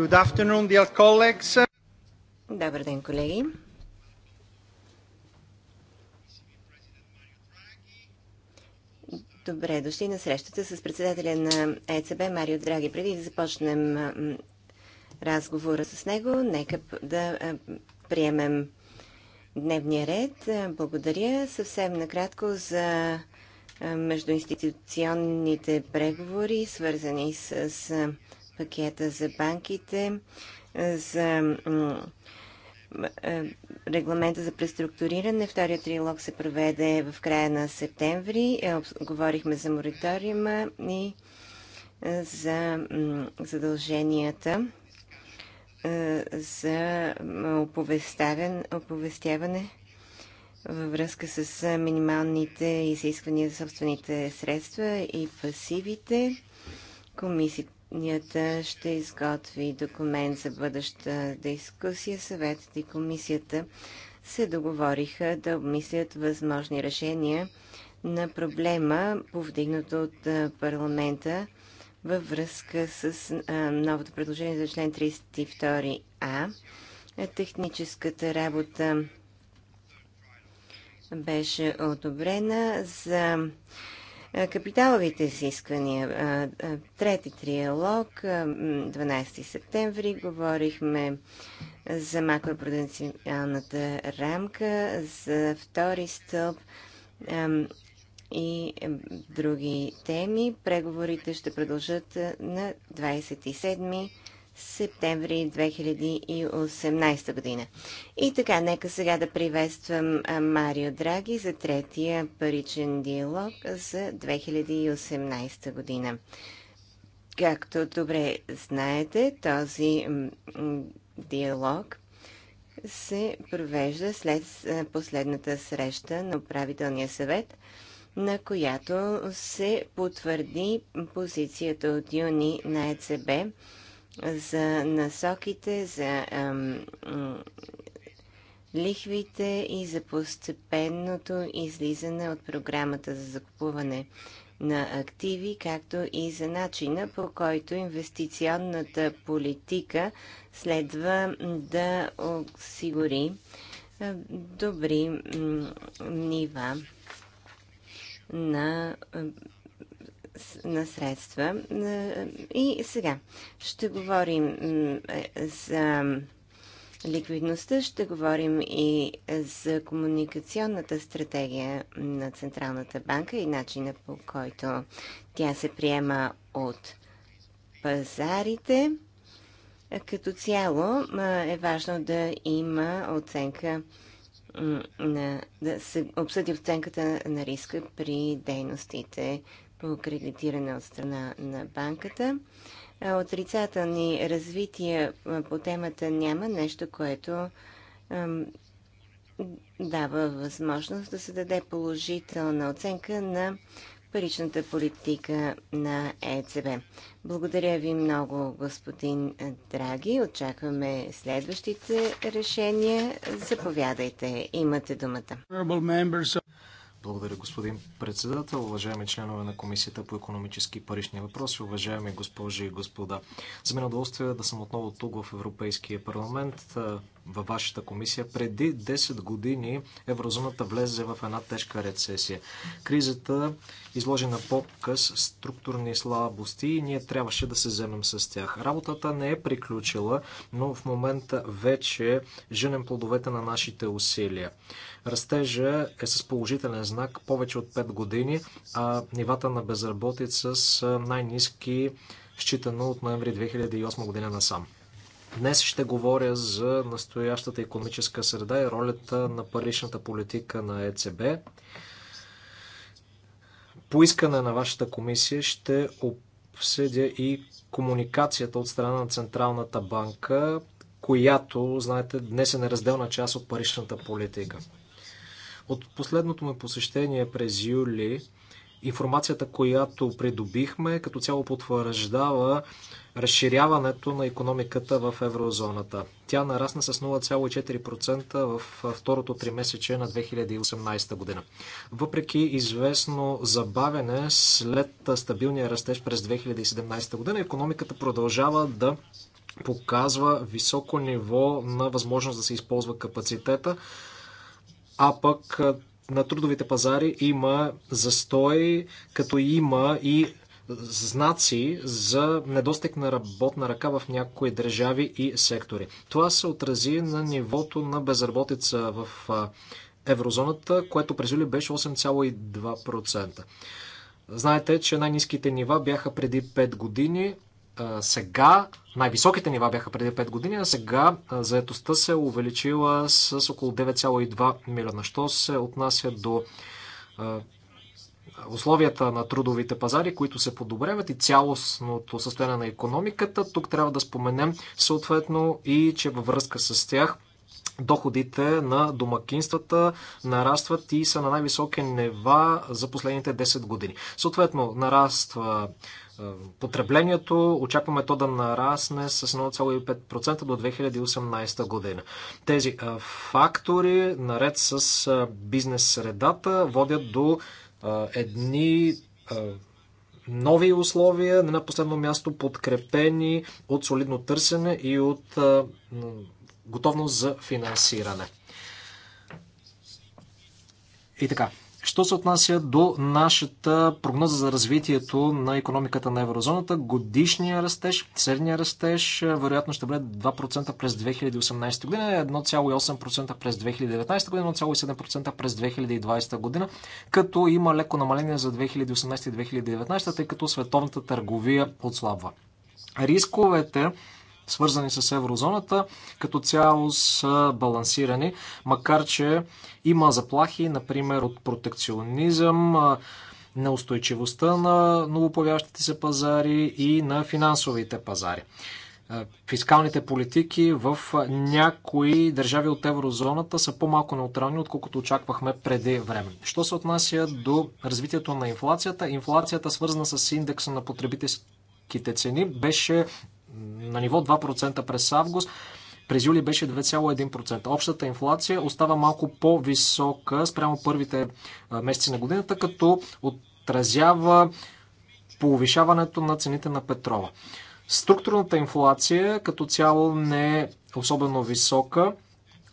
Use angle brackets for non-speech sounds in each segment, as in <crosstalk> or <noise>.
Good afternoon, dear colleagues. Добър ден, колеги. Добре дошли на срещата с председателя на ЕЦБ Марио Драги. Преди да започнем разговора с него, нека да приемем дневния ред. Благодаря съвсем накратко за междуинституционните преговори, свързани с пакета за банките, за регламента за преструктуриране. Втория трилог се проведе в края на септември. Е, говорихме за мориториума и за задълженията за оповестяване във връзка с минималните изисквания за собствените средства и пасивите. Комисията Комисията ще изготви документ за бъдеща дискусия. Съветът и комисията се договориха да обмислят възможни решения на проблема, повдигнато от парламента във връзка с новото предложение за член 32а. Техническата работа беше одобрена за е, капиталовите изисквания. Трети триалог, 12 септември, говорихме за макропруденциалната рамка, за втори стълб и други теми. Преговорите ще продължат на 27 септември 2018 година. И така, нека сега да приветствам Марио Драги за третия паричен диалог за 2018 година. Както добре знаете, този диалог се провежда след последната среща на управителния съвет, на която се потвърди позицията от юни на ЕЦБ за насоките, за ам, лихвите и за постепенното излизане от програмата за закупуване на активи, както и за начина по който инвестиционната политика следва да осигури добри нива на на средства. И сега ще говорим е, за ликвидността, ще говорим и за комуникационната стратегия на Централната банка и начина по който тя се приема от пазарите. Като цяло е важно да има оценка на, да се обсъди оценката на риска при дейностите по кредитиране от страна на банката. Отрицателни развития по темата няма нещо, което дава възможност да се даде положителна оценка на паричната политика на ЕЦБ. Благодаря ви много, господин Драги. Очакваме следващите решения. Заповядайте. Имате думата. Благодаря, господин председател, уважаеми членове на Комисията по економически и парични въпроси, уважаеми госпожи и господа. За мен е удоволствие да съм отново тук в Европейския парламент във вашата комисия. Преди 10 години еврозоната влезе в една тежка рецесия. Кризата изложи на по-къс структурни слабости и ние трябваше да се вземем с тях. Работата не е приключила, но в момента вече женем плодовете на нашите усилия. Растежа е с положителен знак повече от 5 години, а нивата на безработица са най-низки, считано от ноември 2008 година насам. Днес ще говоря за настоящата економическа среда и ролята на паричната политика на ЕЦБ. По искане на вашата комисия ще обсъдя и комуникацията от страна на Централната банка, която, знаете, днес е неразделна част от паричната политика. От последното ми посещение през юли Информацията, която придобихме, като цяло потвърждава разширяването на економиката в еврозоната. Тя нарасна с 0,4% в второто три месече на 2018 година. Въпреки известно забавене след стабилния растеж през 2017 година, економиката продължава да показва високо ниво на възможност да се използва капацитета, а пък на трудовите пазари има застой, като има и знаци за недостиг на работна ръка в някои държави и сектори. Това се отрази на нивото на безработица в еврозоната, което през юли беше 8,2%. Знаете, че най-низките нива бяха преди 5 години сега, най-високите нива бяха преди 5 години, а сега заетостта се е увеличила с около 9,2 милиона. Що се отнася до условията на трудовите пазари, които се подобряват и цялостното състояние на економиката. Тук трябва да споменем съответно и че във връзка с тях доходите на домакинствата нарастват и са на най-високи нива за последните 10 години. Съответно, нараства потреблението. Очакваме то да нарасне с 1,5% до 2018 година. Тези фактори, наред с бизнес средата, водят до едни нови условия, не на последно място подкрепени от солидно търсене и от готовност за финансиране. И така, Що се отнася до нашата прогноза за развитието на економиката на еврозоната, годишния растеж, средния растеж, е, вероятно ще бъде 2% през 2018 година, 1,8% през 2019 година, 1,7% през 2020 година, като има леко намаление за 2018 и 2019, тъй като световната търговия отслабва. Рисковете свързани с еврозоната, като цяло са балансирани, макар че има заплахи, например от протекционизъм, неустойчивостта на новоповящите се пазари и на финансовите пазари. Фискалните политики в някои държави от еврозоната са по-малко неутрални, отколкото очаквахме преди време. Що се отнася до развитието на инфлацията? Инфлацията, свързана с индекса на потребителските цени, беше на ниво 2% през август. През юли беше 2,1%. Общата инфлация остава малко по-висока спрямо първите месеци на годината, като отразява повишаването на цените на петрола. Структурната инфлация като цяло не е особено висока,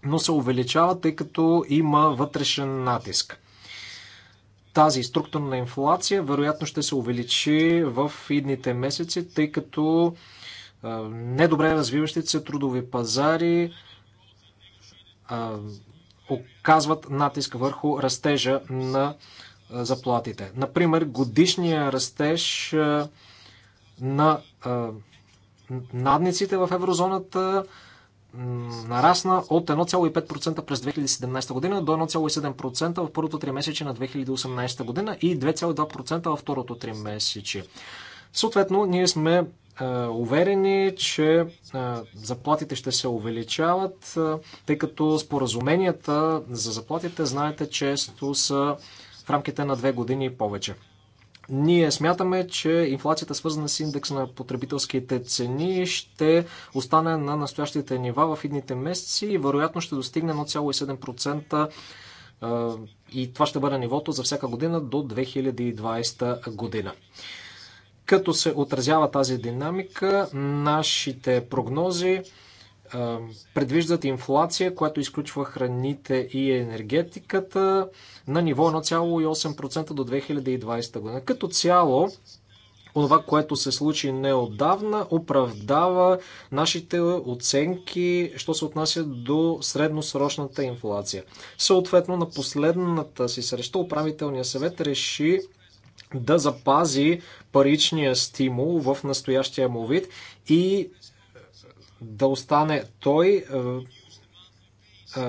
но се увеличава, тъй като има вътрешен натиск. Тази структурна инфлация вероятно ще се увеличи в идните месеци, тъй като недобре развиващите се трудови пазари оказват натиск върху растежа на заплатите. Например, годишния растеж на надниците в еврозоната нарасна от 1,5% през 2017 година до 1,7% в първото три месече на 2018 година и 2,2% във второто три месече. Съответно, ние сме уверени, че заплатите ще се увеличават, тъй като споразуменията за заплатите, знаете, често са в рамките на две години и повече. Ние смятаме, че инфлацията, свързана с индекс на потребителските цени, ще остане на настоящите нива в идните месеци и вероятно ще достигне 0,7% и това ще бъде нивото за всяка година до 2020 година като се отразява тази динамика, нашите прогнози е, предвиждат инфлация, която изключва храните и енергетиката на ниво 1,8% до 2020 година. Като цяло, това, което се случи неодавна, оправдава нашите оценки, що се отнася до средносрочната инфлация. Съответно, на последната си среща управителният съвет реши да запази паричния стимул в настоящия му вид и да остане той е, е,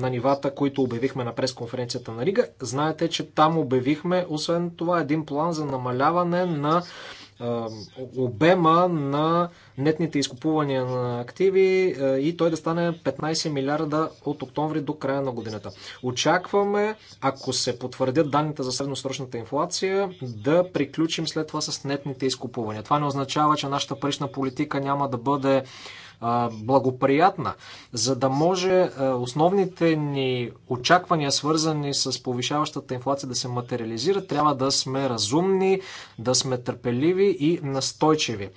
на нивата, които обявихме на пресконференцията на Рига. Знаете, че там обявихме, освен това, един план за намаляване на обема на нетните изкупувания на активи е, и той да стане 15 милиарда от октомври до края на годината. Очакваме, ако се потвърдят данните за средносрочната инфлация, да приключим след това с нетните изкупувания. Това не означава, че нашата парична политика няма да бъде благоприятна, за да може основните ни очаквания, свързани с повишаващата инфлация, да се материализират, трябва да сме разумни, да сме търпеливи и настойчиви.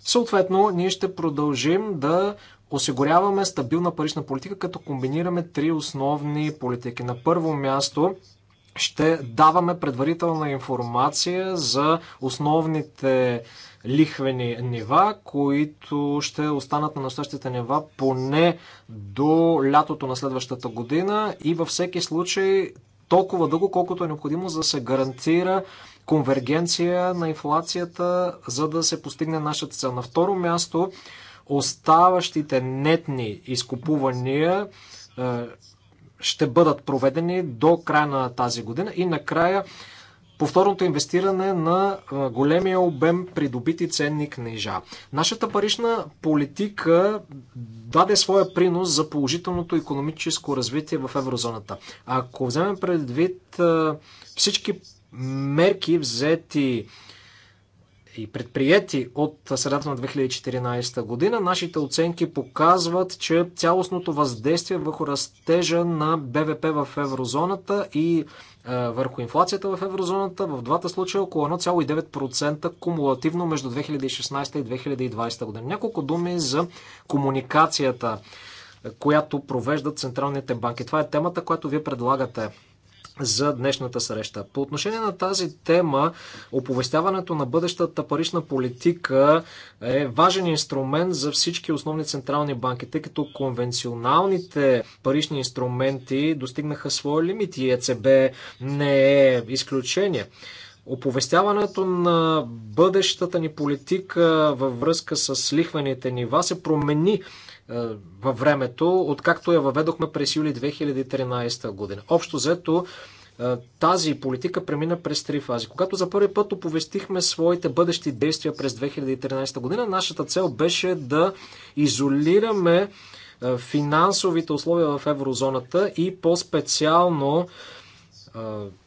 Съответно, ние ще продължим да осигуряваме стабилна парична политика, като комбинираме три основни политики. На първо място ще даваме предварителна информация за основните лихвени нива, които ще останат на настоящите нива поне до лятото на следващата година и във всеки случай толкова дълго, колкото е необходимо, за да се гарантира конвергенция на инфлацията, за да се постигне нашата цел. На второ място, оставащите нетни изкупувания е, ще бъдат проведени до края на тази година и накрая повторното инвестиране на големия обем придобити ценни книжа. Нашата парична политика даде своя принос за положителното економическо развитие в еврозоната. Ако вземем предвид всички мерки взети и предприяти от средата на 2014 година, нашите оценки показват, че цялостното въздействие върху растежа на БВП в еврозоната и е, върху инфлацията в еврозоната в двата случая е около 1,9% кумулативно между 2016 и 2020 година. Няколко думи за комуникацията, която провеждат централните банки. Това е темата, която вие предлагате за днешната среща. По отношение на тази тема, оповестяването на бъдещата парична политика е важен инструмент за всички основни централни банки, тъй като конвенционалните парични инструменти достигнаха своя лимит и ЕЦБ не е изключение. Оповестяването на бъдещата ни политика във връзка с лихвените нива се промени е, във времето, откакто я въведохме през юли 2013 година. Общо взето е, тази политика премина през три фази. Когато за първи път оповестихме своите бъдещи действия през 2013 година, нашата цел беше да изолираме е, финансовите условия в еврозоната и по-специално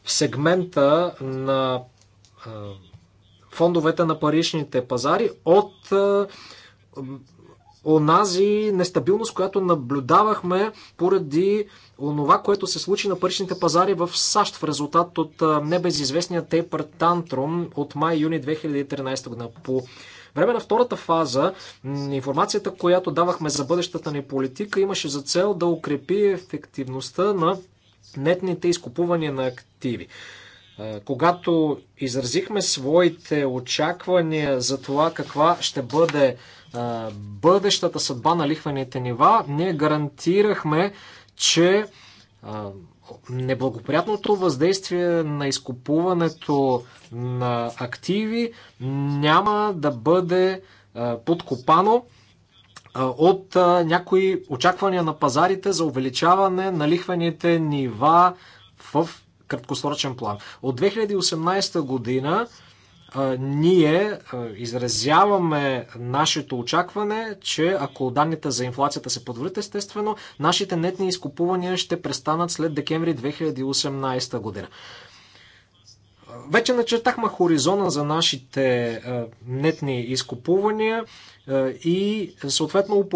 сегмента на фондовете на паричните пазари от онази нестабилност, която наблюдавахме поради онова, което се случи на паричните пазари в САЩ в резултат от небезизвестния тейпър тантрум от май-юни 2013 година. По време на втората фаза, информацията, която давахме за бъдещата ни политика, имаше за цел да укрепи ефективността на нетните изкупувания на активи. Когато изразихме своите очаквания за това каква ще бъде бъдещата съдба на лихвените нива, ние гарантирахме, че неблагоприятното въздействие на изкупуването на активи няма да бъде подкопано от някои очаквания на пазарите за увеличаване на лихвените нива в краткосрочен план. От 2018 година ние изразяваме нашето очакване, че ако данните за инфлацията се подобрят, естествено, нашите нетни изкупувания ще престанат след декември 2018 година. Вече начертахме хоризона за нашите нетни изкупувания и съответно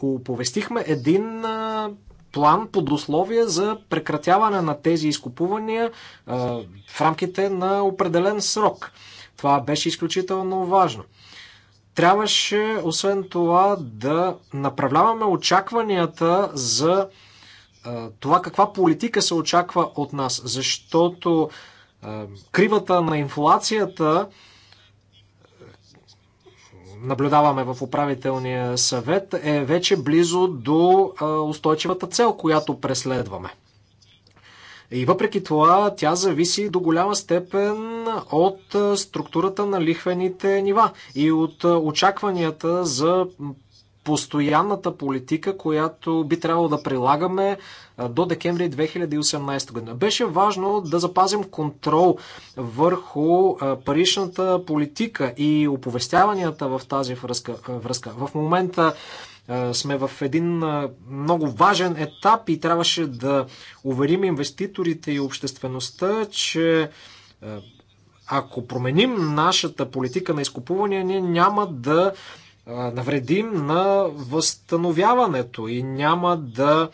оповестихме един план под условия за прекратяване на тези изкупувания в рамките на определен срок. Това беше изключително важно. Трябваше, освен това, да направляваме очакванията за това каква политика се очаква от нас, защото кривата на инфлацията наблюдаваме в управителния съвет, е вече близо до устойчивата цел, която преследваме. И въпреки това, тя зависи до голяма степен от структурата на лихвените нива и от очакванията за постоянната политика, която би трябвало да прилагаме до декември 2018 година. Беше важно да запазим контрол върху паричната политика и оповестяванията в тази връзка. В момента сме в един много важен етап и трябваше да уверим инвеститорите и обществеността, че ако променим нашата политика на изкупуване, ние няма да навредим на възстановяването и няма да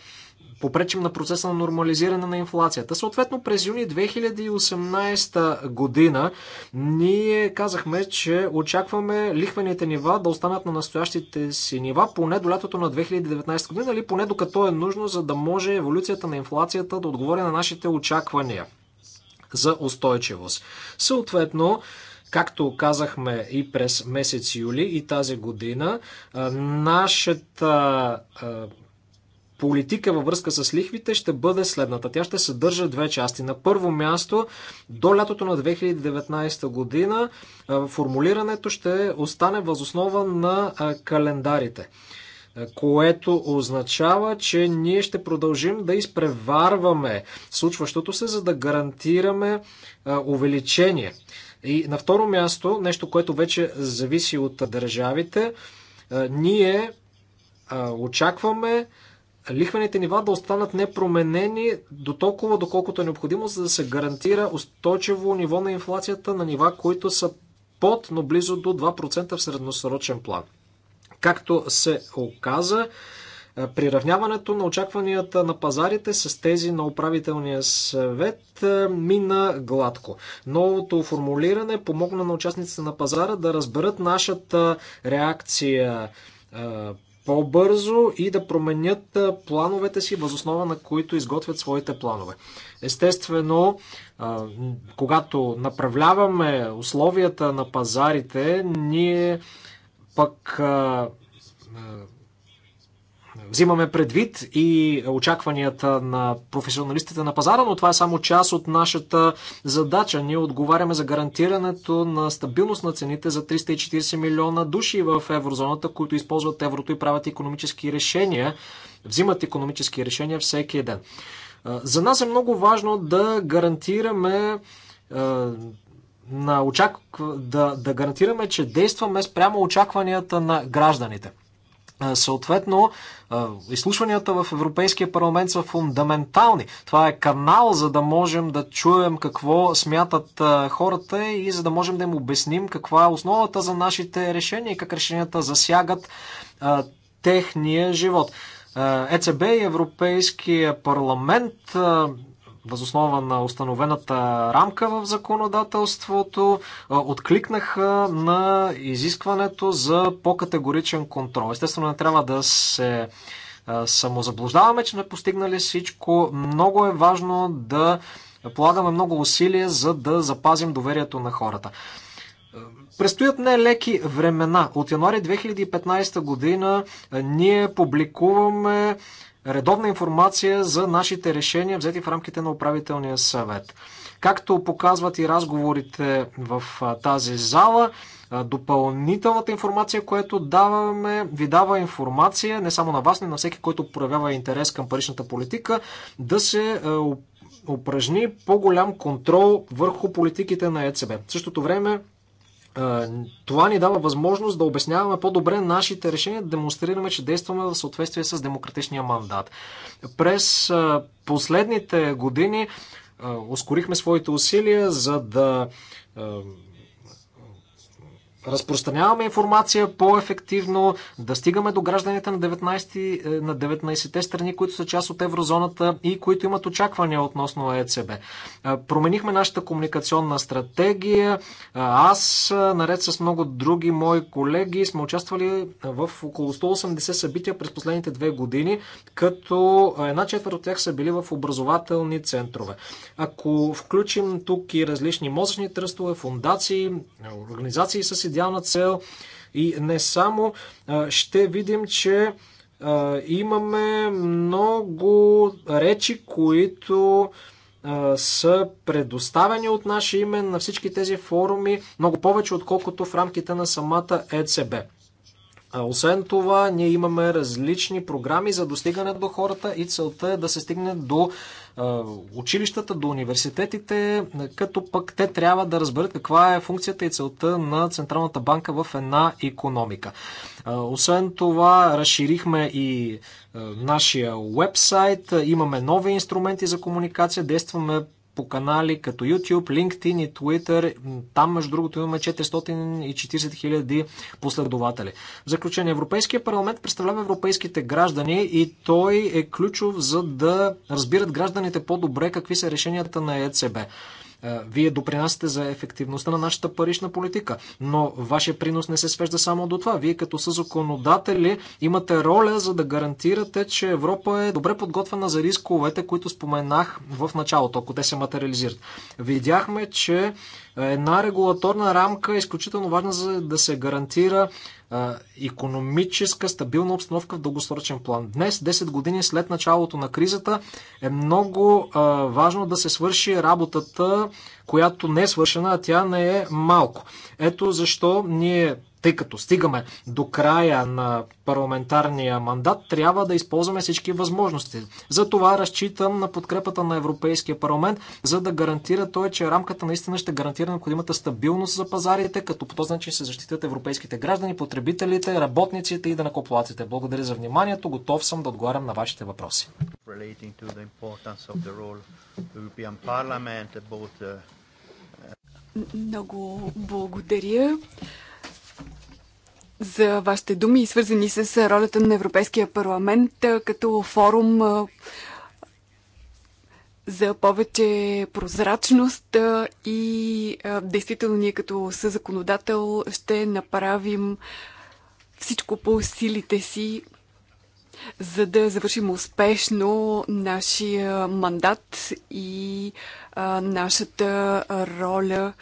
попречим на процеса на нормализиране на инфлацията. Съответно, през юни 2018 година ние казахме, че очакваме лихвените нива да останат на настоящите си нива поне до лятото на 2019 година или поне докато е нужно, за да може еволюцията на инфлацията да отговори на нашите очаквания за устойчивост. Съответно, както казахме и през месец юли и тази година, нашата политика във връзка с лихвите ще бъде следната. Тя ще съдържа две части. На първо място, до лятото на 2019 година формулирането ще остане възоснова на календарите което означава, че ние ще продължим да изпреварваме случващото се, за да гарантираме увеличение. И на второ място, нещо, което вече зависи от държавите, ние очакваме лихвените нива да останат непроменени до толкова, доколкото е необходимо, за да се гарантира устойчиво ниво на инфлацията на нива, които са под, но близо до 2% в средносрочен план. Както се оказа, е, приравняването на очакванията на пазарите с тези на управителния съвет е, мина гладко. Новото формулиране помогна на участниците на пазара да разберат нашата реакция е, по-бързо и да променят плановете си, възоснова на които изготвят своите планове. Естествено, когато направляваме условията на пазарите, ние пък взимаме предвид и очакванията на професионалистите на пазара, но това е само част от нашата задача. Ние отговаряме за гарантирането на стабилност на цените за 340 милиона души в еврозоната, които използват еврото и правят економически решения, взимат економически решения всеки ден. За нас е много важно да гарантираме на очак... да, да гарантираме, че действаме спрямо очакванията на гражданите. Съответно, изслушванията в Европейския парламент са фундаментални. Това е канал, за да можем да чуем какво смятат хората и за да можем да им обясним каква е основата за нашите решения и как решенията засягат техния живот. ЕЦБ и Европейския парламент възоснова на установената рамка в законодателството, откликнаха на изискването за по-категоричен контрол. Естествено, не трябва да се самозаблуждаваме, че не постигнали всичко. Много е важно да полагаме много усилия, за да запазим доверието на хората. Престоят нелеки е времена. От януари 2015 година ние публикуваме редовна информация за нашите решения, взети в рамките на управителния съвет. Както показват и разговорите в тази зала, допълнителната информация, която даваме, ви дава информация не само на вас, но и на всеки, който проявява интерес към паричната политика, да се упражни по-голям контрол върху политиките на ЕЦБ. В същото време това ни дава възможност да обясняваме по-добре нашите решения, да демонстрираме, че действаме в съответствие с демократичния мандат. През последните години ускорихме своите усилия, за да разпространяваме информация по-ефективно, да стигаме до гражданите на 19, е, на 19-те страни, които са част от еврозоната и които имат очаквания относно ЕЦБ. Е, променихме нашата комуникационна стратегия. Е, аз, наред с много други мои колеги, сме участвали в около 180 събития през последните две години, като една четвърт от тях са били в образователни центрове. Ако включим тук и различни мозъчни тръстове, фундации, организации с идеална цел и не само. Ще видим, че имаме много речи, които са предоставени от наше име на всички тези форуми, много повече отколкото в рамките на самата ЕЦБ. Освен това, ние имаме различни програми за достигане до хората и целта е да се стигне до училищата до университетите, като пък те трябва да разберат каква е функцията и целта на Централната банка в една економика. Освен това, разширихме и нашия вебсайт, имаме нови инструменти за комуникация, действаме по канали като YouTube, LinkedIn и Twitter. Там, между другото, имаме 440 хиляди последователи. В заключение, Европейския парламент представлява европейските граждани и той е ключов за да разбират гражданите по-добре какви са решенията на ЕЦБ. Е, вие допринасяте за ефективността на нашата парична политика, но вашия принос не се свежда само до това. Вие като са законодатели имате роля за да гарантирате, че Европа е добре подготвена за рисковете, които споменах в началото, ако те се материализират. Видяхме, че Една регулаторна рамка е изключително важна за да се гарантира економическа стабилна обстановка в дългосрочен план. Днес, 10 години след началото на кризата, е много важно да се свърши работата, която не е свършена, а тя не е малко. Ето защо ние тъй като стигаме до края на парламентарния мандат, трябва да използваме всички възможности. За това разчитам на подкрепата на Европейския парламент, за да гарантира той, че рамката наистина ще гарантира необходимата стабилност за пазарите, като по този начин се защитят европейските граждани, потребителите, работниците и данакоплаците. Благодаря за вниманието. Готов съм да отговарям на вашите въпроси. Uh, Много благодаря за вашите думи, свързани с ролята на Европейския парламент като форум за повече прозрачност и действително ние като съзаконодател ще направим всичко по силите си, за да завършим успешно нашия мандат и нашата роля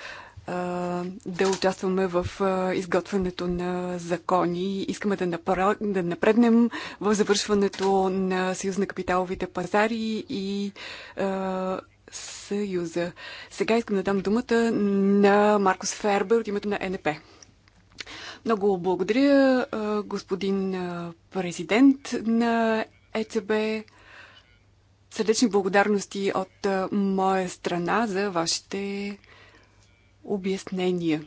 да участваме в изготвянето на закони. Искаме да, напра... да напреднем в завършването на Съюз на капиталовите пазари и Съюза. Сега искам да дам думата на Маркус Фербер от името на НП. Много благодаря, господин президент на ЕЦБ. Сърдечни благодарности от моя страна за вашите обяснения.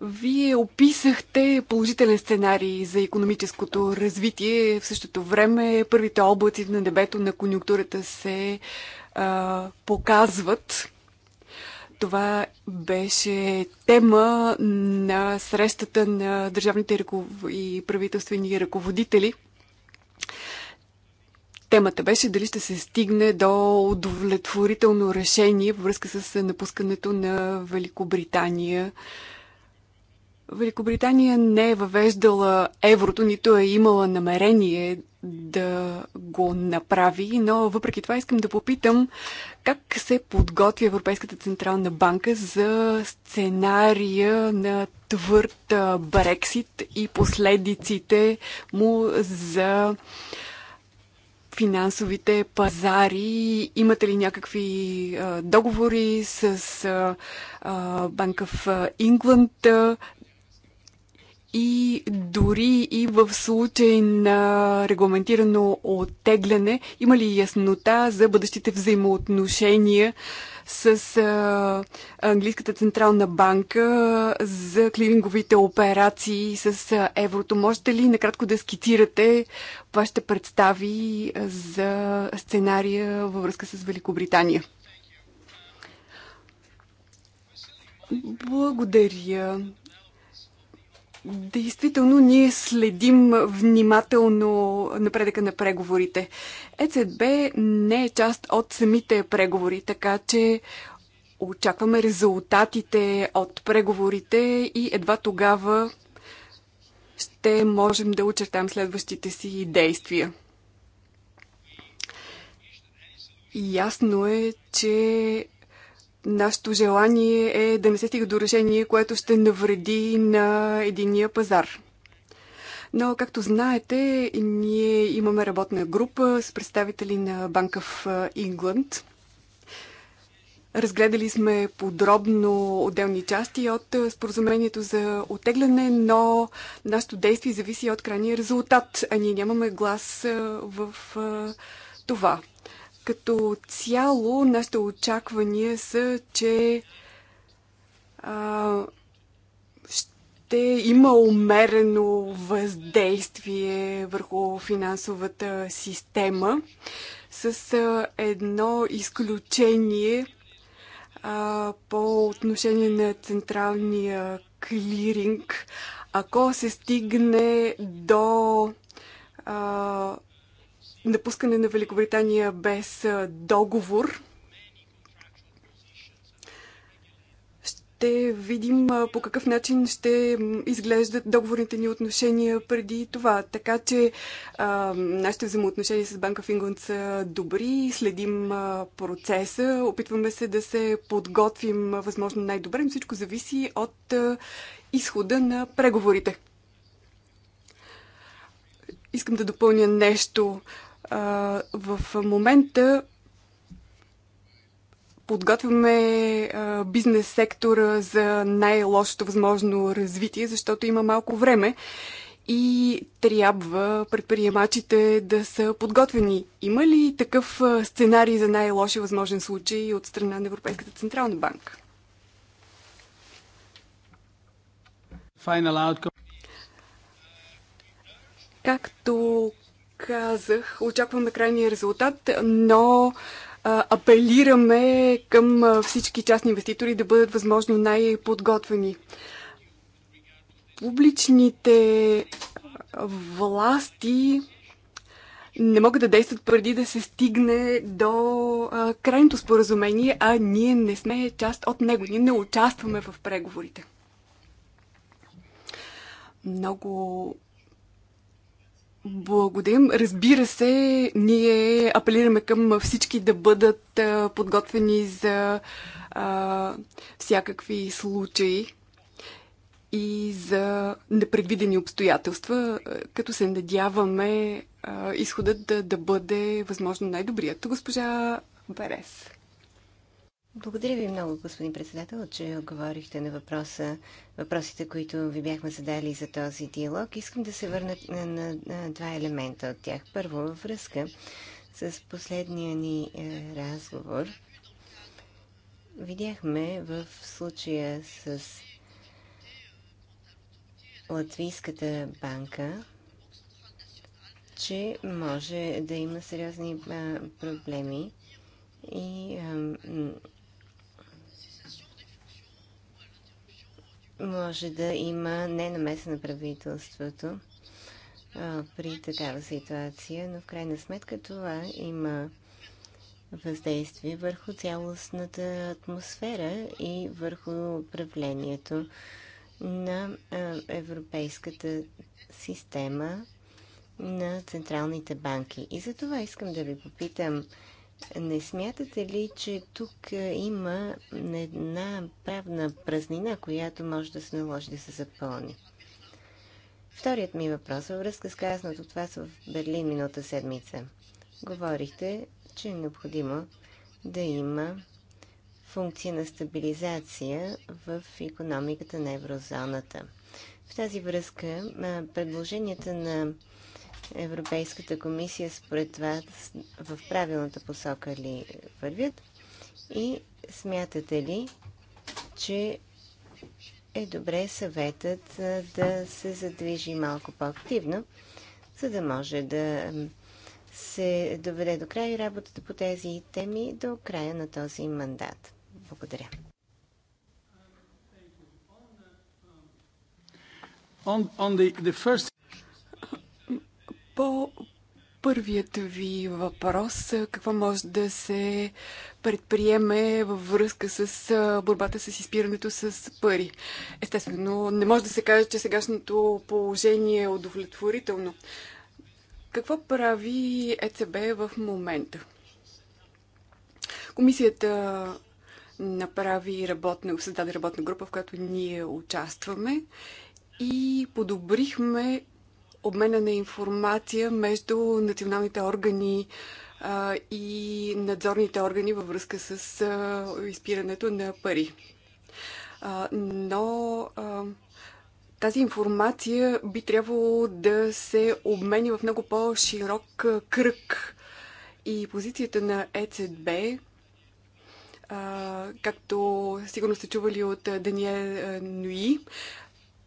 Вие описахте положителен сценарий за економическото развитие. В същото време първите облаци на небето на конюнктурата се а, показват. Това беше тема на срещата на държавните и правителствени ръководители – Темата беше дали ще се стигне до удовлетворително решение във връзка с напускането на Великобритания. Великобритания не е въвеждала еврото, нито е имала намерение да го направи, но въпреки това искам да попитам как се подготви Европейската Централна банка за сценария на твърд Брексит и последиците му за финансовите пазари? Имате ли някакви а, договори с а, Банка в Ингланд? И дори и в случай на регламентирано оттегляне, има ли яснота за бъдещите взаимоотношения с а, Английската централна банка за клиринговите операции с а, еврото. Можете ли накратко да скицирате вашите представи за сценария във връзка с Великобритания? Благодаря. Действително, ние следим внимателно напредъка на преговорите. ЕЦБ не е част от самите преговори, така че очакваме резултатите от преговорите и едва тогава ще можем да очертаем следващите си действия. Ясно е, че Нашето желание е да не се стига до решение, което ще навреди на единия пазар. Но, както знаете, ние имаме работна група с представители на Банка в Ингланд. Разгледали сме подробно отделни части от споразумението за отегляне, но нашето действие зависи от крайния резултат, а ние нямаме глас в това. Като цяло, нашите очаквания са, че а, ще има умерено въздействие върху финансовата система с а, едно изключение а, по отношение на централния клиринг, ако се стигне до а, напускане на Великобритания без договор. Ще видим по какъв начин ще изглеждат договорните ни отношения преди това. Така че нашите взаимоотношения с Банка в са добри, следим процеса, опитваме се да се подготвим възможно най-добре, но всичко зависи от изхода на преговорите искам да допълня нещо в момента подготвяме бизнес сектора за най-лошото възможно развитие, защото има малко време и трябва предприемачите да са подготвени. Има ли такъв сценарий за най-лоши възможен случай от страна на Европейската централна банка? Както казах, очакваме крайния резултат, но апелираме към всички частни инвеститори да бъдат възможно най-подготвени. Публичните власти не могат да действат преди да се стигне до а, крайното споразумение, а ние не сме част от него. Ние не участваме в преговорите. Много Благодарим. Разбира се, ние апелираме към всички да бъдат подготвени за а, всякакви случаи и за непредвидени обстоятелства, като се надяваме а, изходът да, да бъде възможно най-добрият. Госпожа Берес. Благодаря ви много, господин председател, че отговорихте на въпроса, въпросите, които ви бяхме задали за този диалог. Искам да се върна на, на, на два елемента от тях. Първо, във връзка с последния ни е, разговор, видяхме в случая с Латвийската банка, че може да има сериозни а, проблеми и може да има ненамеса на правителството а, при такава ситуация, но в крайна сметка това има въздействие върху цялостната атмосфера и върху управлението на а, европейската система на централните банки. И за това искам да ви попитам не смятате ли, че тук е, има една правна празнина, която може да се наложи да се запълни? Вторият ми въпрос във връзка с казаното от вас в Берлин миналата седмица. Говорихте, че е необходимо да има функция на стабилизация в економиката на еврозоната. В тази връзка предложенията на Европейската комисия според това в правилната посока ли вървят и смятате ли, че е добре съветът да се задвижи малко по-активно, за да може да се доведе до край работата по тези теми до края на този мандат. Благодаря. On, on the, the first... По първият ви въпрос, какво може да се предприеме във връзка с борбата с изпирането с пари? Естествено, не може да се каже, че сегашното положение е удовлетворително. Какво прави ЕЦБ в момента? Комисията направи работна, създаде работна група, в която ние участваме и подобрихме обмена на информация между националните органи а, и надзорните органи във връзка с а, изпирането на пари. А, но а, тази информация би трябвало да се обмени в много по-широк кръг. И позицията на ЕЦБ, както сигурно сте чували от Даниел Нуи,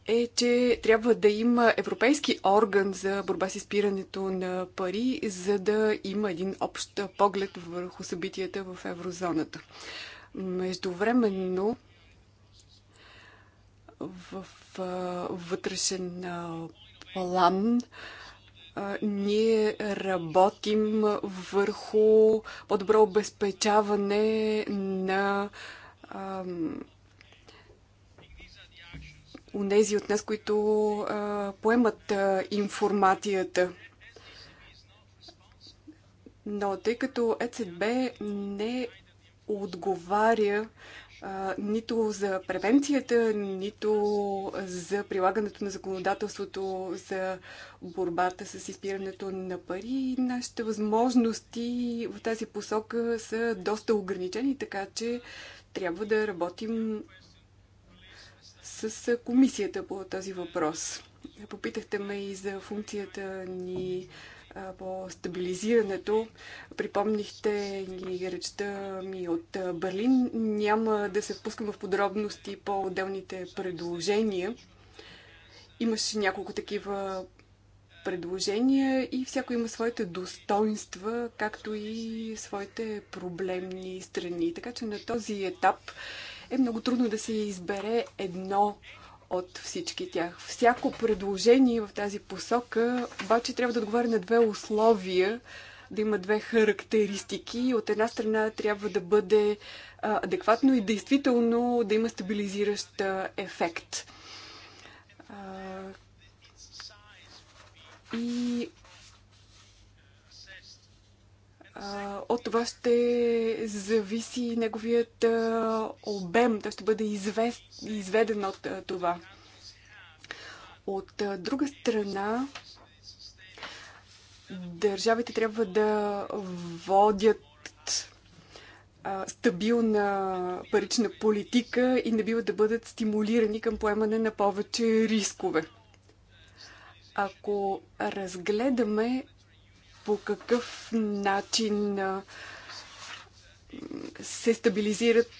е, че трябва да има европейски орган за борба с изпирането на пари, за да има един общ поглед върху събитията в еврозоната. Междувременно в вътрешен план ние работим върху по-добро обезпечаване на унези от нас, които а, поемат а, информацията. Но тъй като ЕЦБ не отговаря а, нито за превенцията, нито за прилагането на законодателството за борбата с изпирането на пари, нашите възможности в тази посока са доста ограничени, така че трябва да работим с комисията по този въпрос. Попитахте ме и за функцията ни по стабилизирането. Припомнихте ни речта ми от Берлин. Няма да се впускам в подробности по отделните предложения. Имаше няколко такива предложения и всяко има своите достоинства, както и своите проблемни страни. Така че на този етап е много трудно да се избере едно от всички тях. Всяко предложение в тази посока обаче трябва да отговаря на две условия, да има две характеристики. От една страна трябва да бъде адекватно и действително да има стабилизиращ ефект. и от това ще зависи неговият обем. Той ще бъде извест, изведен от това. От друга страна, държавите трябва да водят стабилна парична политика и не бива да бъдат стимулирани към поемане на повече рискове. Ако разгледаме по какъв начин се стабилизират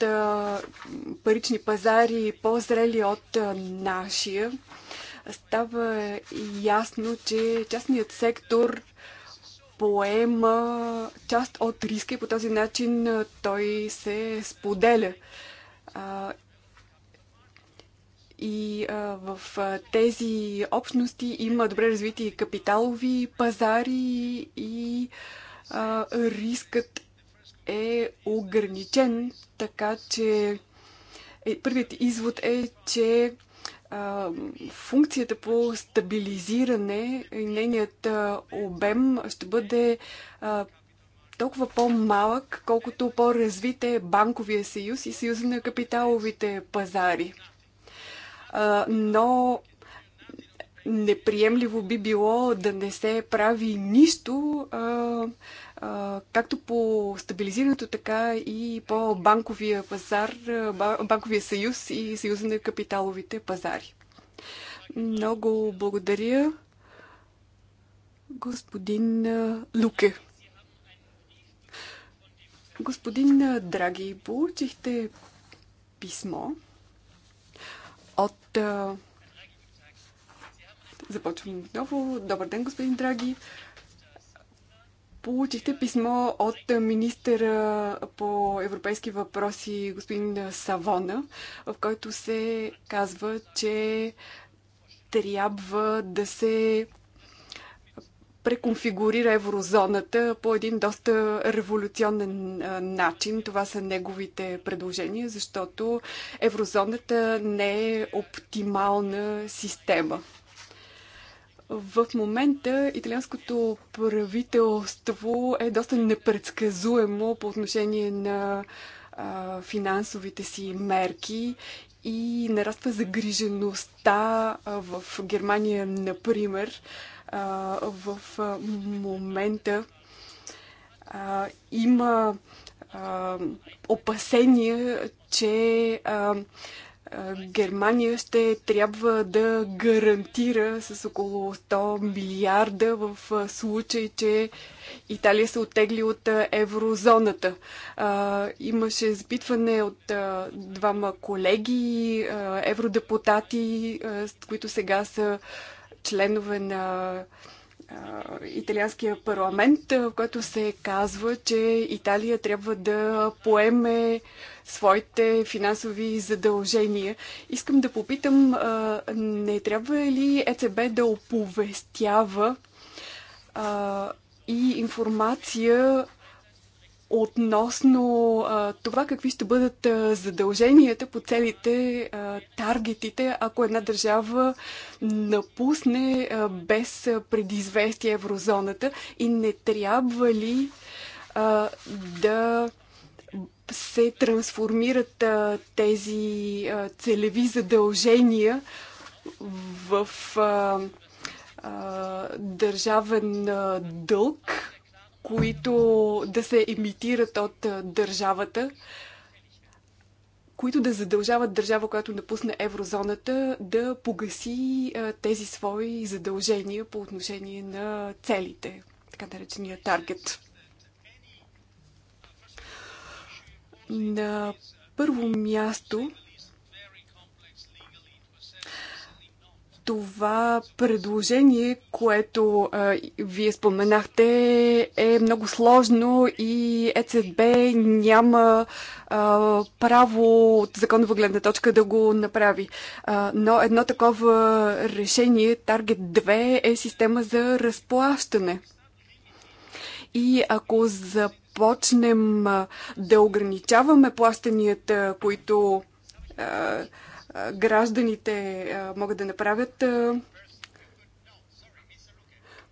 парични пазари по-зрели от нашия, става ясно, че частният сектор поема част от риска и по този начин той се споделя. И а, в тези общности има добре развити капиталови пазари и а, рискът е ограничен, така че е, първият извод е, че а, функцията по стабилизиране и нейният а, обем ще бъде а, толкова по-малък, колкото по-развит е банковия съюз и съюза на капиталовите пазари но неприемливо би било да не се прави нищо, както по стабилизирането, така и по банковия пазар, банковия съюз и съюза на капиталовите пазари. Много благодаря, господин Луке. Господин Драги, получихте писмо да. Започвам отново. Добър ден, господин Драги. Получихте писмо от министъра по европейски въпроси господин Савона, в който се казва, че трябва да се преконфигурира еврозоната по един доста революционен начин. Това са неговите предложения, защото еврозоната не е оптимална система. В момента италианското правителство е доста непредсказуемо по отношение на а, финансовите си мерки и нараства загрижеността в Германия, например, в момента има опасения, че Германия ще трябва да гарантира с около 100 милиарда в случай, че Италия се оттегли от еврозоната. Имаше запитване от двама колеги, евродепутати, които сега са членове на италианския парламент, в който се казва, че Италия трябва да поеме своите финансови задължения. Искам да попитам, не трябва ли ЕЦБ да оповестява и информация относно а, това какви ще бъдат а, задълженията по целите, а, таргетите, ако една държава напусне а, без предизвестие еврозоната и не трябва ли а, да се трансформират а, тези а, целеви задължения в а, а, държавен а, дълг които да се емитират от държавата, които да задължават държава, която напусне еврозоната, да погаси тези свои задължения по отношение на целите, така наречения таргет. На първо място това предложение, което а, вие споменахте, е много сложно и ЕЦБ няма а, право от законова гледна точка да го направи. А, но едно такова решение, Таргет 2, е система за разплащане. И ако започнем да ограничаваме плащанията, които гражданите могат да направят.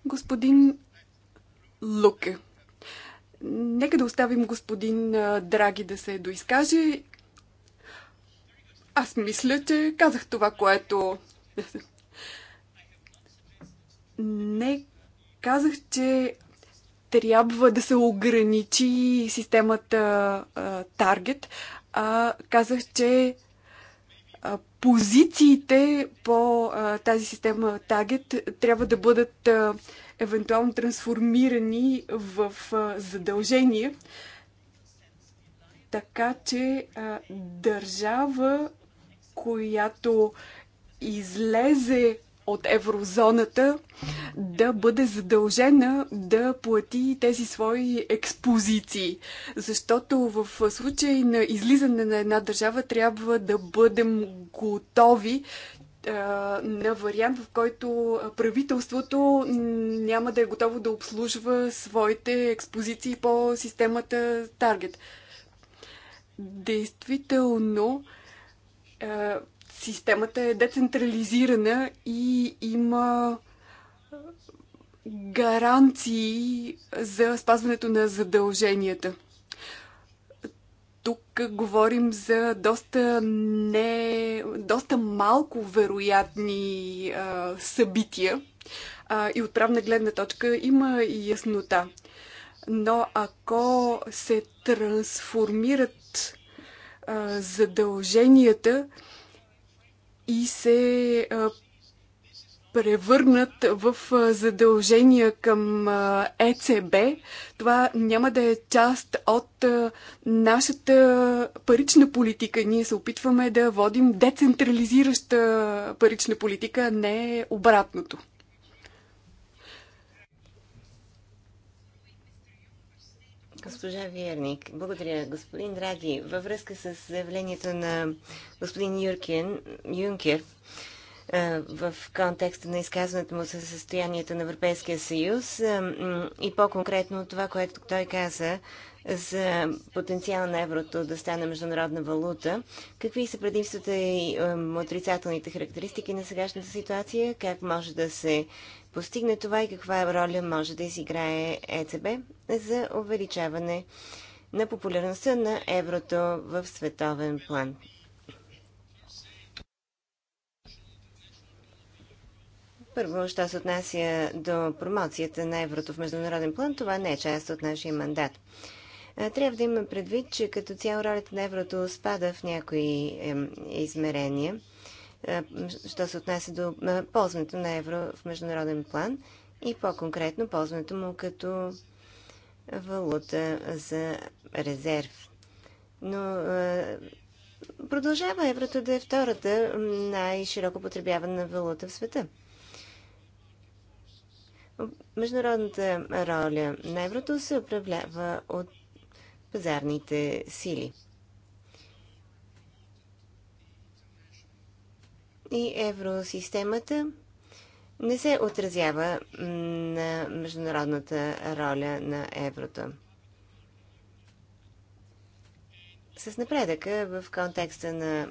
Господин Луке. Нека да оставим господин Драги да се доизкаже. Аз мисля, че казах това, което... <laughs> Не казах, че трябва да се ограничи системата Таргет, Target, а казах, че позициите по а, тази система Target трябва да бъдат а, евентуално трансформирани в а, задължение, така че а, държава, която излезе от еврозоната да бъде задължена да плати тези свои експозиции. Защото в случай на излизане на една държава трябва да бъдем готови на вариант, в който правителството няма да е готово да обслужва своите експозиции по системата Target. Действително, Системата е децентрализирана и има гаранции за спазването на задълженията. Тук говорим за доста, не, доста малко вероятни а, събития а, и от правна гледна точка има и яснота. Но ако се трансформират а, задълженията, и се превърнат в задължения към ЕЦБ, това няма да е част от нашата парична политика. Ние се опитваме да водим децентрализираща парична политика, а не обратното. Госпожа Виерник, благодаря. Господин Драги, във връзка с заявлението на господин Юркен, Юнкер в контекста на изказването му за състоянието на Европейския съюз и по-конкретно това, което той каза за потенциал на еврото да стане международна валута. Какви са предимствата и отрицателните характеристики на сегашната ситуация? Как може да се постигне това и каква роля може да изиграе ЕЦБ за увеличаване на популярността на еврото в световен план. Първо, що се отнася до промоцията на еврото в международен план, това не е част от нашия мандат. Трябва да има предвид, че като цяло ролята на еврото спада в някои измерения – е, що се отнася до е, ползването на евро в международен план и по-конкретно ползването му като валута за резерв. Но е, продължава еврото да е втората най-широко потребявана валута в света. Международната роля на еврото се управлява от пазарните сили – и евросистемата не се отразява на международната роля на еврото. С напредъка в контекста на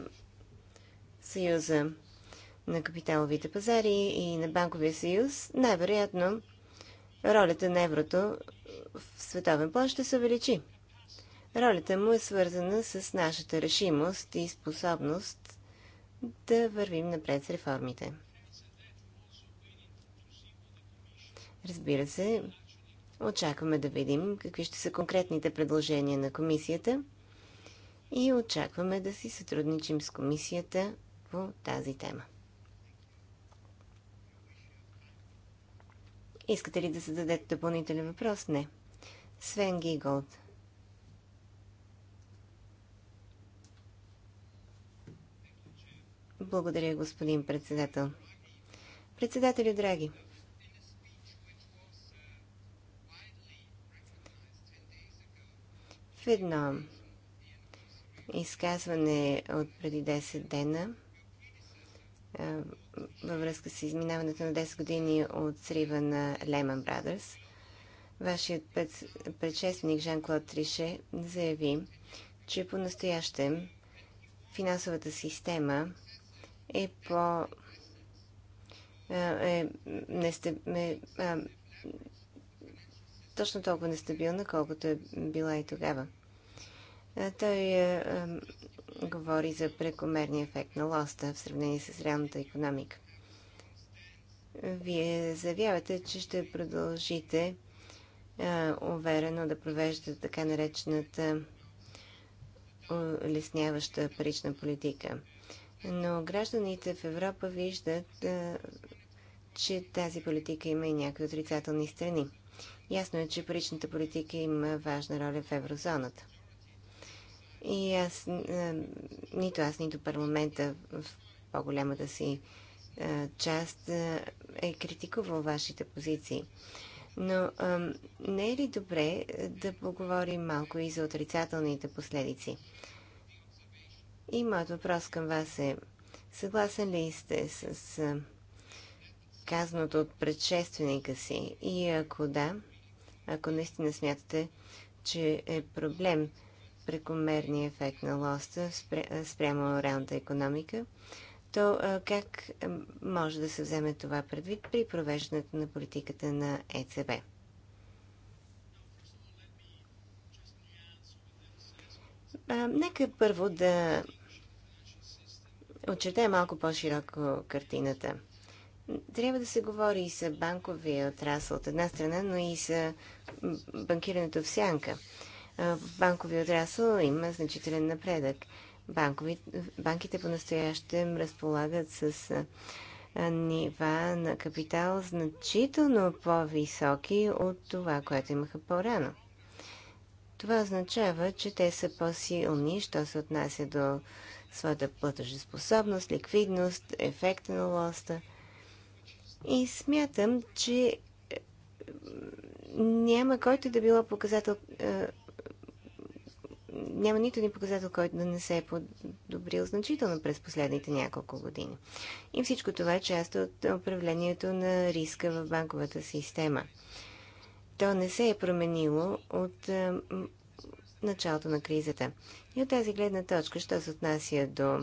Съюза на капиталовите пазари и на Банковия съюз, най-вероятно ролята на еврото в световен план ще се увеличи. Ролята му е свързана с нашата решимост и способност да вървим напред с реформите. Разбира се, очакваме да видим какви ще са конкретните предложения на комисията и очакваме да си сътрудничим с комисията по тази тема. Искате ли да зададете допълнителен въпрос? Не. Свен Гиголд Благодаря, господин председател. Председателю, драги, в едно изказване от преди 10 дена във връзка с изминаването на 10 години от срива на Lehman Brothers, вашият предшественик Жан-Клод Трише заяви, че по-настоящем финансовата система е по... е, е сте, е, е, точно толкова нестабилна, колкото е била и тогава. Е, той е, е, говори за прекомерния ефект на лоста в сравнение с реалната економика. Вие заявявате, че ще продължите е, уверено да провеждате така наречената е, лесняваща парична политика но гражданите в Европа виждат, че тази политика има и някои отрицателни страни. Ясно е, че паричната политика има важна роля в еврозоната. И аз, нито аз, нито парламента в по-голямата си част е критикувал вашите позиции. Но не е ли добре да поговорим малко и за отрицателните последици? И моят въпрос към вас е, съгласен ли сте с казаното от предшественика си? И ако да, ако наистина смятате, че е проблем прекомерния ефект на лоста спря, спрямо реалната економика, то как може да се вземе това предвид при провеждането на политиката на ЕЦБ? А, нека първо да очертая малко по-широко картината. Трябва да се говори и за банковия отрасъл от една страна, но и за банкирането в сянка. В банковия отрасъл има значителен напредък. Банкови, банките по-настоящем разполагат с нива на капитал значително по-високи от това, което имаха по-рано. Това означава, че те са по-силни, що се отнася до своята платежеспособност, ликвидност, ефекта на лоста. И смятам, че е, няма който да било показател, е, няма нито един показател, който да не се е подобрил значително през последните няколко години. И всичко това е част от управлението на риска в банковата система. То не се е променило от е, началото на кризата. И от тази гледна точка, що се отнася до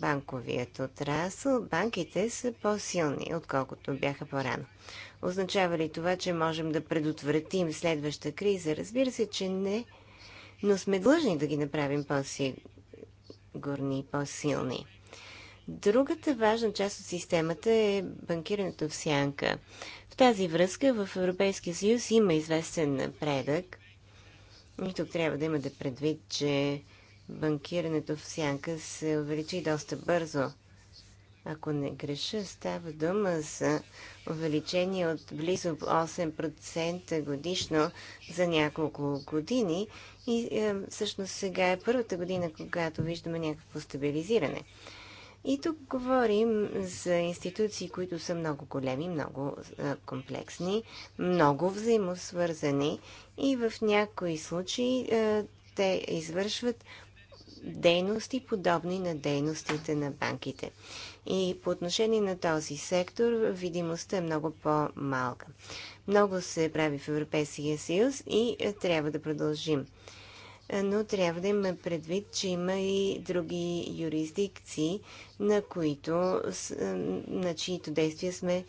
банковият отрасъл, банките са по-силни, отколкото бяха по-рано. Означава ли това, че можем да предотвратим следваща криза? Разбира се, че не, но сме длъжни да ги направим по-сигурни и по-силни. Другата важна част от системата е банкирането в сянка. В тази връзка в Европейския съюз има известен напредък – и тук трябва да имате предвид, че банкирането в сянка се увеличи доста бързо. Ако не греша, става дума за увеличение от близо 8% годишно за няколко години. И е, всъщност сега е първата година, когато виждаме някакво стабилизиране. И тук говорим за институции, които са много големи, много комплексни, много взаимосвързани и в някои случаи те извършват дейности, подобни на дейностите на банките. И по отношение на този сектор, видимостта е много по-малка. Много се прави в Европейския съюз и е, трябва да продължим но трябва да има предвид, че има и други юрисдикции, на, които, е, на чието действия сме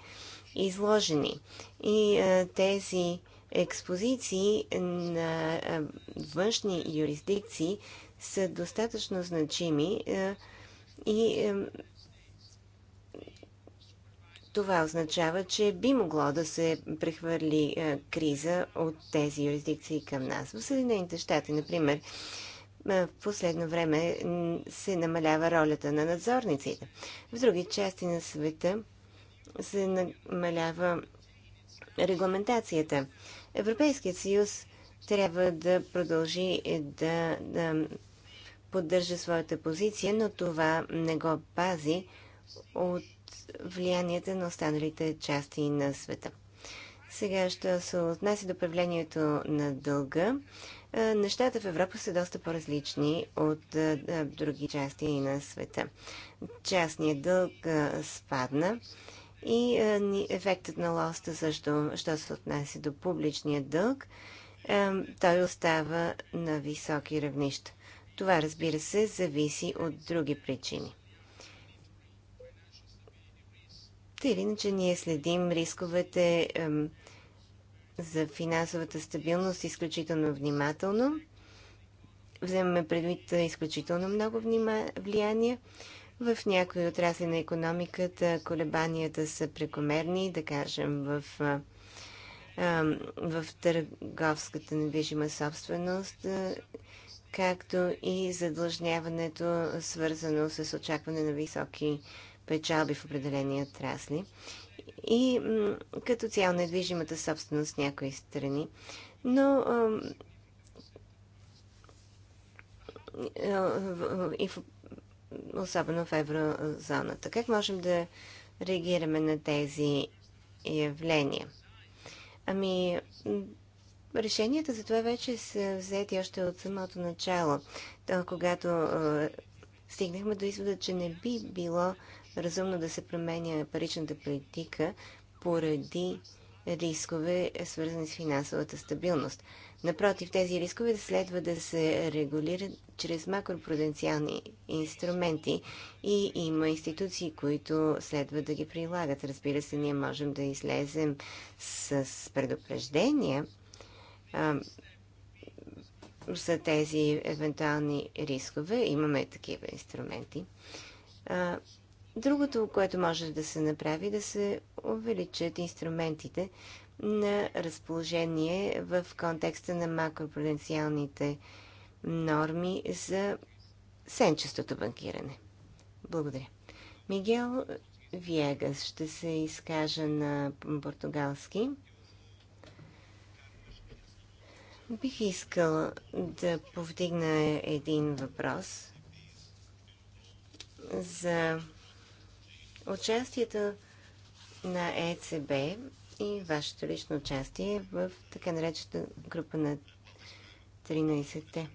изложени. И е, тези експозиции на е, външни юрисдикции са достатъчно значими и това означава, че би могло да се прехвърли е, криза от тези юрисдикции към нас. В Съединените щати, например, е, в последно време се намалява ролята на надзорниците. В други части на света се намалява регламентацията. Европейският съюз трябва да продължи е, да, да поддържа своята позиция, но това не го пази от влиянията на останалите части на света. Сега ще се отнася до правлението на дълга. Нещата в Европа са доста по-различни от други части на света. Частният дълг спадна и ефектът на лоста също, що се отнася до публичния дълг, той остава на високи равнища. Това, разбира се, зависи от други причини. Те или иначе ние следим рисковете ем, за финансовата стабилност изключително внимателно. Вземаме предвид е, изключително много внима... влияние. В някои отрасли на економиката колебанията са прекомерни, да кажем в, е, в търговската недвижима собственост, е, както и задлъжняването, свързано с очакване на високи печалби в определени отрасли. И като цяло недвижимата собственост в някои страни. Но и в, особено в еврозоната. Как можем да реагираме на тези явления? Ами, решенията за това вече са взети още от самото начало, когато стигнахме до извода, че не би било разумно да се променя паричната политика поради рискове, свързани с финансовата стабилност. Напротив, тези рискове следва да се регулират чрез макропруденциални инструменти и има институции, които следва да ги прилагат. Разбира се, ние можем да излезем с предупреждения а, за тези евентуални рискове. Имаме такива инструменти. А, Другото, което може да се направи, да се увеличат инструментите на разположение в контекста на макропруденциалните норми за сенчестото банкиране. Благодаря. Мигел Виегас ще се изкажа на португалски. Бих искал да повдигна един въпрос за Участието на ЕЦБ и вашето лично участие в така наречената група на 13-те.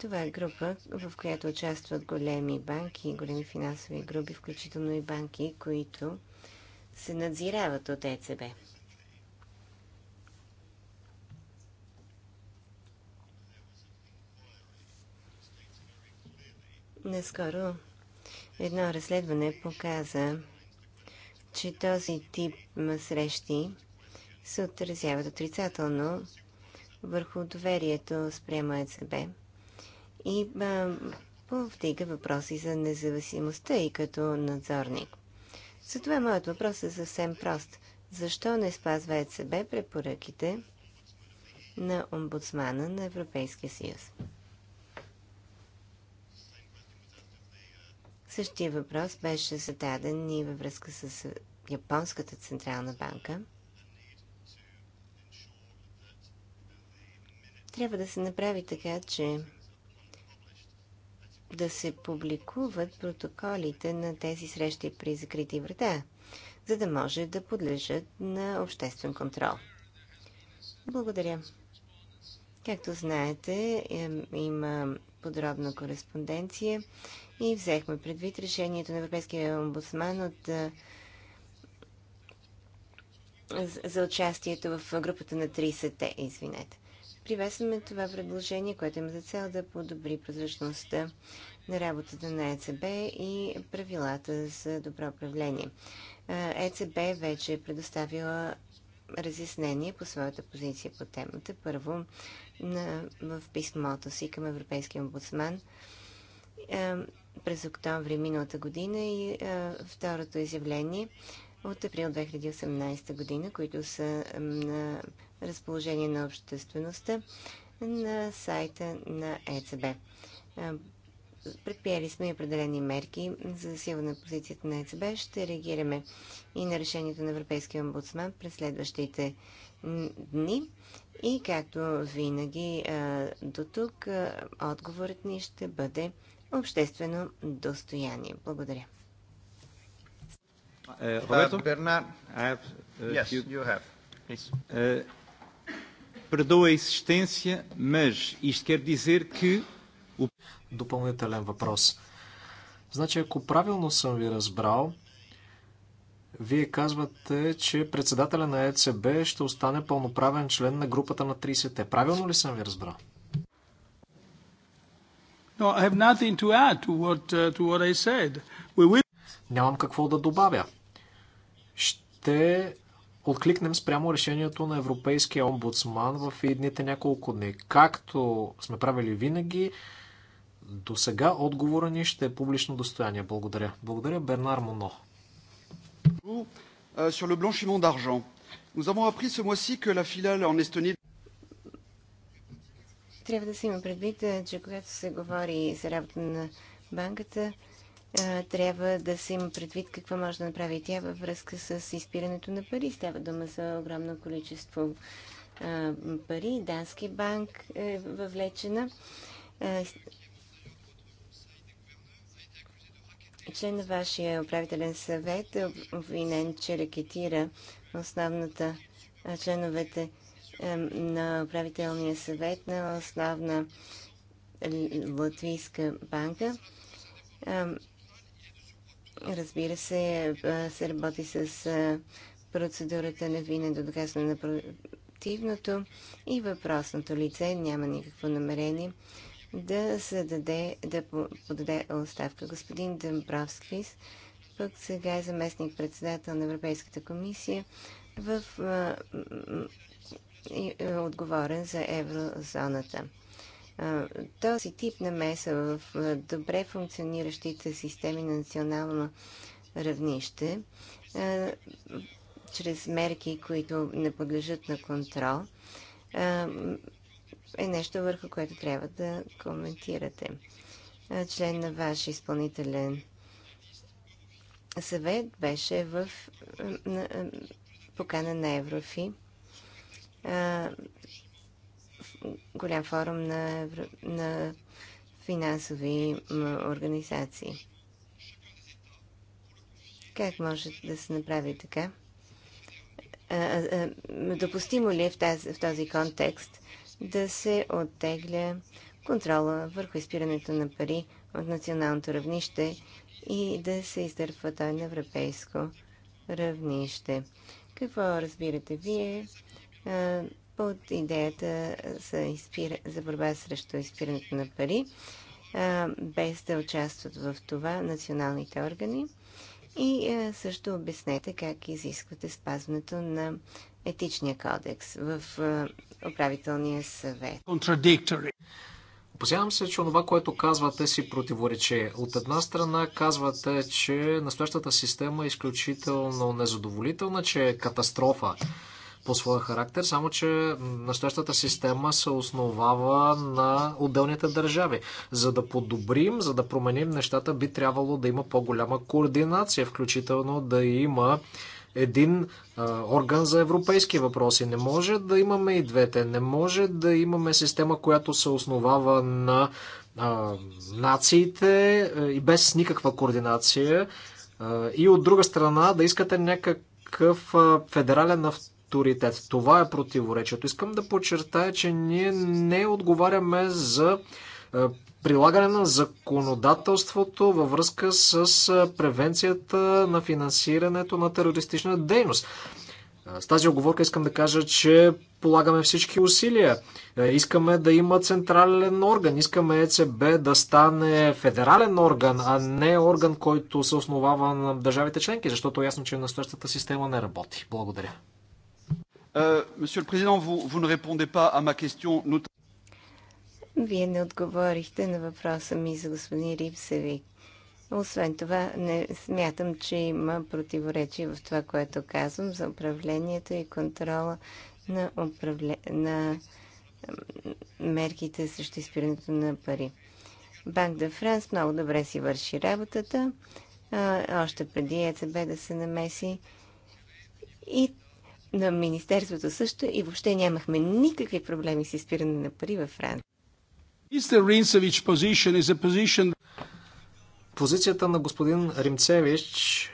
Това е група, в която участват големи банки, големи финансови групи, включително и банки, които се надзирават от ЕЦБ. Наскоро Едно разследване показа, че този тип срещи се отразяват отрицателно върху доверието спрямо ЕЦБ и повдига въпроси за независимостта и като надзорник. Затова моят въпрос е съвсем прост. Защо не спазва ЕЦБ препоръките на омбудсмана на Европейския съюз? Същия въпрос беше зададен и във връзка с Японската централна банка. Трябва да се направи така, че да се публикуват протоколите на тези срещи при закрити врата, за да може да подлежат на обществен контрол. Благодаря. Както знаете, има подробна кореспонденция и взехме предвид решението на Европейския омбудсман от, за участието в групата на 30-те, извинете. Приветстваме това предложение, което има за цел да подобри прозрачността на работата на ЕЦБ и правилата за добро управление. ЕЦБ вече е предоставила разяснение по своята позиция по темата. Първо, на, в писмото си към Европейския омбудсман през октомври миналата година и а, е, второто изявление от април 2018 година, които са на разположение на обществеността на сайта на ЕЦБ. Е, предприели сме и определени мерки за засилване на позицията на ЕЦБ. Ще реагираме и на решението на Европейския омбудсман през следващите дни. И както винаги е, до тук, отговорът ни ще бъде обществено достояние. Благодаря. Е, е, Бернар, Perdoa existência, mas isto quer dizer que... Допълнителен въпрос. Значи, ако правилно съм ви разбрал, вие казвате, че председателя на ЕЦБ ще остане пълноправен член на групата на 30-те. Правилно ли съм ви разбрал? No, I have nothing to add to what, uh, to what I said. We will... Нямам какво да добавя. Ще откликнем спрямо решението на Европейския омбудсман в едните няколко дни. Както сме правили винаги, до сега отговора ни ще е публично достояние. Благодаря. Благодаря, Бернар Моно. Sur le blanchiment d'argent. Nous avons appris ce mois-ci que la filiale en Estonie трябва да се има предвид, е, че когато се говори за работа на банката, е, трябва да се има предвид какво може да направи тя във връзка с изпирането на пари. Става дума за огромно количество е, пари. Дански банк е въвлечена. Член на вашия управителен съвет е обвинен, че рекетира основната членовете на управителния съвет на основна латвийска банка. Разбира се, е, се работи с е, процедурата на вина до доказване на противното и въпросното лице няма никакво намерение да зададе, да подаде оставка. Господин Дъмбровскис, пък сега е заместник председател на Европейската комисия в е, е, отговорен за еврозоната. Този тип на меса в е, добре функциониращите системи на национално равнище, е, чрез мерки, които не подлежат на контрол, е нещо върху което трябва да коментирате. Член на ваш изпълнителен съвет беше в покана на Еврофи голям форум на, на финансови организации. Как може да се направи така? допустимо ли е в, тази, в този контекст да се оттегля контрола върху изпирането на пари от националното равнище и да се издърпва той на европейско равнище? Какво разбирате вие под идеята за, изпира... за борба срещу изпирането на пари, без да участват в това националните органи. И също обяснете как изисквате спазването на етичния кодекс в управителния съвет. Опасявам се, че това, което казвате, си противоречи. От една страна казвате, че настоящата система е изключително незадоволителна, че е катастрофа по своя характер, само че настоящата система се основава на отделните държави. За да подобрим, за да променим нещата, би трябвало да има по-голяма координация, включително да има един а, орган за европейски въпроси. Не може да имаме и двете. Не може да имаме система, която се основава на а, нациите и без никаква координация. А, и от друга страна да искате някакъв федерален авторитет авторитет. Това е противоречието. Искам да подчертая, че ние не отговаряме за е, прилагане на законодателството във връзка с е, превенцията на финансирането на терористична дейност. Е, с тази оговорка искам да кажа, че полагаме всички усилия. Искаме да има централен орган, искаме ЕЦБ да стане федерален орган, а не орган, който се основава на държавите членки, защото е ясно, че настоящата система не работи. Благодаря. Euh, Monsieur le Président, vous, vous ne répondez pas à ma question. Вие не отговорихте на въпроса ми за господин Рипсевик. Освен това, не смятам, че има противоречие в това, което казвам за управлението и контрола на, управле... на мерките срещу изпирането на пари. Банк де Франс много добре си върши работата, а, още преди ЕЦБ да се намеси. И на Министерството също и въобще нямахме никакви проблеми с изпиране на пари във Франция. Позицията на господин Римцевич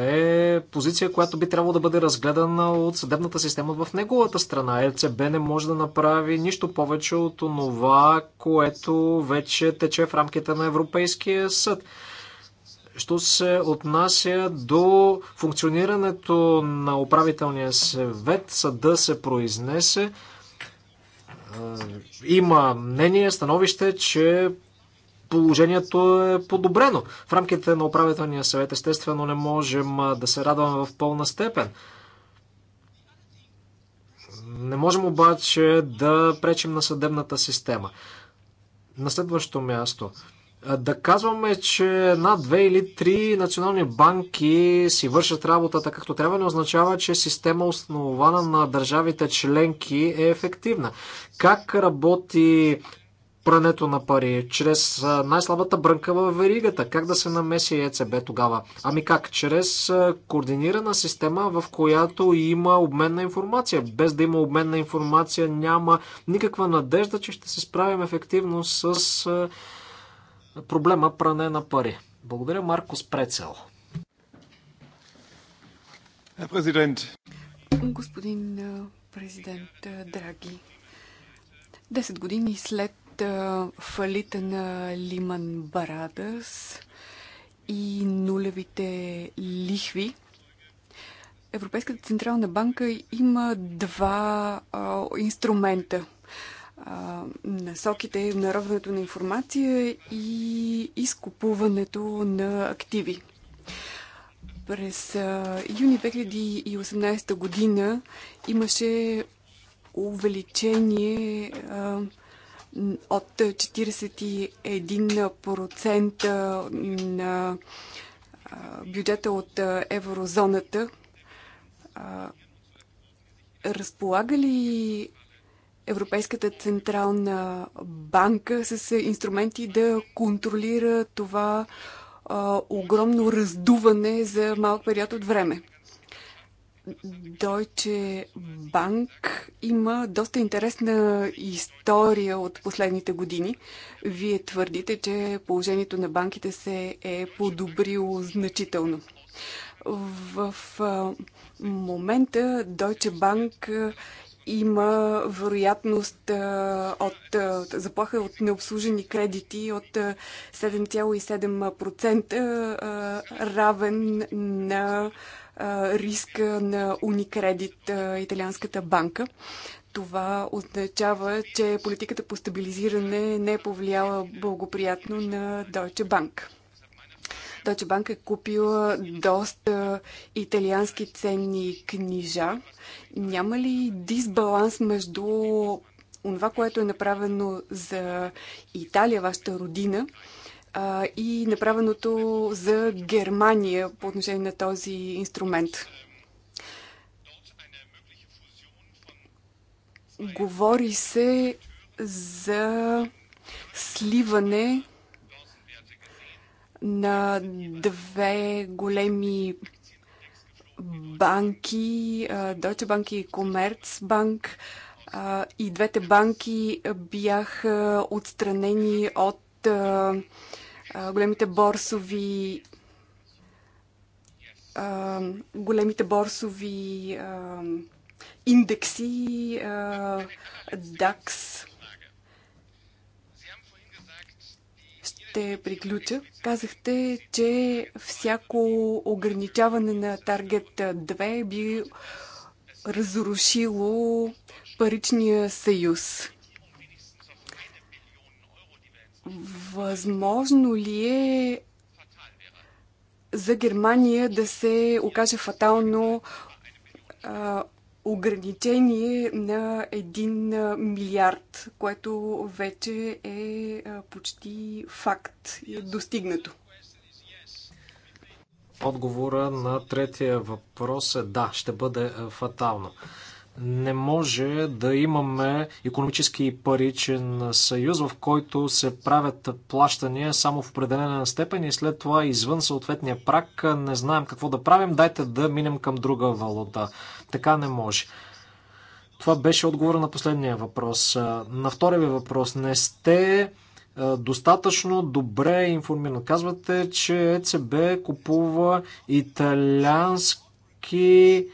е позиция, която би трябвало да бъде разгледана от съдебната система в неговата страна. ЕЦБ не може да направи нищо повече от това, което вече тече в рамките на Европейския съд. Що се отнася до функционирането на управителния съвет, съда се произнесе. Е, има мнение, становище, че положението е подобрено. В рамките на управителния съвет, естествено, не можем да се радваме в пълна степен. Не можем обаче да пречим на съдебната система. На следващо място – да казваме, че на две или три национални банки си вършат работата както трябва, не означава, че система основана на държавите членки е ефективна. Как работи прането на пари, чрез най-слабата брънка в веригата. Как да се намеси ЕЦБ тогава? Ами как? Чрез координирана система, в която има обмен на информация. Без да има обмен на информация няма никаква надежда, че ще се справим ефективно с проблема пране на пари. Благодаря, Марко Спрецел. Президент. Господин президент, драги, 10 години след фалита на Лиман Барадас и нулевите лихви, Европейската централна банка има два а, инструмента насоките, обнародването на информация и изкупуването на активи. През юни 2018 година имаше увеличение от 41% на бюджета от еврозоната. Разполага ли Европейската централна банка с инструменти да контролира това а, огромно раздуване за малък период от време. Deutsche Bank има доста интересна история от последните години. Вие твърдите, че положението на банките се е подобрило значително. В момента Deutsche Bank има вероятност от заплаха от необслужени кредити от 7,7% равен на риска на Уникредит, италианската банка. Това означава, че политиката по стабилизиране не е повлияла благоприятно на Deutsche Bank. Deutsche Bank е купила доста италиански ценни книжа. Няма ли дисбаланс между това, което е направено за Италия, вашата родина, и направеното за Германия по отношение на този инструмент? Говори се за сливане на две големи банки, Deutsche Bank и Commerzbank. И двете банки бяха отстранени от големите борсови големите борсови индекси DAX. ще приключа. Казахте, че всяко ограничаване на Таргет 2 би разрушило паричния съюз. Възможно ли е за Германия да се окаже фатално ограничение на 1 милиард, което вече е почти факт и е достигнато. Отговора на третия въпрос е да, ще бъде фатално. Не може да имаме економически и паричен съюз, в който се правят плащания само в определена степен и след това извън съответния прак не знаем какво да правим, дайте да минем към друга валута. Така не може. Това беше отговора на последния въпрос. На втория ви въпрос. Не сте достатъчно добре информиран. Казвате, че ЕЦБ купува италиански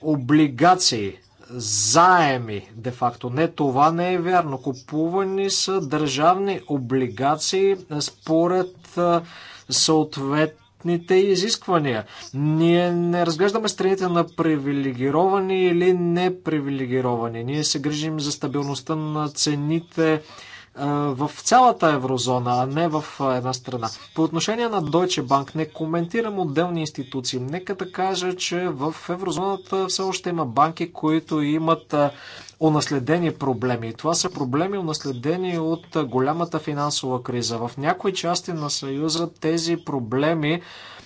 облигации, заеми, де-факто. Не, това не е вярно. Купувани са държавни облигации според съответно съответните изисквания. Ние не разглеждаме страните на привилегировани или непривилегировани. Ние се грижим за стабилността на цените, в цялата еврозона, а не в една страна. По отношение на Deutsche Bank не коментирам отделни институции. Нека да кажа, че в еврозоната все още има банки, които имат унаследени проблеми. Това са проблеми унаследени от голямата финансова криза. В някои части на Съюза тези проблеми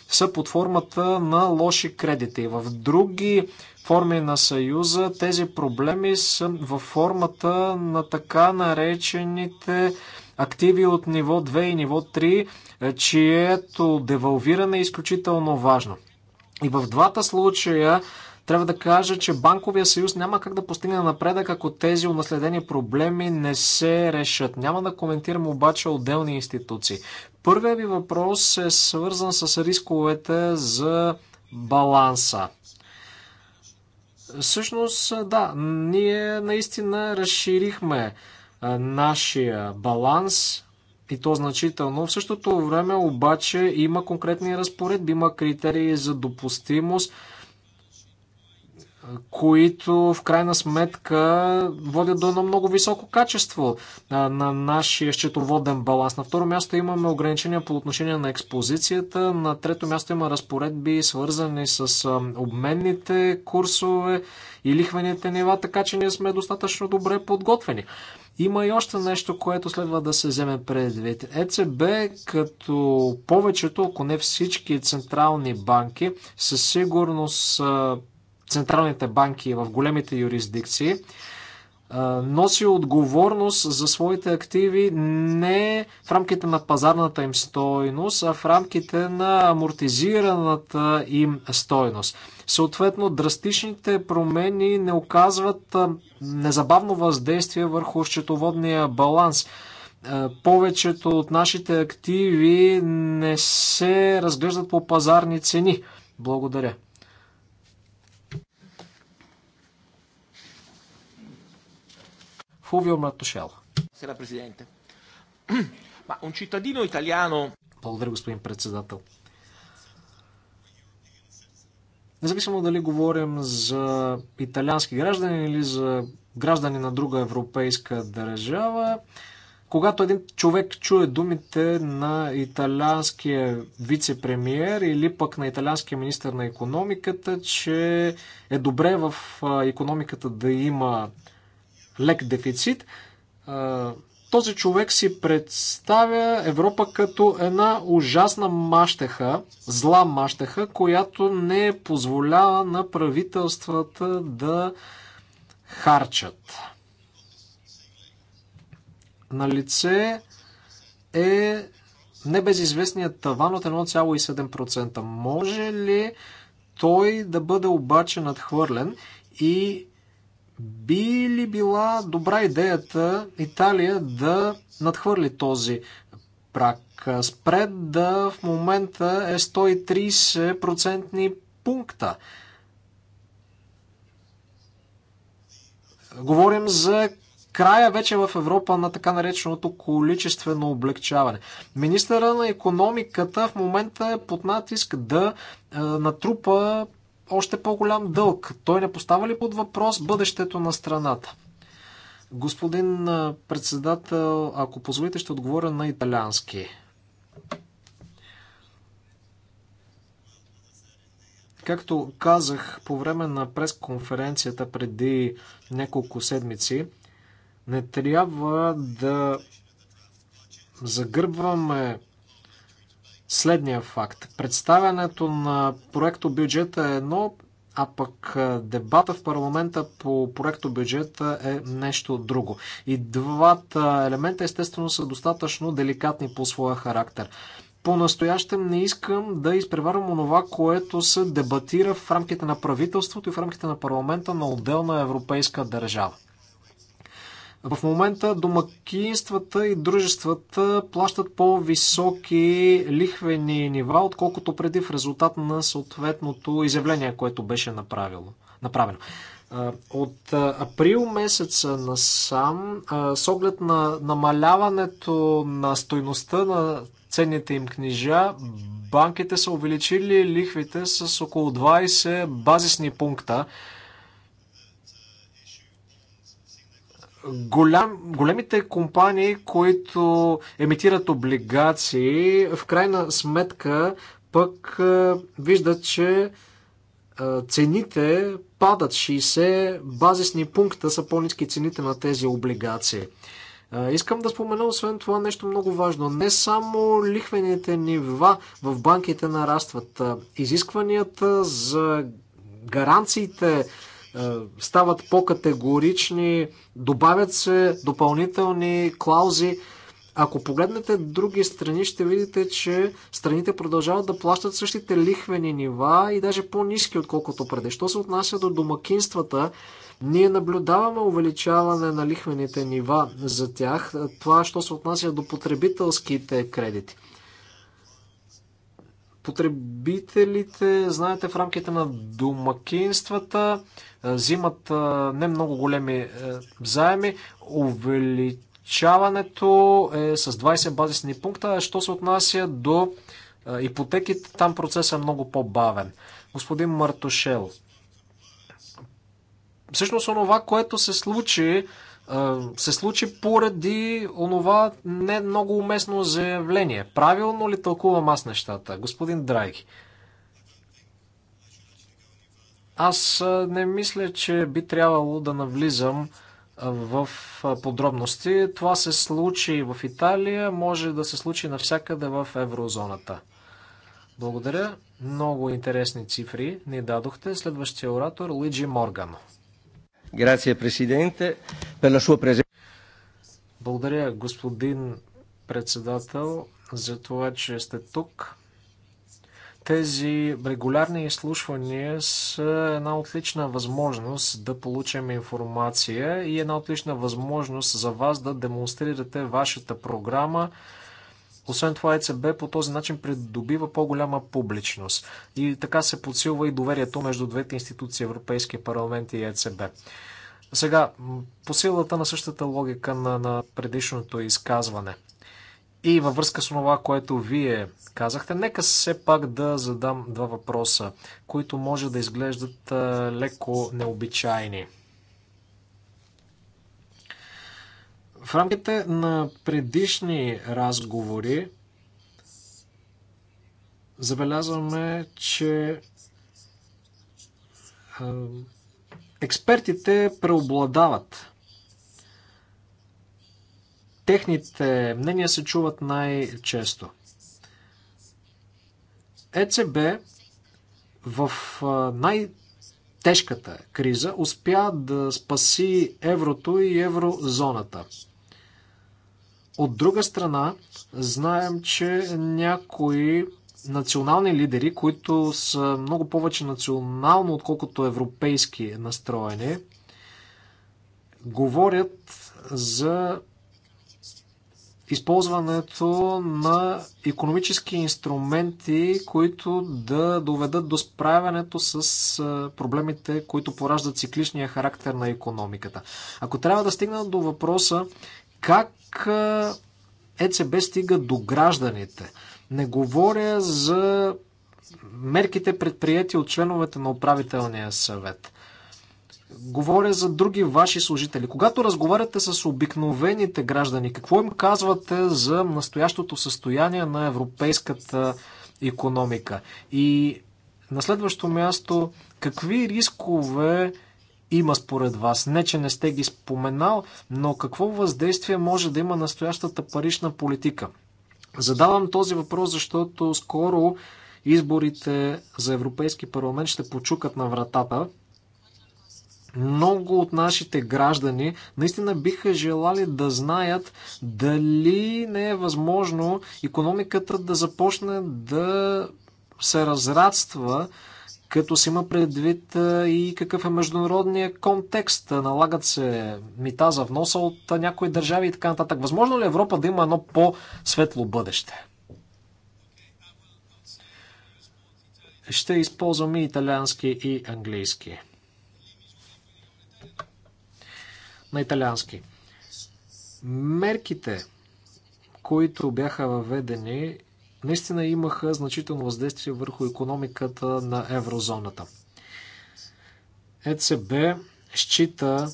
са под формата на лоши кредити. В други форми на Съюза, тези проблеми са във формата на така наречените активи от ниво 2 и ниво 3, е, чието девалвиране е изключително важно. И в двата случая трябва да кажа, че банковия съюз няма как да постигне напредък, ако тези унаследени проблеми не се решат. Няма да коментирам обаче отделни институции. Първият ви въпрос е свързан с рисковете за баланса. Всъщност, да, ние наистина разширихме нашия баланс и то значително. В същото време обаче има конкретни разпоредби, има критерии за допустимост които в крайна сметка водят до едно много високо качество на нашия счетоводен баланс. На второ място имаме ограничения по отношение на експозицията, на трето място има разпоредби свързани с обменните курсове и лихвените нива, така че ние сме достатъчно добре подготвени. Има и още нещо, което следва да се вземе предвид. ЕЦБ, като повечето, ако не всички централни банки, със сигурност централните банки в големите юрисдикции, носи отговорност за своите активи не в рамките на пазарната им стойност, а в рамките на амортизираната им стойност. Съответно, драстичните промени не оказват незабавно въздействие върху счетоводния баланс. Повечето от нашите активи не се разглеждат по пазарни цени. Благодаря. Fulvio Матушел. Сега, президенте. Ма, un cittadino italiano... Благодаря, господин председател. Независимо дали говорим за италиански граждани или за граждани на друга европейска държава, когато един човек чуе думите на италианския вице-премьер или пък на италианския министр на економиката, че е добре в економиката да има лек дефицит, този човек си представя Европа като една ужасна мащеха, зла мащеха, която не позволява на правителствата да харчат. На лице е небезизвестният таван от 1,7%. Може ли той да бъде обаче надхвърлен и би ли била добра идеята Италия да надхвърли този прак? Спред да в момента е 130% пункта. Говорим за края вече в Европа на така нареченото количествено облегчаване. Министъра на економиката в момента е под натиск да е, натрупа още по-голям дълг. Той не поставя ли под въпрос бъдещето на страната? Господин председател, ако позволите, ще отговоря на италиански. Както казах по време на пресконференцията преди няколко седмици, не трябва да загърбваме следния факт. Представянето на проекто бюджета е едно, а пък дебата в парламента по проекто бюджета е нещо друго. И двата елемента естествено са достатъчно деликатни по своя характер. По-настоящем не искам да изпреварвам онова, което се дебатира в рамките на правителството и в рамките на парламента на отделна европейска държава. В момента домакинствата и дружествата плащат по-високи лихвени нива, отколкото преди в резултат на съответното изявление, което беше направило, направено. От април месеца насам, с оглед на намаляването на стойността на ценните им книжа, банките са увеличили лихвите с около 20 базисни пункта голям, големите компании, които емитират облигации, в крайна сметка пък е, виждат, че е, цените падат 60 базисни пункта са по-низки цените на тези облигации. Е, искам да спомена освен това нещо много важно. Не само лихвените нива в банките нарастват. Изискванията за гаранциите е, стават по-категорични, добавят се допълнителни клаузи. Ако погледнете други страни, ще видите, че страните продължават да плащат същите лихвени нива и даже по-низки, отколкото преди. Що се отнася до домакинствата, ние наблюдаваме увеличаване на лихвените нива за тях. Е, това, що се отнася до потребителските кредити. Потребителите, знаете, в рамките на домакинствата взимат не много големи е, заеми, увеличаването е с 20 базисни пункта, а що се отнася до ипотеките, там процесът е много по-бавен. Господин Мартошел, всъщност онова, което се случи се случи поради онова не много уместно заявление. Правилно ли тълкувам аз нещата, господин Драги? Аз не мисля, че би трябвало да навлизам в подробности. Това се случи в Италия, може да се случи навсякъде в еврозоната. Благодаря. Много интересни цифри ни дадохте. Следващия оратор Лиджи Моргано. Грация, президенте, Благодаря, господин председател, за това, че сте тук. Тези регулярни изслушвания са една отлична възможност да получим информация и една отлична възможност за вас да демонстрирате вашата програма, освен това ЕЦБ по този начин придобива по-голяма публичност и така се подсилва и доверието между двете институции, Европейския парламент и ЕЦБ. Сега, по силата на същата логика на, на предишното изказване и във връзка с това, което вие казахте, нека все пак да задам два въпроса, които може да изглеждат леко необичайни – В рамките на предишни разговори забелязваме, че експертите преобладават. Техните мнения се чуват най-често. ЕЦБ в най-тежката криза успя да спаси еврото и еврозоната. От друга страна, знаем, че някои национални лидери, които са много повече национално, отколкото европейски настроени, говорят за използването на економически инструменти, които да доведат до справянето с проблемите, които пораждат цикличния характер на економиката. Ако трябва да стигна до въпроса как ЕЦБ стига до гражданите? Не говоря за мерките предприяти от членовете на управителния съвет. Говоря за други ваши служители. Когато разговаряте с обикновените граждани, какво им казвате за настоящото състояние на европейската економика? И на следващо място, какви рискове има според вас? Не, че не сте ги споменал, но какво въздействие може да има настоящата парична политика? Задавам този въпрос, защото скоро изборите за Европейски парламент ще почукат на вратата. Много от нашите граждани наистина биха желали да знаят дали не е възможно економиката да започне да се разрадства като се има предвид и какъв е международния контекст. Налагат се мита за вноса от някои държави и така нататък. Възможно ли Европа да има едно по-светло бъдеще? Ще използвам и италиански, и английски. На италиански. Мерките, които бяха въведени наистина имаха значително въздействие върху економиката на еврозоната. ЕЦБ счита,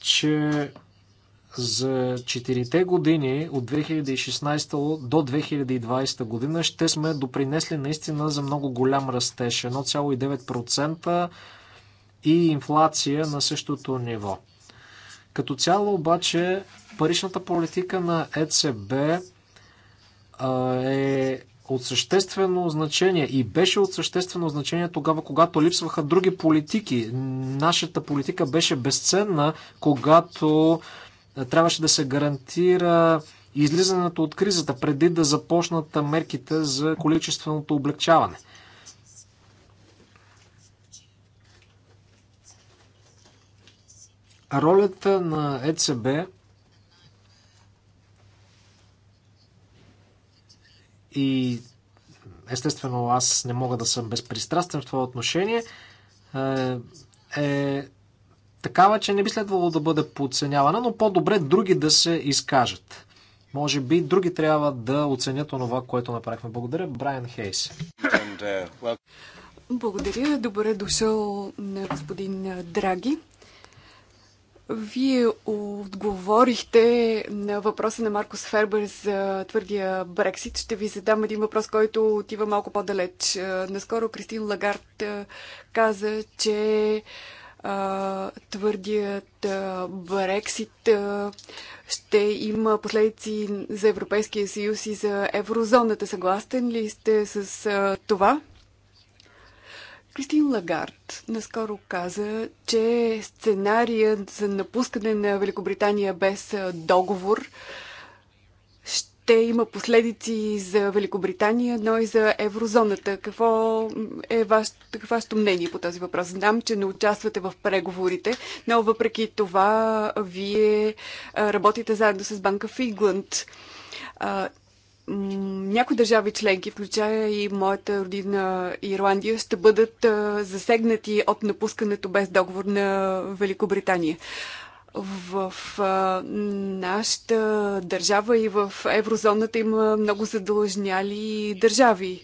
че за 4 години от 2016 до 2020 година ще сме допринесли наистина за много голям растеж 1,9% и инфлация на същото ниво. Като цяло обаче паричната политика на ЕЦБ е от съществено значение и беше от съществено значение тогава, когато липсваха други политики. Нашата политика беше безценна, когато трябваше да се гарантира излизането от кризата, преди да започнат мерките за количественото облегчаване. Ролята на ЕЦБ и естествено аз не мога да съм безпристрастен в това отношение, е, е такава, че не би следвало да бъде подценявана, но по-добре други да се изкажат. Може би други трябва да оценят онова, което направихме. Благодаря, Брайан Хейс. Uh, Благодаря. Добре дошъл на господин Драги. Вие отговорихте на въпроса на Маркус Фербер за твърдия Брексит. Ще ви задам един въпрос, който отива малко по-далеч. Наскоро Кристин Лагард каза, че твърдият Брексит ще има последици за Европейския съюз и за еврозоната. Съгласен ли сте с това? Кристин Лагард наскоро каза, че сценарият за напускане на Великобритания без договор ще има последици за Великобритания, но и за еврозоната. Какво е вашето, вашето мнение по този въпрос? Знам, че не участвате в преговорите, но въпреки това вие работите заедно с Банка в Игланд някои държави членки, включая и моята родина Ирландия, ще бъдат засегнати от напускането без договор на Великобритания. В нашата държава и в еврозоната има много задължняли държави.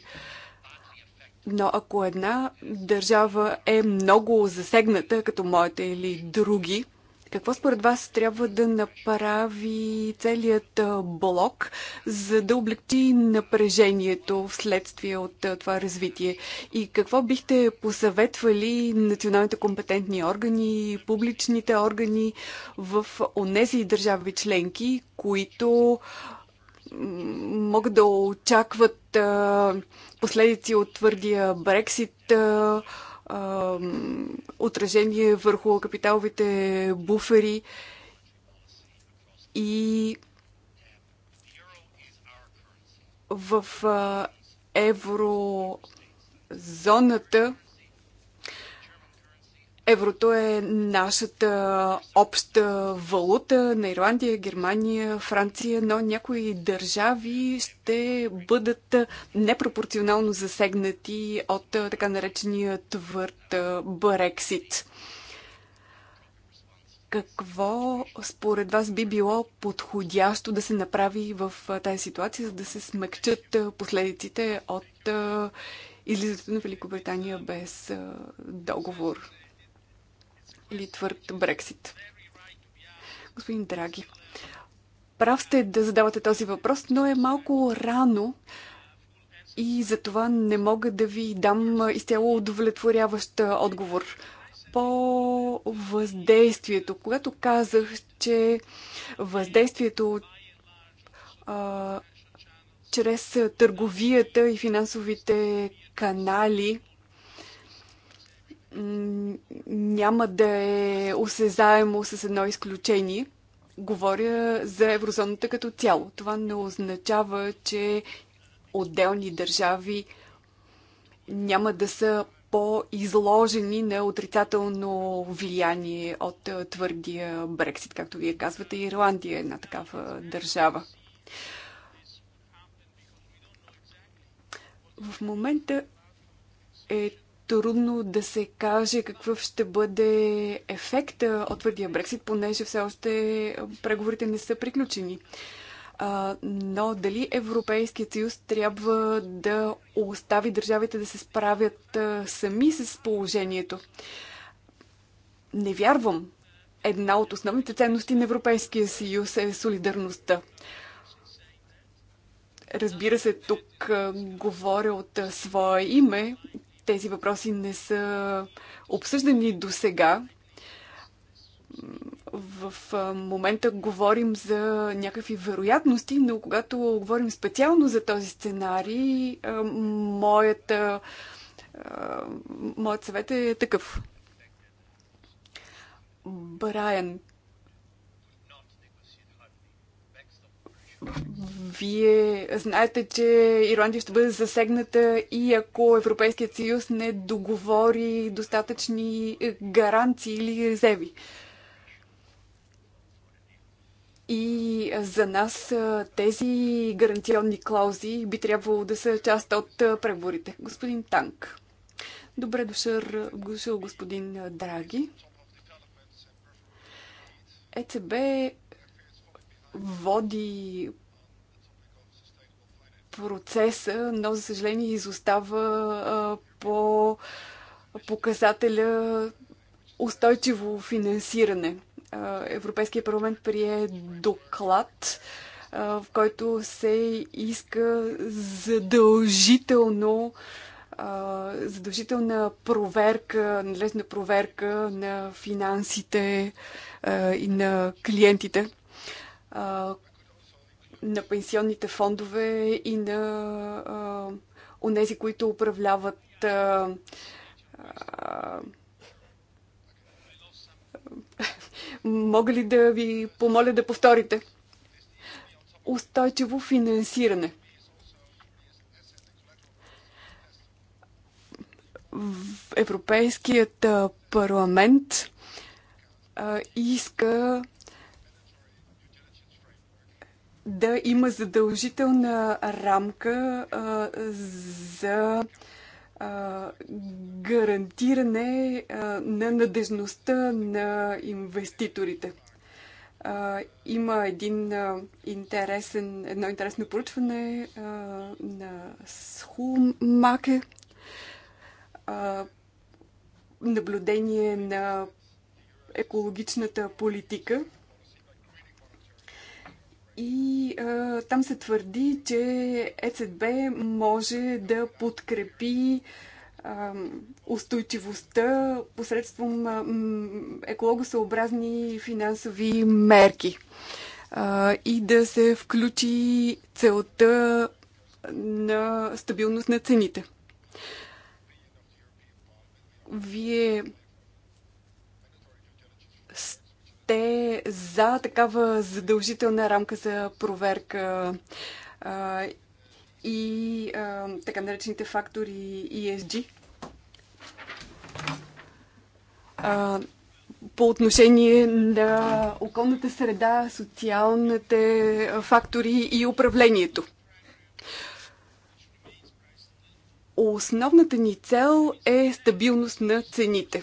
Но ако една държава е много засегната, като моята или други, какво според вас трябва да направи целият блок, за да облегчи напрежението вследствие от това развитие? И какво бихте посъветвали националните компетентни органи, публичните органи в онези държави членки, които могат да очакват последици от твърдия Брексит, а, отражение върху капиталовите буфери и в а, еврозоната Еврото е нашата обща валута на Ирландия, Германия, Франция, но някои държави ще бъдат непропорционално засегнати от така наречения твърд Брексит. Какво според вас би било подходящо да се направи в тази ситуация, за да се смекчат последиците от излизането на Великобритания без договор? или твърд Брексит? Господин Драги, прав сте да задавате този въпрос, но е малко рано и за това не мога да ви дам изцяло удовлетворяващ отговор. По въздействието, когато казах, че въздействието а, чрез търговията и финансовите канали няма да е осезаемо с едно изключение. Говоря за еврозоната като цяло. Това не означава, че отделни държави няма да са по-изложени на отрицателно влияние от твърдия Брексит, както вие казвате. Ирландия е една такава държава. В момента е трудно да се каже какъв ще бъде ефекта от твърдия Брексит, понеже все още преговорите не са приключени. Но дали Европейският съюз трябва да остави държавите да се справят сами с положението? Не вярвам. Една от основните ценности на Европейския съюз е солидарността. Разбира се, тук говоря от свое име. Тези въпроси не са обсъждани до сега. В момента говорим за някакви вероятности, но когато говорим специално за този сценарий, моята, моят съвет е такъв. Брайан Вие знаете, че Ирландия ще бъде засегната и ако Европейският съюз не договори достатъчни е, гаранции или резерви. И е, за нас е, тези гаранционни клаузи би трябвало да са част от преговорите. Господин Танк. Добре дошър, дошъл господин Драги. ЕЦБ води процеса, но за съжаление изостава по показателя устойчиво финансиране. Европейския парламент прие доклад, в който се иска задължително задължителна проверка, належна проверка на финансите и на клиентите на пенсионните фондове и на тези, онези, които управляват Мога ли да ви помоля да повторите? Устойчиво финансиране. Европейският парламент иска да има задължителна рамка а, за а, гарантиране а, на надежността на инвеститорите. А, има един а, интересен, едно интересно поручване а, на Схумаке наблюдение на екологичната политика – и а, там се твърди, че ЕЦБ може да подкрепи а, устойчивостта посредством а, екологосъобразни финансови мерки а, и да се включи целта на стабилност на цените. Вие сте за такава задължителна рамка за проверка а, и а, така наречените фактори ESG? А, по отношение на околната среда, социалните фактори и управлението. Основната ни цел е стабилност на цените.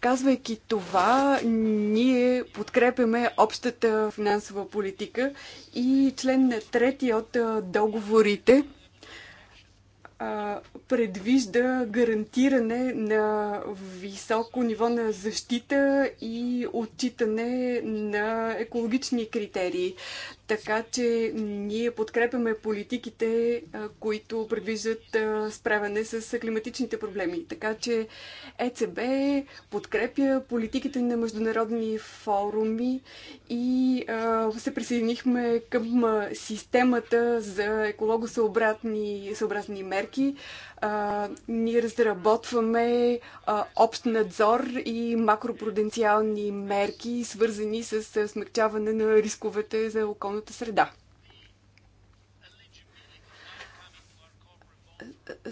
Казвайки това, ние подкрепяме общата финансова политика и член на трети от договорите предвижда гарантиране на високо ниво на защита и отчитане на екологични критерии. Така че ние подкрепяме политиките, които предвиждат справяне с климатичните проблеми. Така че ЕЦБ подкрепя политиките на международни форуми и се присъединихме към системата за екологосъобразни мерки ние разработваме а, общ надзор и макропруденциални мерки, свързани с смягчаване на рисковете за околната среда.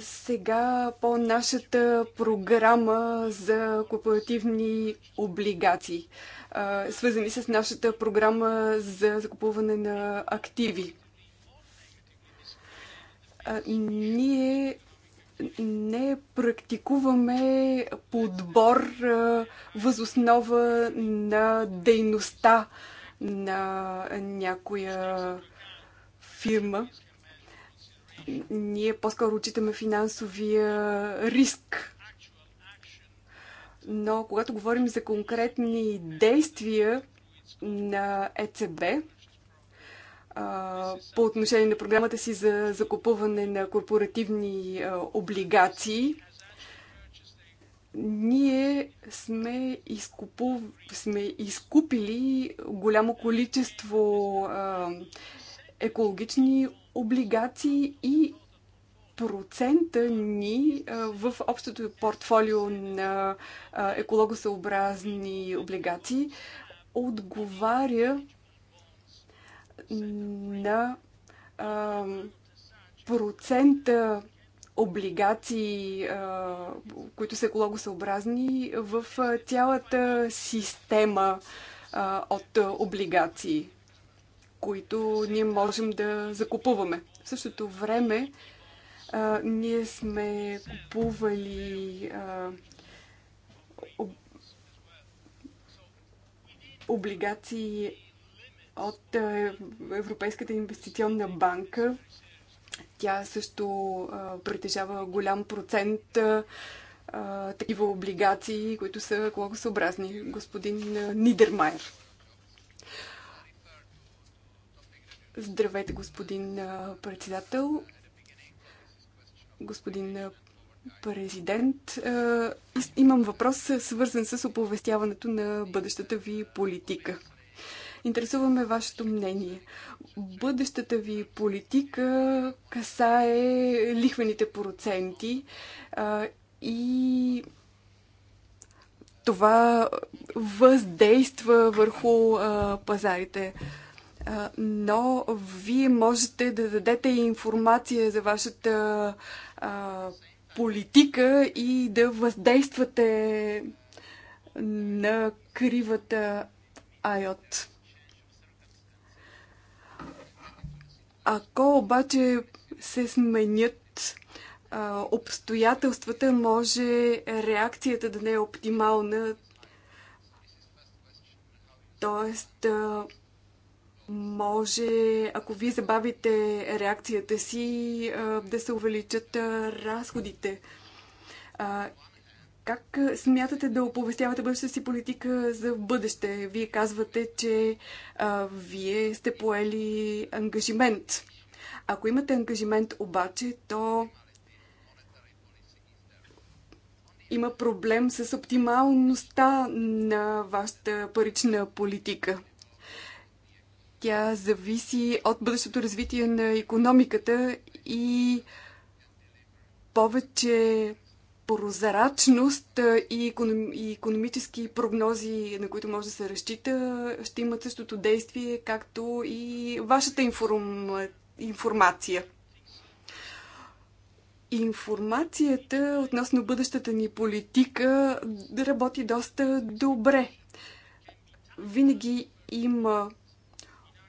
Сега по нашата програма за кооперативни облигации, а, свързани с нашата програма за закупуване на активи ние не практикуваме подбор възоснова на дейността на някоя фирма. Ние по-скоро учитаме финансовия риск. Но когато говорим за конкретни действия на ЕЦБ, по отношение на програмата си за закупуване на корпоративни облигации. Ние сме, изкупу, сме изкупили голямо количество екологични облигации и процента ни в общото портфолио на екологосъобразни облигации отговаря на а, процента облигации, а, които са екологосъобразни в цялата система а, от облигации, които ние можем да закупуваме. В същото време а, ние сме купували а, об, облигации от е, Европейската инвестиционна банка. Тя също притежава голям процент такива облигации, които са екологосъобразни. Господин Нидермайер. Здравейте, господин председател. Господин президент, имам въпрос свързан с оповестяването на бъдещата ви политика. Интересуваме вашето мнение. Бъдещата ви политика касае лихвените проценти а, и това въздейства върху а, пазарите но вие можете да дадете информация за вашата а, политика и да въздействате на кривата IOT. Ако обаче се сменят а, обстоятелствата, може реакцията да не е оптимална. Тоест, а, може, ако вие забавите реакцията си, а, да се увеличат а, разходите. А, как е, смятате да оповестявате бъдещата си политика за в бъдеще? Вие казвате, че а, вие сте поели ангажимент. Ако имате ангажимент обаче, то има проблем с оптималността на вашата парична политика. Тя зависи от бъдещото развитие на економиката и повече прозрачност и, економ, и економически прогнози, на които може да се разчита, ще имат същото действие, както и вашата информ, информация. Информацията относно бъдещата ни политика работи доста добре. Винаги има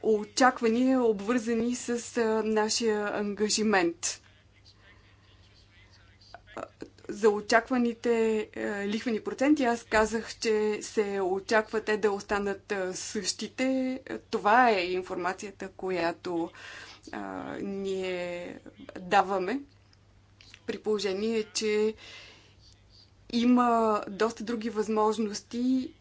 очаквания, обвързани с нашия ангажимент за очакваните е, лихвени проценти, аз казах, че се очаква те да останат е, същите. Това е информацията, която е, ние даваме, при положение, че има доста други възможности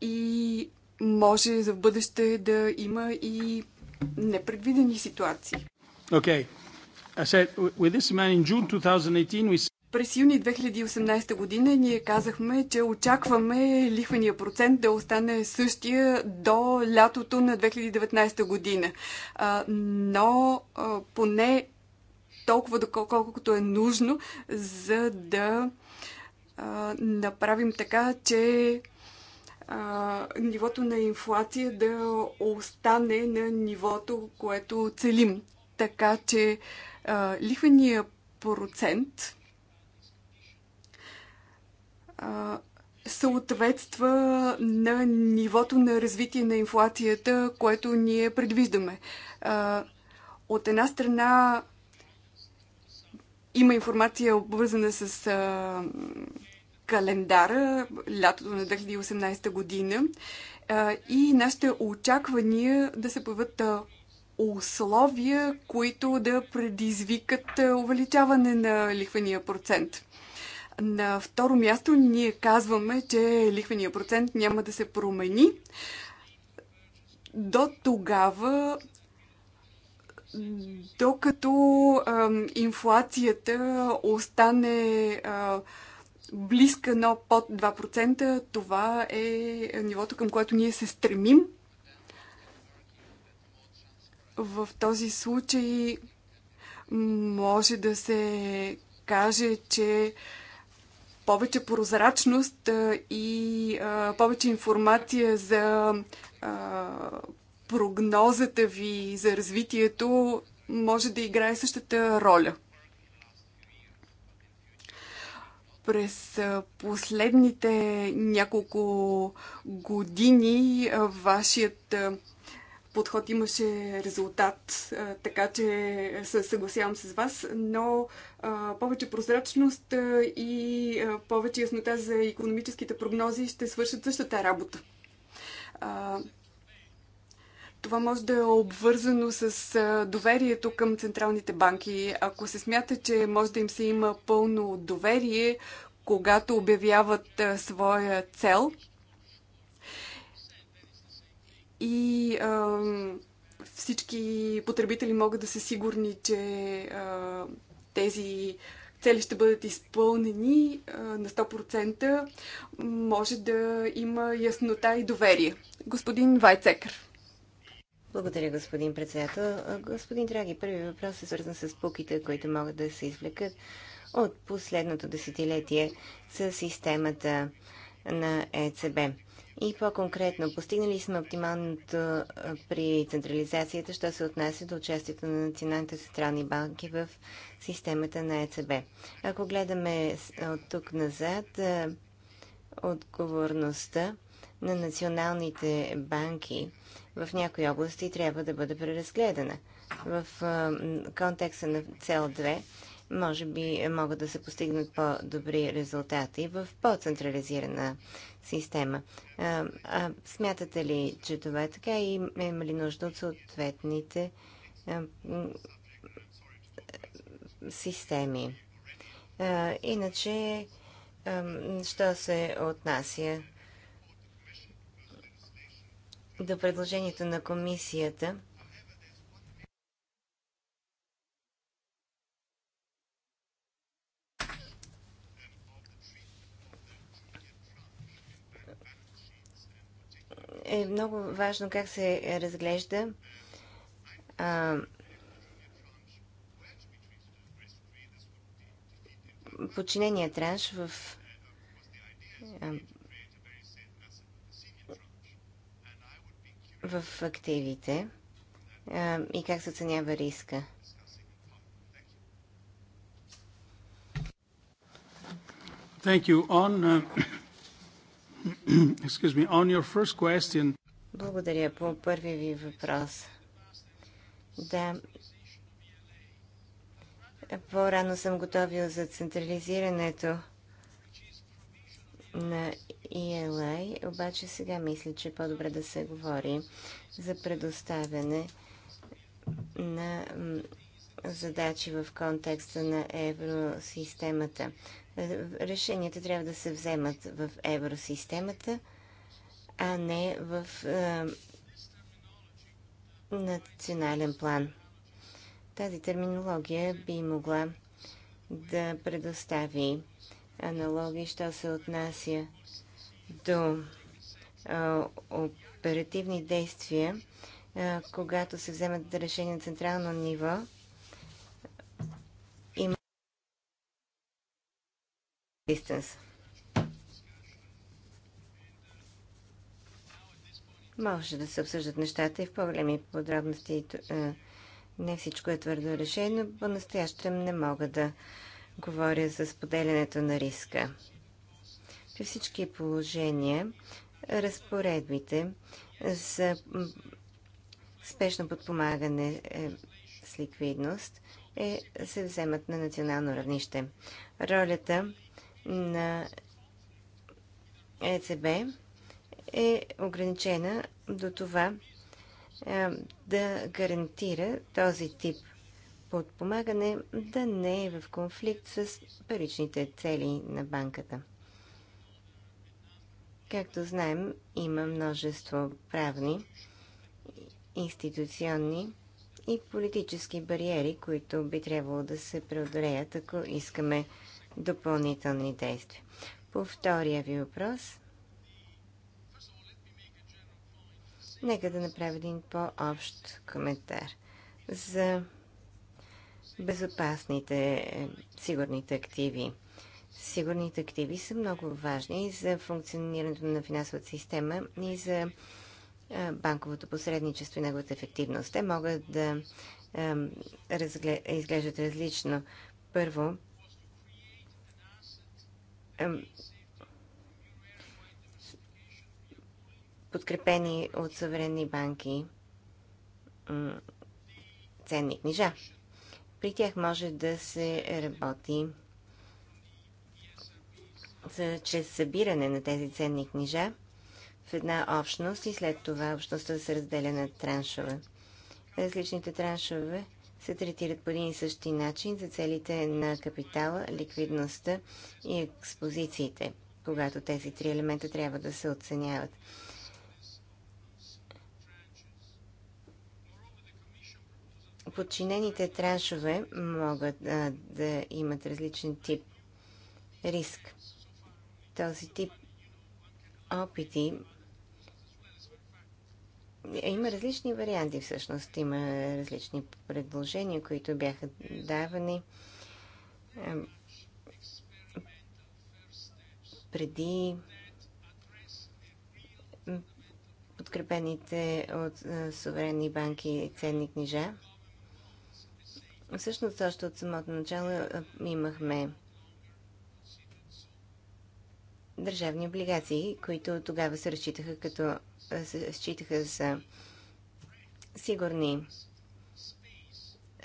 и може за бъдеще да има и непредвидени ситуации. Okay. I said, with this man in June 2018, we... През юни 2018 година ние казахме, че очакваме лихвения процент да остане същия до лятото на 2019 година. но поне толкова, колкото е нужно, за да направим така, че а, нивото на инфлация да остане на нивото, което целим. Така че а, лихвения процент а, съответства на нивото на развитие на инфлацията, което ние предвиждаме. А, от една страна има информация обвързана с а, календара, лятото на 2018 година и нашите очаквания да се появят условия, които да предизвикат увеличаване на лихвения процент. На второ място ние казваме, че лихвения процент няма да се промени. До тогава, докато инфлацията остане близка, но под 2%. Това е нивото, към което ние се стремим. В този случай може да се каже, че повече прозрачност и повече информация за прогнозата ви за развитието може да играе същата роля. През последните няколко години вашият подход имаше резултат, така че се съгласявам с вас, но повече прозрачност и повече яснота за економическите прогнози ще свършат същата работа това може да е обвързано с доверието към централните банки. Ако се смята, че може да им се има пълно доверие, когато обявяват своя цел и а, всички потребители могат да са сигурни, че а, тези цели ще бъдат изпълнени а, на 100%, може да има яснота и доверие. Господин Вайцекър. Благодаря, господин председател. Господин Драги, първи въпрос е свързан с пуките, които могат да се извлекат от последното десетилетие с системата на ЕЦБ. И по-конкретно, постигнали сме оптималното при централизацията, що се отнася до участието на националните централни банки в системата на ЕЦБ. Ако гледаме от тук назад, отговорността на националните банки в някои области трябва да бъде преразгледана. В контекста на цел 2 може би е, могат да се постигнат по-добри резултати в по-централизирана система. А, а, смятате ли, че това е така и има ли нужда от съответните а, системи? А, иначе, а, що се отнася до предложението на комисията, е много важно как се разглежда а, подчинения транш в а, в активите и как се оценява риска? Thank you. On, uh, <coughs> excuse me, on your first question. Благодаря по първи ви въпрос. Да. По-рано съм готовил за централизирането на ELA, обаче сега мисля, че е по-добре да се говори за предоставяне на задачи в контекста на евросистемата. Е, решенията трябва да се вземат в евросистемата, а не в е, национален план. Тази терминология би могла да предостави аналогии, що се отнася до а, оперативни действия, а, когато се вземат решения на централно ниво. Има дистанс. Може да се обсъждат нещата и в по-големи подробности. Не всичко е твърдо решено. По-настоящем не мога да говоря за споделянето на риска. При всички положения, разпоредбите за спешно подпомагане е, с ликвидност е, се вземат на национално равнище. Ролята на ЕЦБ е ограничена до това е, да гарантира този тип подпомагане да не е в конфликт с паричните цели на банката. Както знаем, има множество правни, институционни и политически бариери, които би трябвало да се преодолеят, ако искаме допълнителни действия. По втория ви въпрос, нека да направя един по-общ коментар за безопасните, е, сигурните активи. Сигурните активи са много важни за функционирането на финансовата система и за е, банковото посредничество и неговата ефективност. Те могат да е, изглеждат различно. Първо, подкрепени от съвременни банки ценни книжа. При тях може да се работи за, чрез събиране на тези ценни книжа в една общност и след това общността да се разделя на траншове. Различните траншове се третират по един и същи начин за целите на капитала, ликвидността и експозициите, когато тези три елемента трябва да се оценяват. подчинените траншове могат а, да имат различен тип риск. Този тип опити има различни варианти всъщност. Има различни предложения, които бяха давани преди подкрепените от суверенни банки ценни книжа. Всъщност, още от самото начало имахме държавни облигации, които тогава се разчитаха като се считаха за сигурни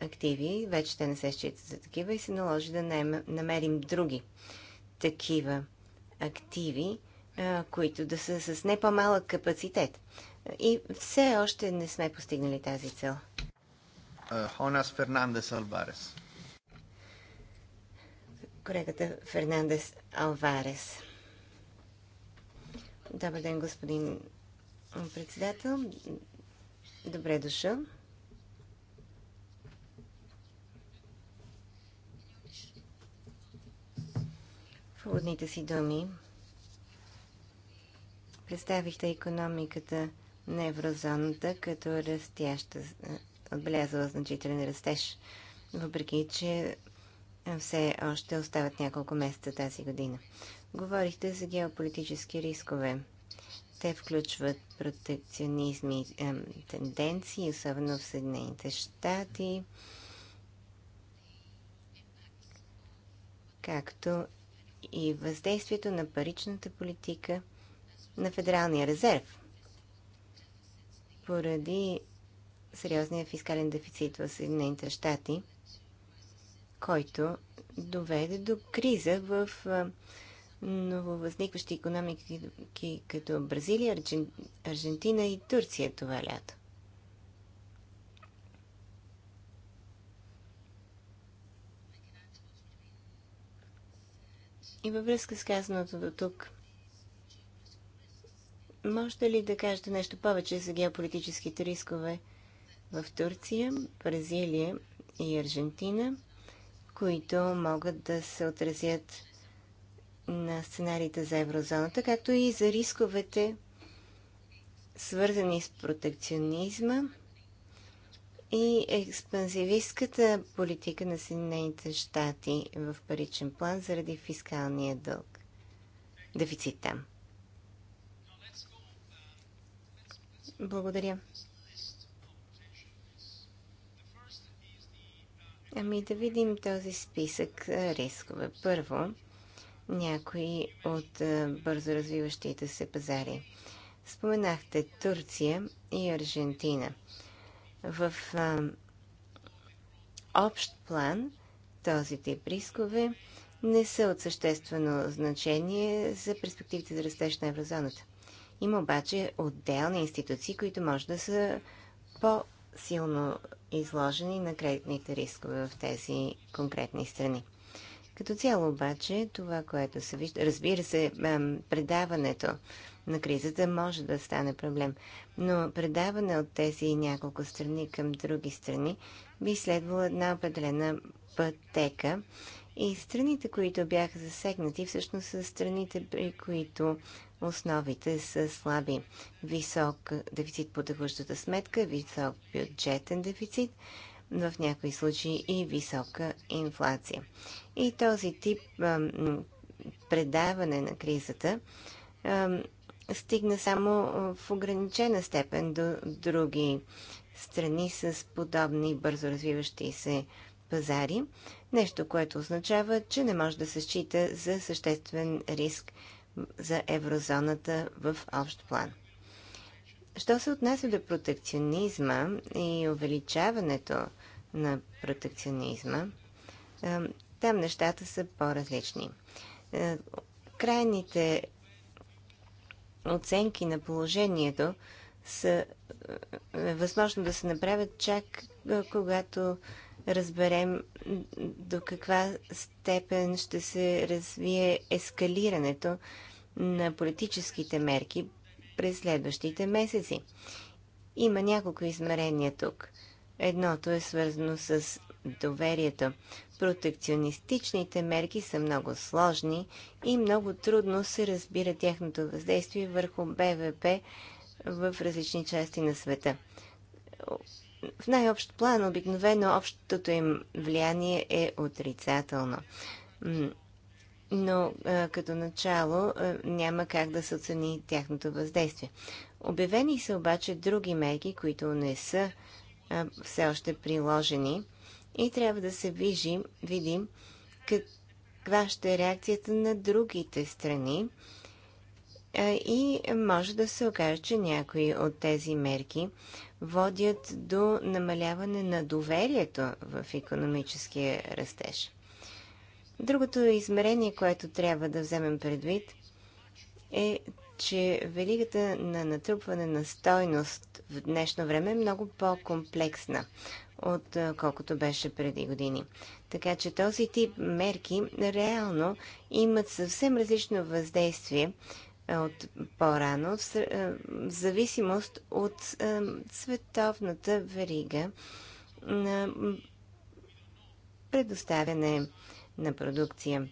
активи. Вече те не се считат за такива и се наложи да намерим други такива активи, които да са с не по-малък капацитет. И все още не сме постигнали тази цел. Е, Хонас Фернандес Алварес. Колегата Фернандес Алварес. Добър ден, господин председател. Добре дошъл. В водните си думи представихте економиката на еврозоната като растяща отбелязала значителен растеж, въпреки че все още остават няколко месеца тази година. Говорихте за геополитически рискове. Те включват протекционизми, е, тенденции, особено в Съединените щати, както и въздействието на паричната политика на Федералния резерв поради сериозния фискален дефицит в Съединените щати, който доведе до криза в нововъзникващи економики като Бразилия, Аржентина и Турция това лято. И във връзка с казаното до тук, можете ли да кажете нещо повече за геополитическите рискове – в Турция, Бразилия и Аржентина, които могат да се отразят на сценариите за еврозоната, както и за рисковете, свързани с протекционизма и експанзивистката политика на Съединените щати в паричен план заради фискалния дълг. Дефицит там. Благодаря. Ами да видим този списък рискове. Първо, някои от бързо развиващите се пазари. Споменахте Турция и Аржентина. В а, общ план този тип рискове не са от съществено значение за перспективите за растеж на еврозоната. Има обаче отделни институции, които може да са по-силно изложени на кредитните рискове в тези конкретни страни. Като цяло обаче, това, което се вижда, разбира се, предаването на кризата може да стане проблем, но предаване от тези няколко страни към други страни би следвало една определена пътека и страните, които бяха засегнати, всъщност са страните, при които основите са слаби. Висок дефицит по текущата сметка, висок бюджетен дефицит, в някои случаи и висока инфлация. И този тип предаване на кризата стигна само в ограничена степен до други страни с подобни бързо развиващи се пазари, нещо, което означава, че не може да се счита за съществен риск за еврозоната в общ план. Що се отнася до протекционизма и увеличаването на протекционизма, е, там нещата са по-различни. Е, крайните оценки на положението са е, възможно да се направят чак когато разберем до каква степен ще се развие ескалирането на политическите мерки през следващите месеци. Има няколко измерения тук. Едното е свързано с доверието. Протекционистичните мерки са много сложни и много трудно се разбира тяхното въздействие върху БВП в различни части на света в най-общ план обикновено общото им влияние е отрицателно. Но като начало няма как да се оцени тяхното въздействие. Обявени са обаче други мерки, които не са все още приложени и трябва да се вижим, видим каква ще е реакцията на другите страни и може да се окаже, че някои от тези мерки водят до намаляване на доверието в економическия растеж. Другото измерение, което трябва да вземем предвид, е, че велигата на натрупване на стойност в днешно време е много по-комплексна от колкото беше преди години. Така че този тип мерки реално имат съвсем различно въздействие е, от по-рано, в е, зависимост от е, световната верига на предоставяне на продукция.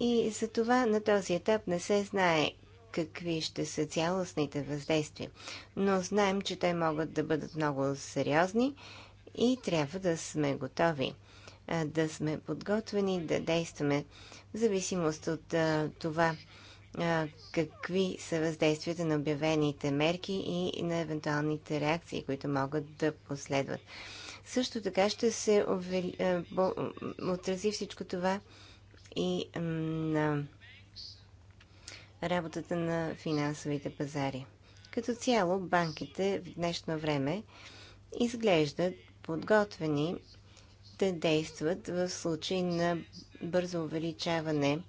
И за това на този етап не се знае какви ще са цялостните въздействия. Но знаем, че те могат да бъдат много сериозни и трябва да сме готови, да сме подготвени, да действаме в зависимост от това, какви са въздействията на обявените мерки и на евентуалните реакции, които могат да последват. Също така ще се отрази всичко това и на работата на финансовите пазари. Като цяло, банките в днешно време изглеждат подготвени да действат в случай на бързо увеличаване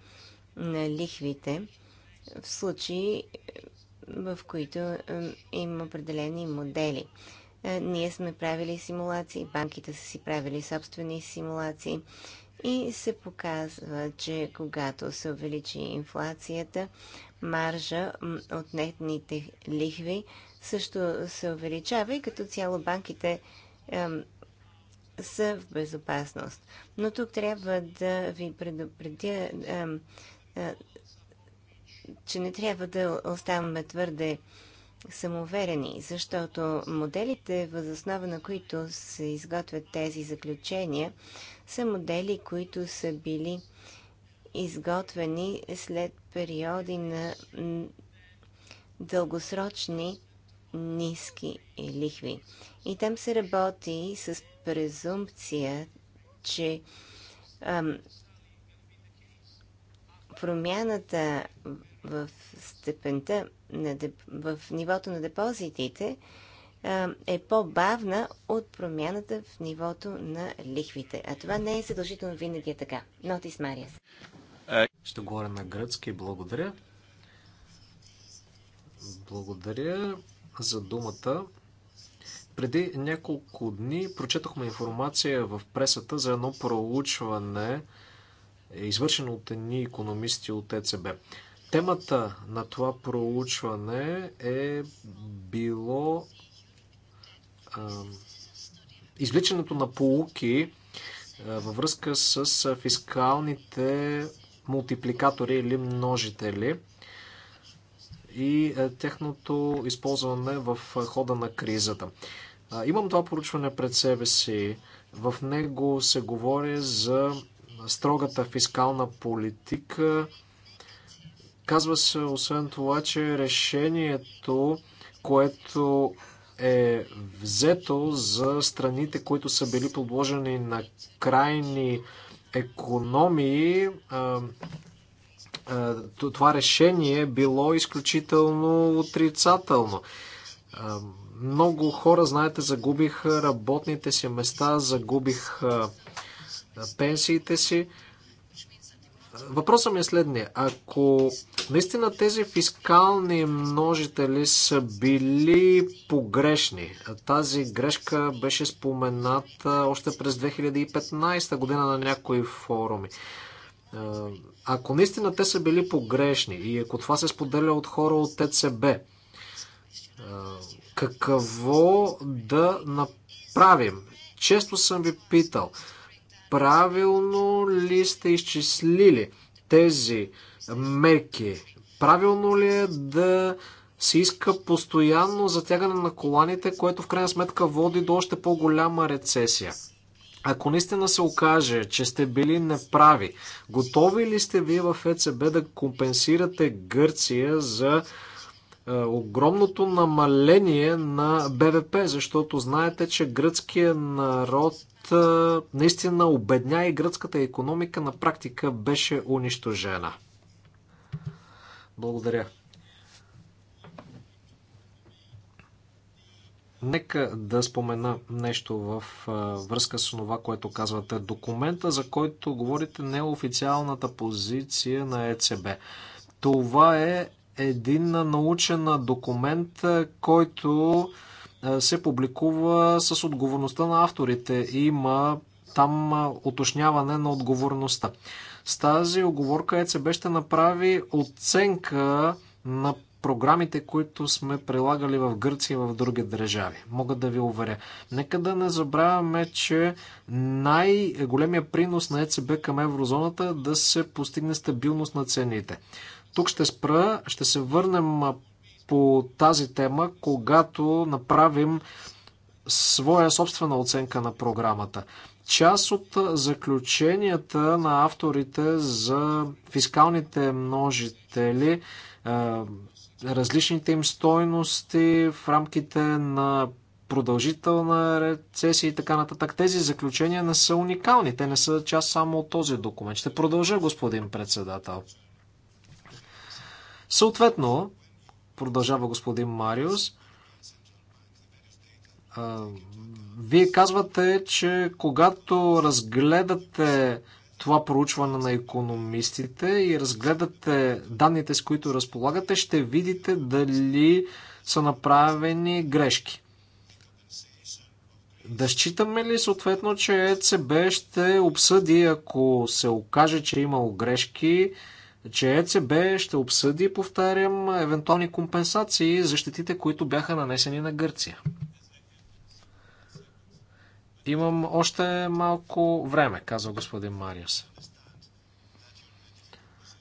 на лихвите в случаи, в които има определени модели. Е, ние сме правили симулации, банките са си правили собствени симулации и се показва, че когато се увеличи инфлацията, маржа от нетните лихви също се увеличава и като цяло банките са в безопасност. Но тук трябва да ви предупредя е, че не трябва да оставаме твърде самоуверени, защото моделите, възоснова на които се изготвят тези заключения, са модели, които са били изготвени след периоди на дългосрочни ниски лихви. И там се работи с презумпция, че ам, промяната в степента, на деп... в нивото на депозитите е по-бавна от промяната в нивото на лихвите. А това не е задължително винаги е така. Нотис Мариас. Ще говоря на гръцки. Благодаря. Благодаря за думата. Преди няколко дни прочетохме информация в пресата за едно проучване, е извършено от едни економисти от ЕЦБ. Темата на това проучване е било а, извличането на полуки във връзка с фискалните мултипликатори или множители и техното използване в хода на кризата. Имам това поручване пред себе си. В него се говори за строгата фискална политика, Казва се освен това, че решението, което е взето за страните, които са били подложени на крайни економии, това решение е било изключително отрицателно. Много хора, знаете, загубиха работните си места, загубиха пенсиите си. Въпросът ми е следния. Ако наистина тези фискални множители са били погрешни, тази грешка беше спомената още през 2015 година на някои форуми. Ако наистина те са били погрешни и ако това се споделя от хора от ТЦБ, какво да направим? Често съм ви питал – Правилно ли сте изчислили тези мерки? Правилно ли е да се иска постоянно затягане на коланите, което в крайна сметка води до още по-голяма рецесия? Ако наистина се окаже, че сте били неправи, готови ли сте вие в ЕЦБ да компенсирате Гърция за е, огромното намаление на БВП, защото знаете, че гръцкият народ наистина обедня и гръцката економика на практика беше унищожена. Благодаря. Нека да спомена нещо в връзка с това, което казвате. Документа, за който говорите, не е официалната позиция на ЕЦБ. Това е един научен документ, който е, се публикува с отговорността на авторите. Има там е, уточняване на отговорността. С тази оговорка ЕЦБ ще направи оценка на програмите, които сме прилагали в Гърция и в други държави. Мога да ви уверя. Нека да не забравяме, че най-големия принос на ЕЦБ към еврозоната е да се постигне стабилност на цените. Тук ще спра, ще се върнем по тази тема, когато направим своя собствена оценка на програмата. Част от заключенията на авторите за фискалните множители, е, различните им стойности в рамките на продължителна рецесия и така нататък. Тези заключения не са уникални. Те не са част само от този документ. Ще продължа, господин председател. Съответно, продължава господин Мариус. Вие казвате, че когато разгледате това проучване на економистите и разгледате данните, с които разполагате, ще видите дали са направени грешки. Да считаме ли съответно, че ЕЦБ ще обсъди, ако се окаже, че е имало грешки, че ЕЦБ ще обсъди, повтарям, евентуални компенсации за щетите, които бяха нанесени на Гърция. Имам още малко време, казва господин Мариус.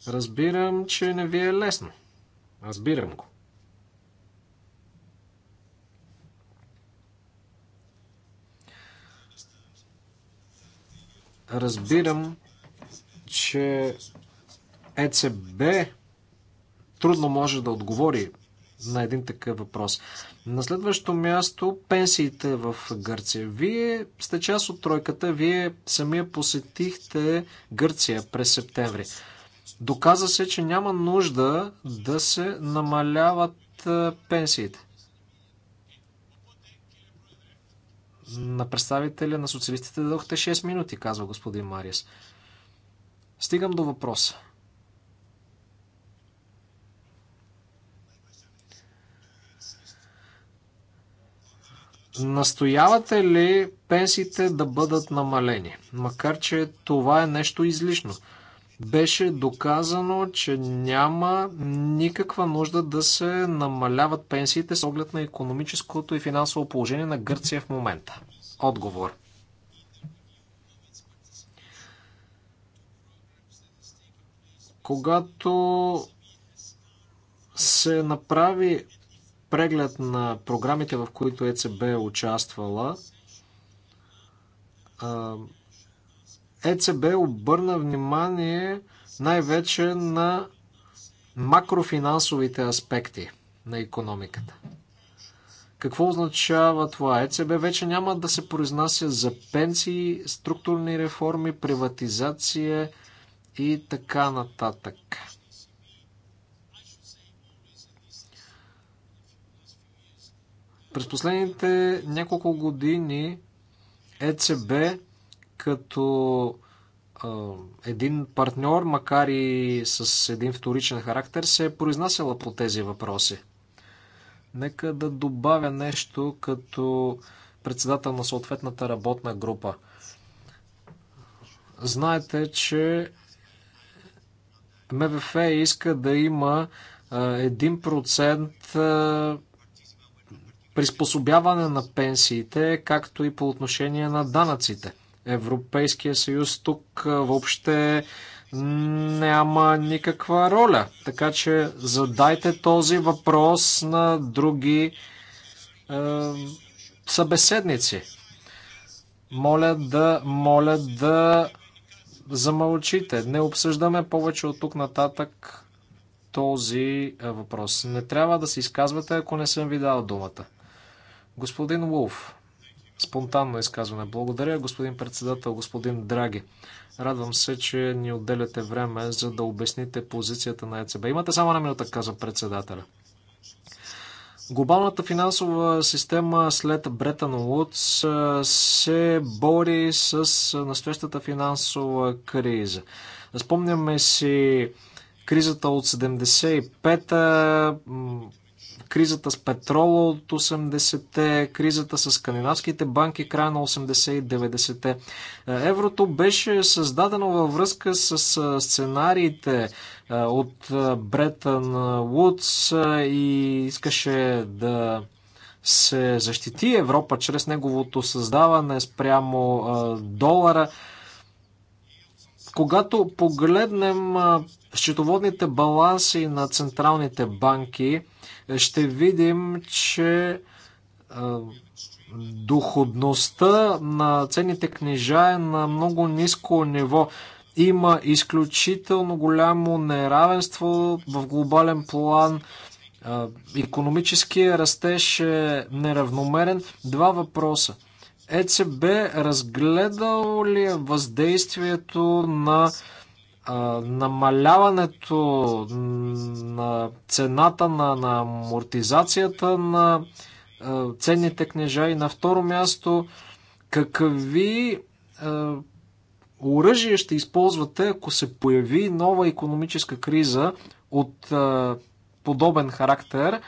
Разбирам, че не ви е лесно. Разбирам го. Разбирам, че ЕЦБ трудно може да отговори на един такъв въпрос. На следващо място пенсиите в Гърция. Вие сте част от тройката, вие самия посетихте Гърция през септември. Доказа се, че няма нужда да се намаляват е, пенсиите. На представителя на социалистите дадохте 6 минути, казва господин Мариас. Стигам до въпроса. Настоявате ли пенсиите да бъдат намалени? Макар, че това е нещо излишно. Беше доказано, че няма никаква нужда да се намаляват пенсиите с оглед на економическото и финансово положение на Гърция в момента. Отговор. Когато се направи преглед на програмите, в които ЕЦБ е участвала, ЕЦБ обърна внимание най-вече на макрофинансовите аспекти на економиката. Какво означава това? ЕЦБ вече няма да се произнася за пенсии, структурни реформи, приватизация и така нататък. През последните няколко години ЕЦБ като един партньор, макар и с един вторичен характер, се е произнасяла по тези въпроси. Нека да добавя нещо като председател на съответната работна група. Знаете, че МВФ иска да има 1% приспособяване на пенсиите, както и по отношение на данъците. Европейския съюз тук въобще няма никаква роля. Така че задайте този въпрос на други е, събеседници. Моля да, моля да замълчите. Не обсъждаме повече от тук нататък този въпрос. Не трябва да се изказвате, ако не съм ви дал думата. Господин Вулф, спонтанно изказване. Благодаря, господин председател, господин Драги. Радвам се, че ни отделяте време, за да обясните позицията на ЕЦБ. Имате само една минута, каза председателя. Глобалната финансова система след Бретън Лудс се бори с настоящата финансова криза. Спомняме си кризата от 75-та, кризата с петрола от 80-те, кризата с скандинавските банки края на 80 и 90-те. Еврото беше създадено във връзка с сценариите от Бретън Вудс и искаше да се защити Европа чрез неговото създаване спрямо долара. Когато погледнем счетоводните баланси на централните банки, ще видим, че доходността на ценните книжа е на много ниско ниво. Има изключително голямо неравенство в глобален план. Економическия растеж е неравномерен. Два въпроса – ЕЦБ разгледал ли е въздействието на намаляването на цената на, на амортизацията на ценните книжа и на второ място какви оръжия ще използвате, ако се появи нова економическа криза от подобен характер,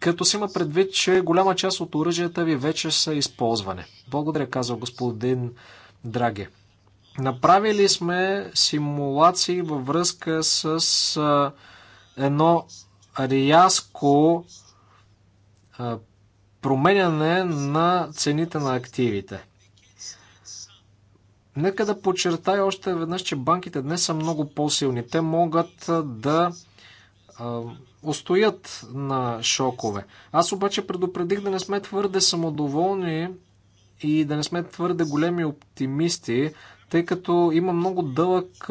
като си има предвид, че голяма част от оръжията ви вече са използване. Благодаря, казал господин Драге. Направили сме симулации във връзка с а, едно рязко а, променяне на цените на активите. Нека да подчертая още веднъж, че банките днес са много по-силни. Те могат да а, устоят на шокове. Аз обаче предупредих да не сме твърде самодоволни и да не сме твърде големи оптимисти, тъй като има много дълъг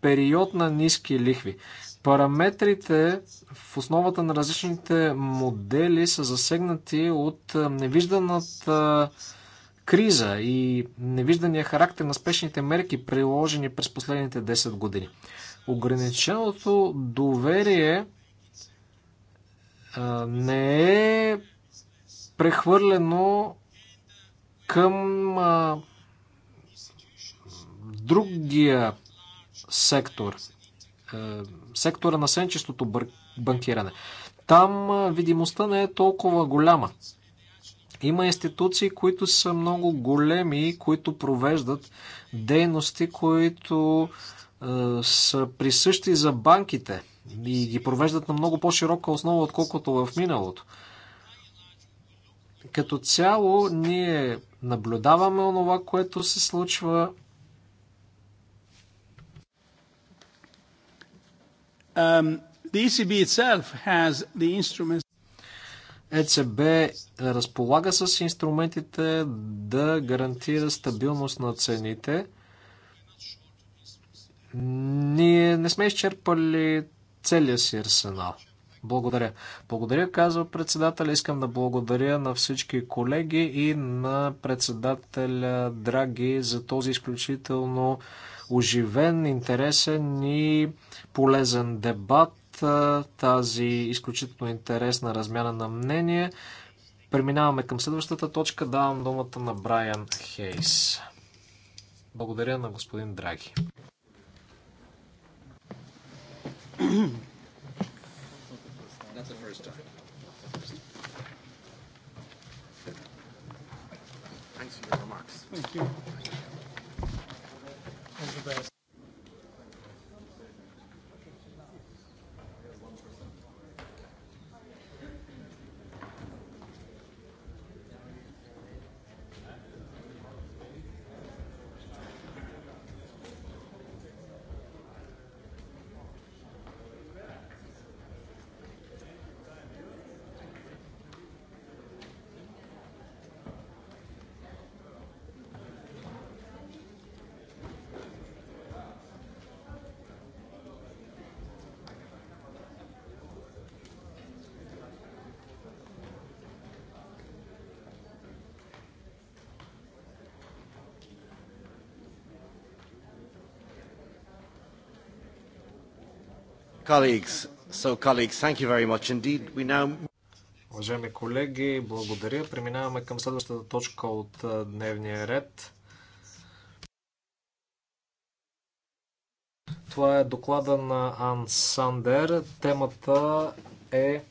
период на ниски лихви. Параметрите в основата на различните модели са засегнати от невижданата криза и невиждания характер на спешните мерки, приложени през последните 10 години. Ограниченото доверие не е прехвърлено към а, другия сектор, а, сектора на сенчестото банкиране. Там а, видимостта не е толкова голяма. Има институции, които са много големи, които провеждат дейности, които са присъщи за банките и ги провеждат на много по-широка основа, отколкото в миналото. Като цяло ние наблюдаваме онова, което се случва. Um, e ЕЦБ разполага с инструментите да гарантира стабилност на цените. Ние не сме изчерпали целия си арсенал. Благодаря. Благодаря, казва председателя. Искам да благодаря на всички колеги и на председателя Драги за този изключително оживен, интересен и полезен дебат, тази изключително интересна размяна на мнение. Преминаваме към следващата точка. Давам думата на Брайан Хейс. Благодаря на господин Драги. That's the first time. Thanks for your remarks. Thank you. Colleagues, so colleagues, thank you very much indeed. We now... Уважаеми колеги, благодаря. Преминаваме към следващата точка от дневния ред. Това е доклада на Ан Сандер. Темата е, е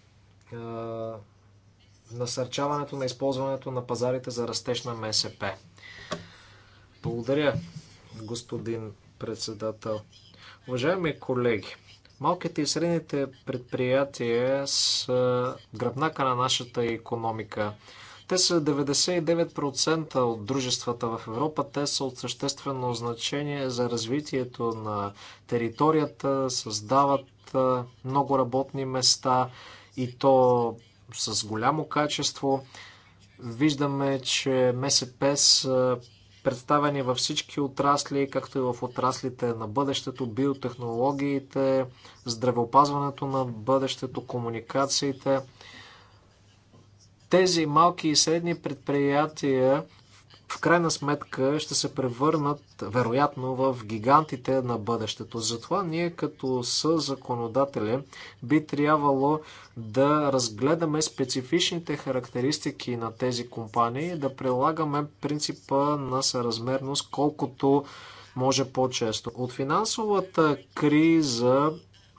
насърчаването на използването на пазарите за растеж на МСП. Благодаря, господин председател. Уважаеми колеги, Малките и средните предприятия са гръбнака на нашата економика. Те са 99% от дружествата в Европа. Те са от съществено значение за развитието на територията, създават много работни места и то с голямо качество. Виждаме, че МСП са представени във всички отрасли, както и в отраслите на бъдещето, биотехнологиите, здравеопазването на бъдещето, комуникациите. Тези малки и средни предприятия в крайна сметка ще се превърнат вероятно в гигантите на бъдещето. Затова ние като съзаконодатели законодатели би трябвало да разгледаме специфичните характеристики на тези компании, да прилагаме принципа на съразмерност колкото може по-често. От финансовата криза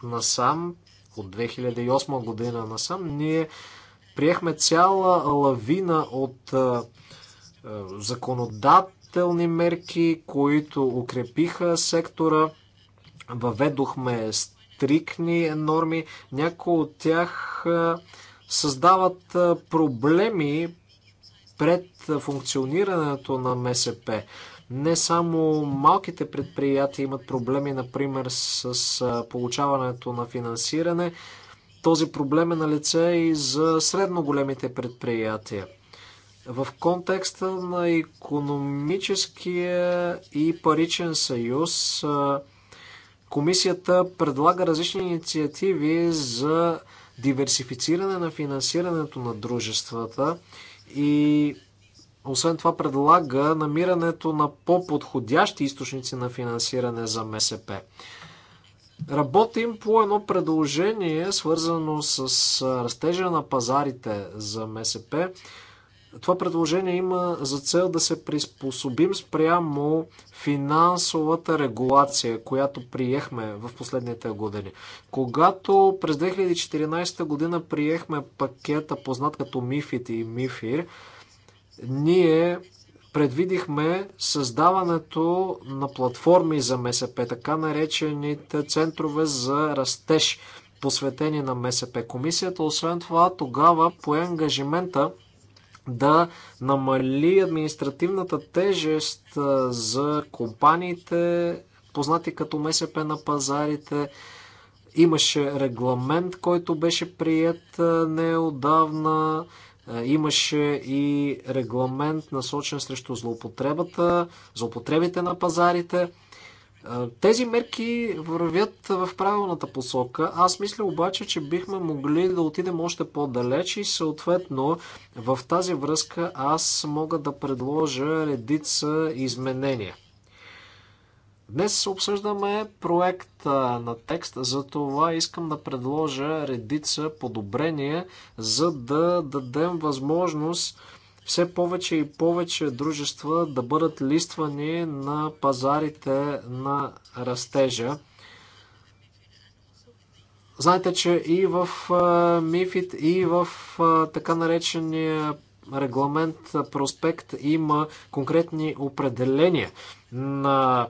насам, от 2008 година насам, ние приехме цяла лавина от законодателни мерки, които укрепиха сектора. Въведохме стрикни норми. Някои от тях създават проблеми пред функционирането на МСП. Не само малките предприятия имат проблеми, например, с получаването на финансиране. Този проблем е на лице и за средно големите предприятия в контекста на економическия и паричен съюз комисията предлага различни инициативи за диверсифициране на финансирането на дружествата и освен това предлага намирането на по-подходящи източници на финансиране за МСП. Работим по едно предложение, свързано с растежа на пазарите за МСП. Това предложение има за цел да се приспособим спрямо финансовата регулация, която приехме в последните години. Когато през 2014 година приехме пакета, познат като МИФИТ и МИФИР, ние предвидихме създаването на платформи за МСП, така наречените центрове за растеж, посветени на МСП. Комисията, освен това, тогава пое ангажимента да намали административната тежест за компаниите, познати като МСП на пазарите. Имаше регламент, който беше прият неодавна. Имаше и регламент насочен срещу злоупотребата, злоупотребите на пазарите. Тези мерки вървят в правилната посока. Аз мисля обаче, че бихме могли да отидем още по-далеч и съответно в тази връзка аз мога да предложа редица изменения. Днес обсъждаме проект на текст, за това искам да предложа редица подобрения, за да дадем възможност все повече и повече дружества да бъдат листвани на пазарите на растежа. Знаете, че и в МИФИТ, и в така наречения регламент проспект има конкретни определения на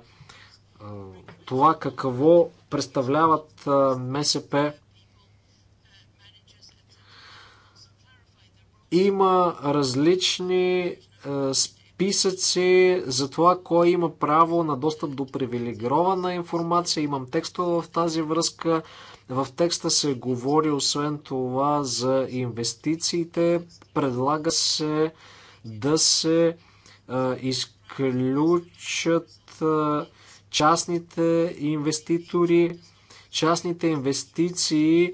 това какво представляват МСП Има различни е, списъци за това кой има право на достъп до привилегирована информация. Имам текстове в тази връзка. В текста се говори освен това за инвестициите. Предлага се да се е, изключат е, частните инвеститори. Частните инвестиции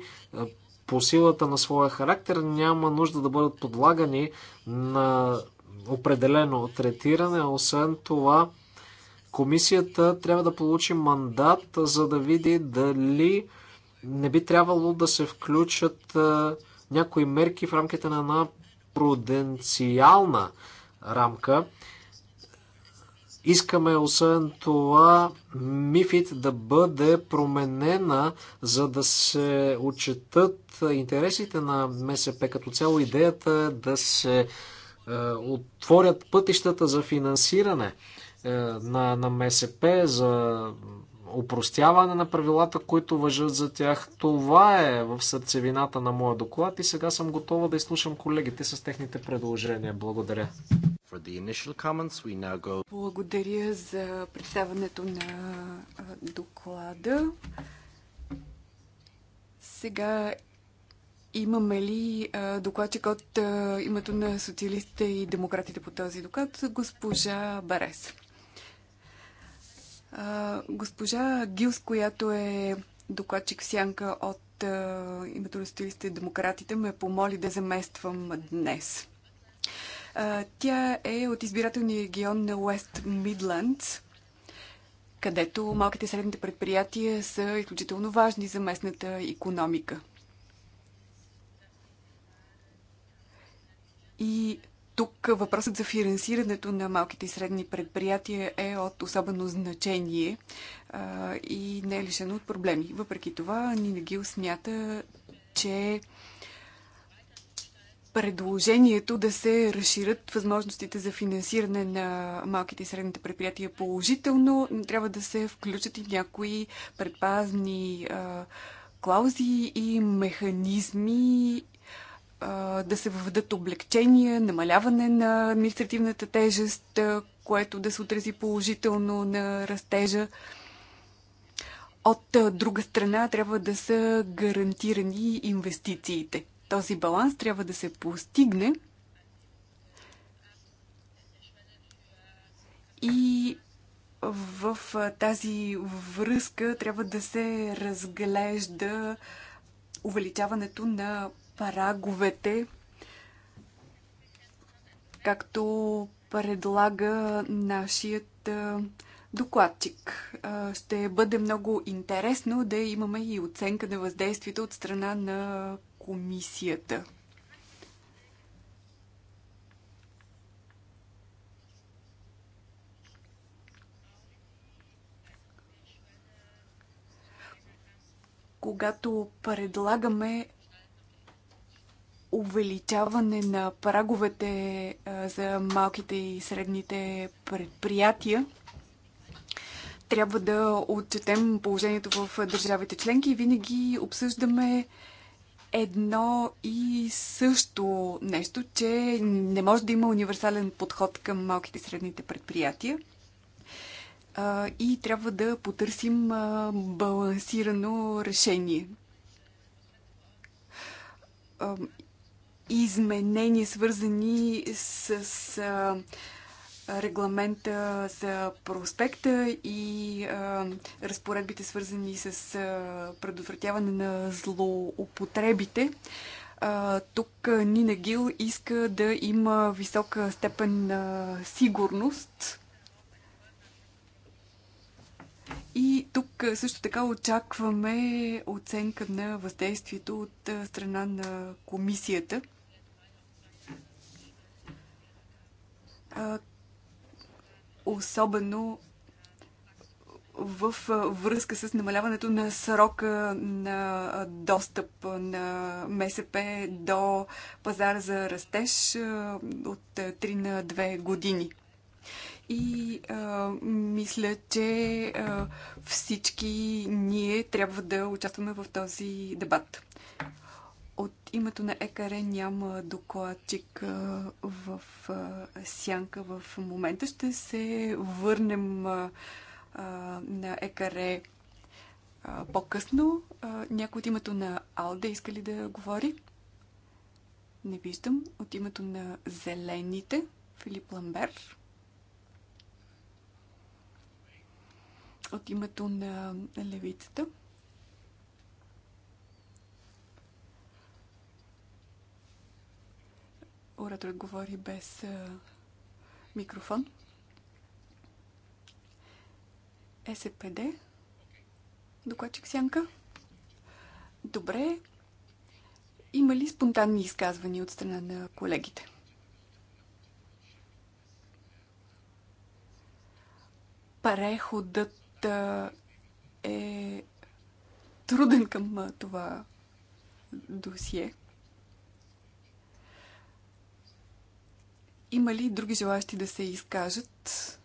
по силата на своя характер няма нужда да бъдат подлагани на определено третиране. Освен това, комисията трябва да получи мандат, за да види дали не би трябвало да се включат някои мерки в рамките на една пруденциална рамка, Искаме освен това мифит да бъде променена, за да се отчетат интересите на МСП. Като цяло идеята е да се е, отворят пътищата за финансиране е, на, на МСП, за упростяване на правилата, които въжат за тях. Това е в сърцевината на моя доклад и сега съм готова да изслушам колегите с техните предложения. Благодаря. Благодаря за представането на доклада. Сега имаме ли докладчик от името на социалистите и демократите по този доклад? Госпожа Барес. Госпожа Гилс, която е докладчик в сянка от името на социалистите и демократите, ме помоли да замествам днес. Тя е от избирателния регион на Уест Мидландс, където малките и средните предприятия са изключително важни за местната економика. И тук въпросът за финансирането на малките и средни предприятия е от особено значение а, и не е лишено от проблеми. Въпреки това, Нина Гил смята, че предложението да се разширят възможностите за финансиране на малките и средните предприятия положително, но трябва да се включат и някои предпазни а, клаузи и механизми а, да се въведат облегчения, намаляване на административната тежест, а, което да се отрази положително на растежа. От друга страна трябва да са гарантирани инвестициите. Този баланс трябва да се постигне и в тази връзка трябва да се разглежда увеличаването на параговете, както предлага нашият докладчик. Ще бъде много интересно да имаме и оценка на въздействието от страна на комисията. Когато предлагаме увеличаване на праговете за малките и средните предприятия, трябва да отчетем положението в държавите членки и винаги обсъждаме едно и също нещо, че не може да има универсален подход към малките и средните предприятия. И трябва да потърсим балансирано решение изменения, свързани с а, регламента за проспекта и а, разпоредбите свързани с а, предотвратяване на злоупотребите. А, тук Нина Гил иска да има висока степен на сигурност. И тук също така очакваме оценка на въздействието от страна на комисията особено в връзка с намаляването на срока на достъп на МСП до пазара за растеж от 3 на 2 години. И а, мисля, че а, всички ние трябва да участваме в този дебат. От името на ЕКАРЕ няма докладчик в сянка в момента. Ще се върнем на ЕКАРЕ по-късно. Някой от името на АЛДЕ иска ли да говори? Не виждам. От името на Зелените, Филип Ламбер. От името на Левицата. Ораторът говори без микрофон. СПД. Докладчик Сянка. Добре. Има ли спонтанни изказвания от страна на колегите? Преходът е труден към това досие. Има ли други желащи да се изкажат?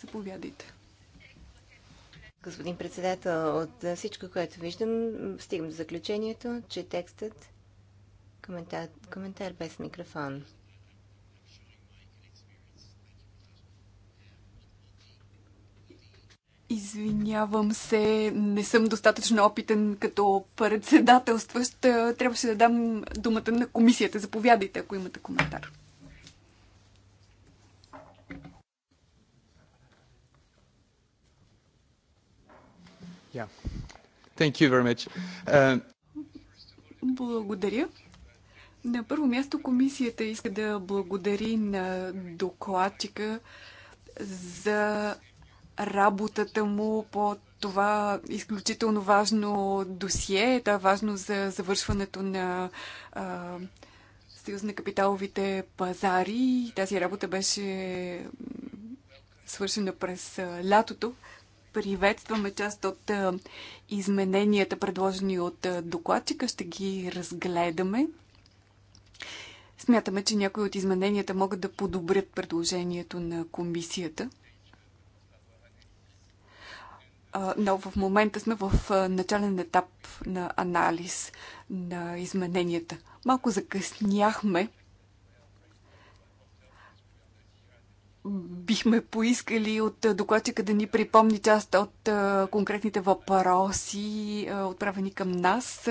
Заповядайте. Господин председател, от всичко, което виждам, стигам до заключението, че текстът коментар, коментар без микрофон. Извинявам се, не съм достатъчно опитен като председателстващ. Е, трябваше да дам думата на комисията. Заповядайте, ако имате коментар. Thank you very much. Uh... Благодаря. На първо място комисията иска да благодари на докладчика за работата му по това изключително важно досие. Това е важно за завършването на а, Съюз на капиталовите пазари. Тази работа беше свършена през лятото. Приветстваме част от измененията, предложени от докладчика. Ще ги разгледаме. Смятаме, че някои от измененията могат да подобрят предложението на комисията – но в момента сме в начален етап на анализ на измененията. Малко закъсняхме. Бихме поискали от докладчика да ни припомни част от конкретните въпроси, отправени към нас.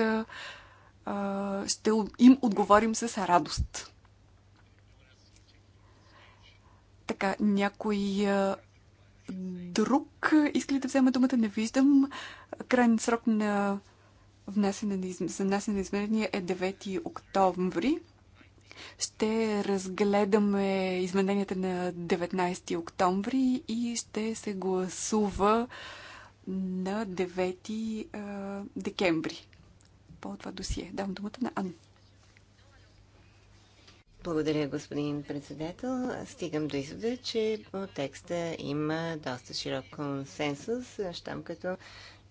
Ще им отговорим с радост. Така, някои друг е, иска ли да взема думата? Не виждам. Крайният срок на внасяне на, изм... за внасяне на изменения е 9 октомври. Ще разгледаме измененията на 19 октомври и ще се гласува на 9 декември. По това досие. Давам думата на Анна. Благодаря, господин председател. Стигам до извода, че по текста има доста широк консенсус, щом като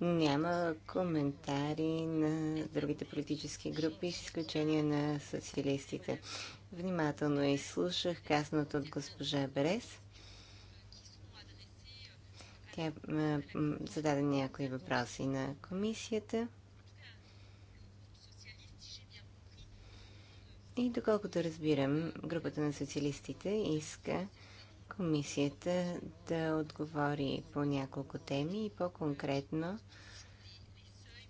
няма коментари на другите политически групи, с изключение на социалистите. Внимателно изслушах казаното от госпожа Берес. Тя зададе някои въпроси на комисията. И доколкото разбирам, групата на социалистите иска комисията да отговори по няколко теми и по-конкретно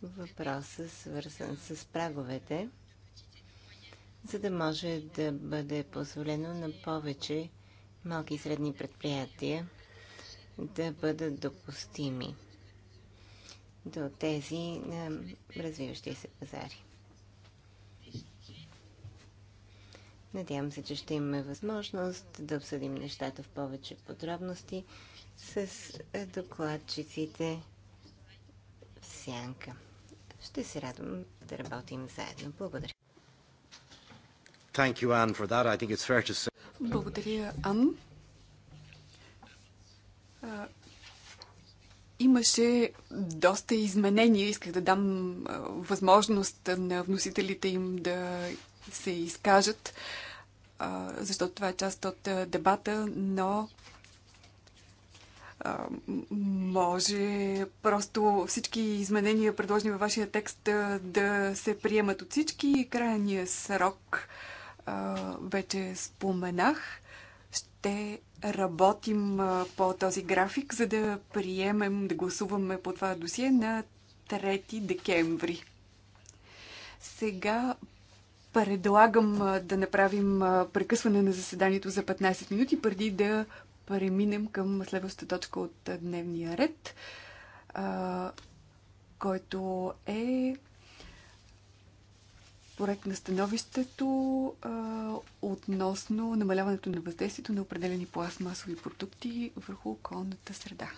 въпроса, свързан с праговете, за да може да бъде позволено на повече малки и средни предприятия да бъдат допустими до тези развиващи се пазари. Надявам се, че ще имаме възможност да обсъдим нещата в повече подробности с е, докладчиците в Сянка. Ще се радвам да работим заедно. Благодаря. Thank you, Anne, for that. I think it's fair to say... Благодаря, Ан. имаше доста изменения. Исках да дам възможност на вносителите им да се изкажат защото това е част от дебата, но може просто всички изменения, предложени във вашия текст, да се приемат от всички. Крайния срок вече споменах. Ще работим по този график, за да приемем, да гласуваме по това досие на 3 декември. Сега предлагам да направим прекъсване на заседанието за 15 минути, преди да преминем към следващата точка от дневния ред, който е проект на становището относно намаляването на въздействието на определени пластмасови продукти върху околната среда.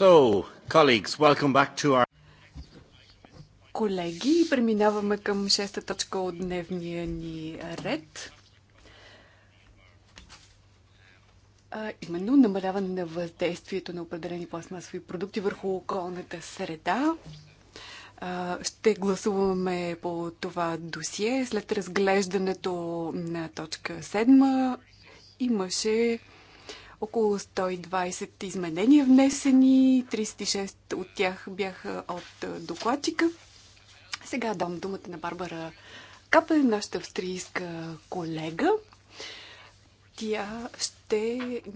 So, colleagues, welcome back to our... Колеги, преминаваме към шеста точка от дневния ни ред. А, именно намаляване на въздействието на определени пластмасови продукти върху околната среда. А, ще гласуваме по това досие. След разглеждането на точка 7 имаше около 120 изменения внесени, 36 от тях бяха от докладчика. Сега дам думата на Барбара Капе, нашата австрийска колега. Тя ще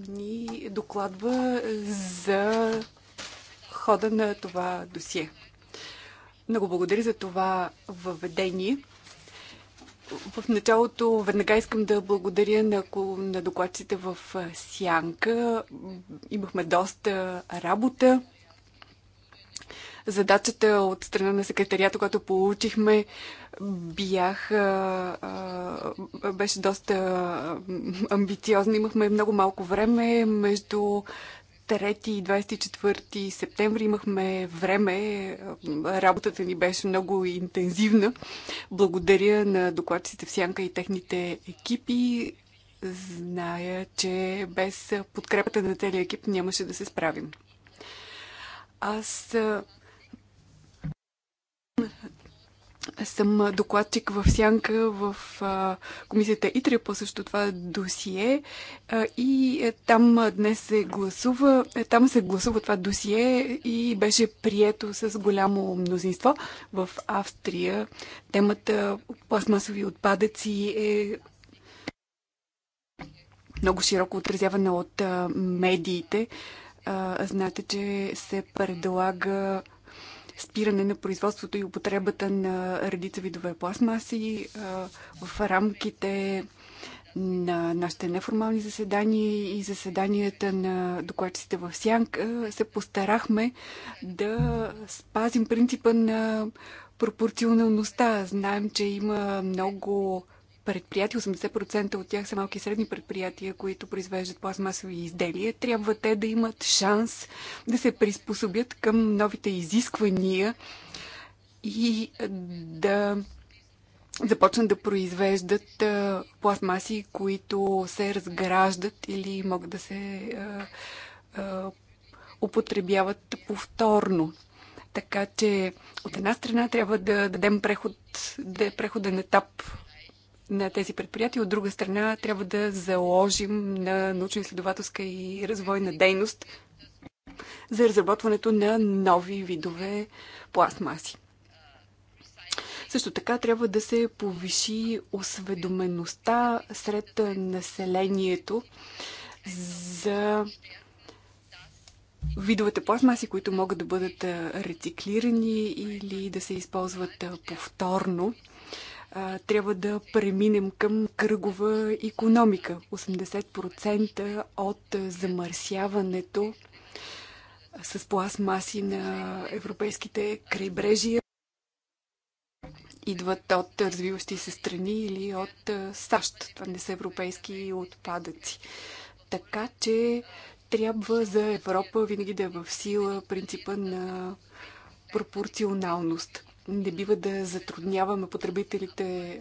ни докладва за хода на това досие. Много благодаря за това въведение. В началото веднага искам да благодаря на, на докладците в Сянка. Имахме доста работа. Задачата от страна на секретарията, която получихме, бях, беше доста амбициозна. Имахме много малко време между 3 и 24 септември имахме време. Работата ни беше много интензивна. Благодаря на докладчиците в Сянка и техните екипи. Зная, че без подкрепата на целия екип нямаше да се справим. Аз съм докладчик в Сянка в а, комисията ИТРИ по също това досие а, и е, там днес се гласува, е, там се гласува това досие и беше прието с голямо мнозинство. В Австрия темата пластмасови отпадъци е много широко отразявана от а, медиите. А, знаете, че се предлага спиране на производството и употребата на редица видове пластмаси в рамките на нашите неформални заседания и заседанията на докладчиците в Сянк се постарахме да спазим принципа на пропорционалността. Знаем, че има много предприятия, 80% от тях са малки и средни предприятия, които произвеждат пластмасови изделия, трябва те да имат шанс да се приспособят към новите изисквания и да започнат да произвеждат пластмаси, които се разграждат или могат да се употребяват повторно. Така че от една страна трябва да дадем преход, да е преходен етап на тези предприятия. От друга страна, трябва да заложим на научно-изследователска и развойна дейност за разработването на нови видове пластмаси. Също така трябва да се повиши осведомеността сред населението за видовете пластмаси, които могат да бъдат рециклирани или да се използват повторно а, трябва да преминем към кръгова економика. 80% от замърсяването с пластмаси на европейските крайбрежия идват от развиващи се страни или от САЩ. Това не са европейски отпадъци. Така че трябва за Европа винаги да е в сила принципа на пропорционалност. Не бива да затрудняваме потребителите.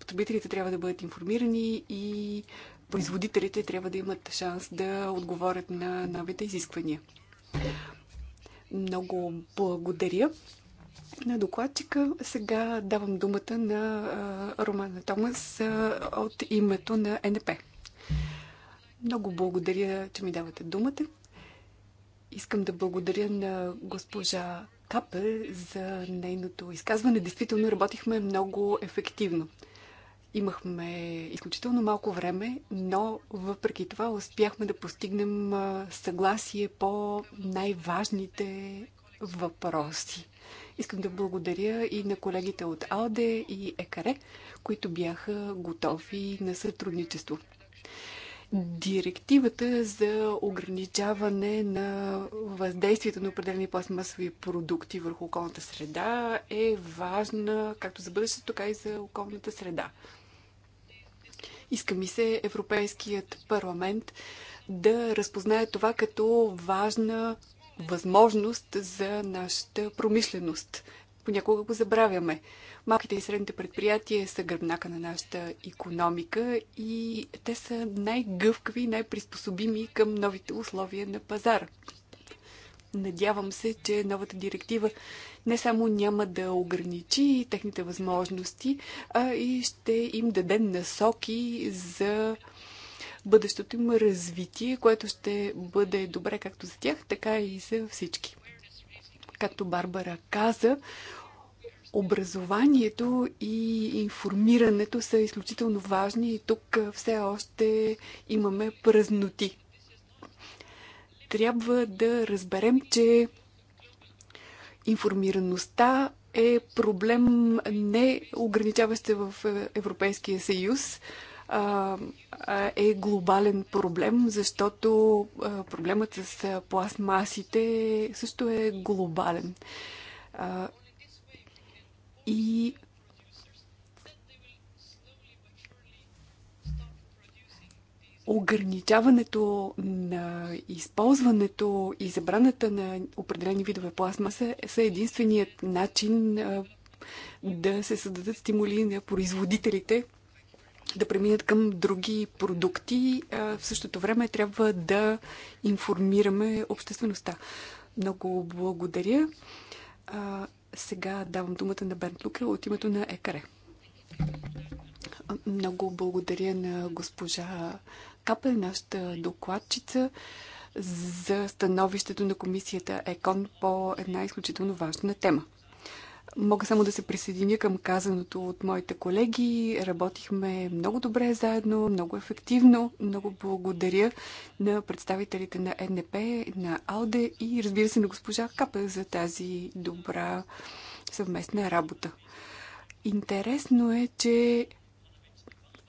Потребителите трябва да бъдат информирани и производителите трябва да имат шанс да отговорят на новите изисквания. Много благодаря на докладчика. Сега давам думата на Романа Томас от името на НП. Много благодаря, че ми давате думата. Искам да благодаря на госпожа Капе за нейното изказване. Действително работихме много ефективно. Имахме изключително малко време, но въпреки това успяхме да постигнем съгласие по най-важните въпроси. Искам да благодаря и на колегите от АЛДЕ и ЕКАРЕ, които бяха готови на сътрудничество. Директивата за ограничаване на въздействието на определени пластмасови продукти върху околната среда е важна както за бъдещето, така и за околната среда. Иска ми се Европейският парламент да разпознае това като важна възможност за нашата промишленост. Понякога го забравяме. Малките и средните предприятия са гръбнака на нашата економика и те са най-гъвкави, най-приспособими към новите условия на пазара. Надявам се, че новата директива не само няма да ограничи техните възможности, а и ще им даде насоки за бъдещото им развитие, което ще бъде добре както за тях, така и за всички. Както Барбара каза, Образованието и информирането са изключително важни и тук все още имаме празноти. Трябва да разберем, че информираността е проблем не ограничаващ се в Европейския съюз, а е глобален проблем, защото проблемът с пластмасите също е глобален и ограничаването на използването и забраната на определени видове пластмаса са единственият начин да се създадат стимули на производителите да преминат към други продукти. В същото време трябва да информираме обществеността. Много благодаря. Сега давам думата на Бент Лукер от името на ЕКАРЕ. Много благодаря на госпожа Капел, нашата докладчица, за становището на комисията ЕКОН по една изключително важна тема. Мога само да се присъединя към казаното от моите колеги. Работихме много добре заедно, много ефективно. Много благодаря на представителите на НП, на АЛДЕ и разбира се на госпожа Капе за тази добра съвместна работа. Интересно е, че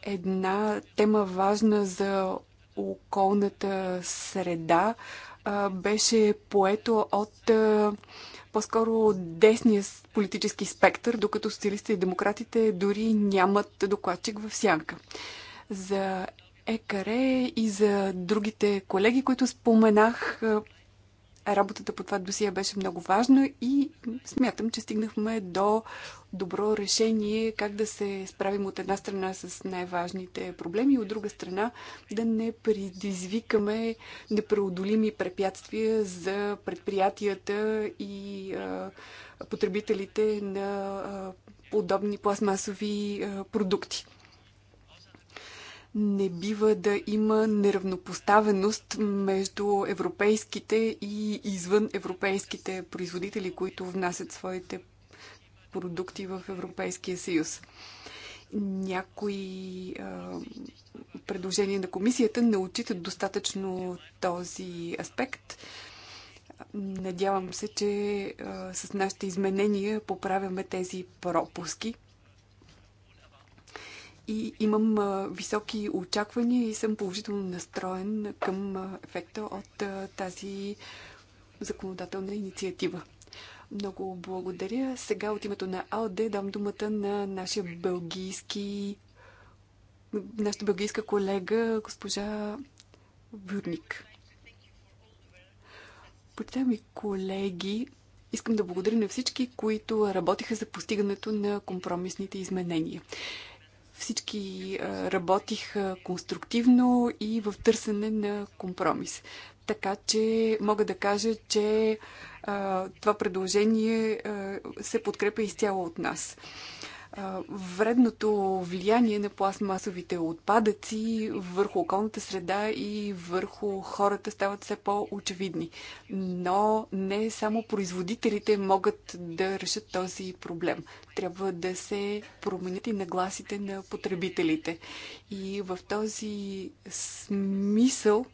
една тема важна за околната среда беше поето от по-скоро десния политически спектър, докато социалистите и демократите дори нямат докладчик в сянка. За Екаре и за другите колеги, които споменах, Работата по това досие беше много важна и смятам, че стигнахме до добро решение как да се справим от една страна с най-важните проблеми, от друга страна да не предизвикаме непреодолими препятствия за предприятията и а, потребителите на а, подобни пластмасови а, продукти не бива да има неравнопоставеност между европейските и извън европейските производители, които внасят своите продукти в Европейския съюз. Някои а, предложения на комисията не отчитат достатъчно този аспект. Надявам се, че а, с нашите изменения поправяме тези пропуски и имам високи очаквания и съм положително настроен към ефекта от тази законодателна инициатива. Много благодаря. Сега от името на АОД дам думата на нашия бългийски нашата бългийска колега, госпожа Вюрник. Почитаеми колеги, искам да благодаря на всички, които работиха за постигането на компромисните изменения. Всички работих конструктивно и в търсене на компромис. Така че мога да кажа, че това предложение се подкрепя изцяло от нас вредното влияние на пластмасовите отпадъци върху околната среда и върху хората стават все по-очевидни. Но не само производителите могат да решат този проблем. Трябва да се променят и нагласите на потребителите. И в този смисъл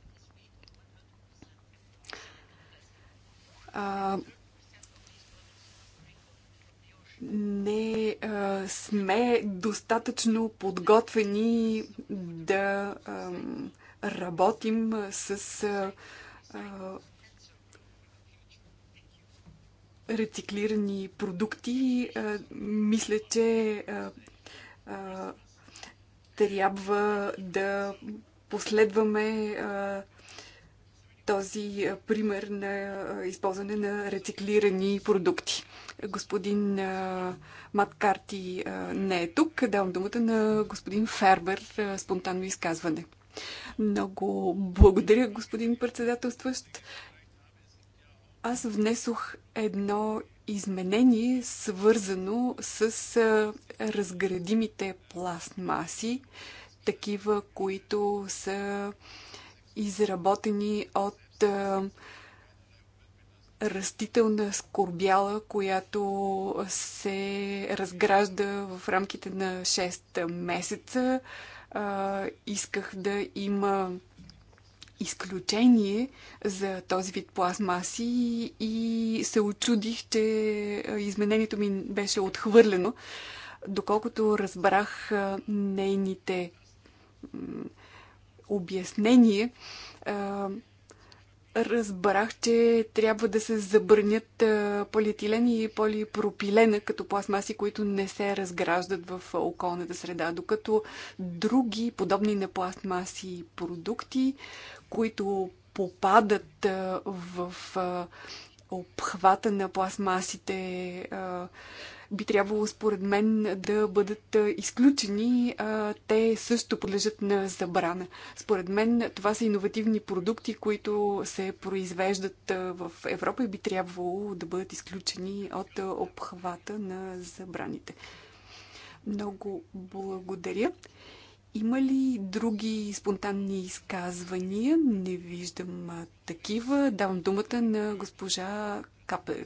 не а, сме достатъчно подготвени да а, работим с а, а, рециклирани продукти. А, мисля, че а, а, трябва да последваме а, този пример на използване на рециклирани продукти. Господин Маткарти не е тук. Давам думата на господин Фербер. Спонтанно изказване. Много благодаря, господин председателстващ. Аз внесох едно изменение, свързано с разградимите пластмаси, такива, които са изработени от растителна скорбяла, която се разгражда в рамките на 6 месеца. Исках да има изключение за този вид пластмаси и се очудих, че изменението ми беше отхвърлено. Доколкото разбрах нейните обяснения, разбрах, че трябва да се забранят полиетилен и полипропилена като пластмаси, които не се разграждат в околната среда, докато други подобни на пластмаси продукти, които попадат в обхвата на пластмасите, би трябвало според мен да бъдат изключени. Те също подлежат на забрана. Според мен това са иновативни продукти, които се произвеждат в Европа и би трябвало да бъдат изключени от обхвата на забраните. Много благодаря. Има ли други спонтанни изказвания? Не виждам такива. Давам думата на госпожа Капе.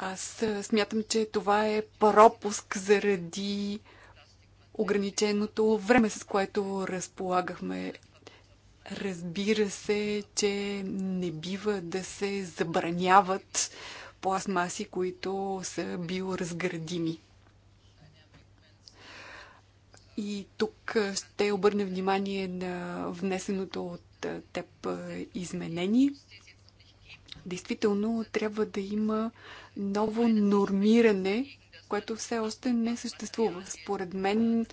Аз смятам, че това е пропуск заради ограниченото време, с което разполагахме. Разбира се, че не бива да се забраняват пластмаси, които са биоразградими. И тук ще обърна внимание на внесеното от теб изменение. Действително трябва да има ново нормиране, което все още не съществува. Според мен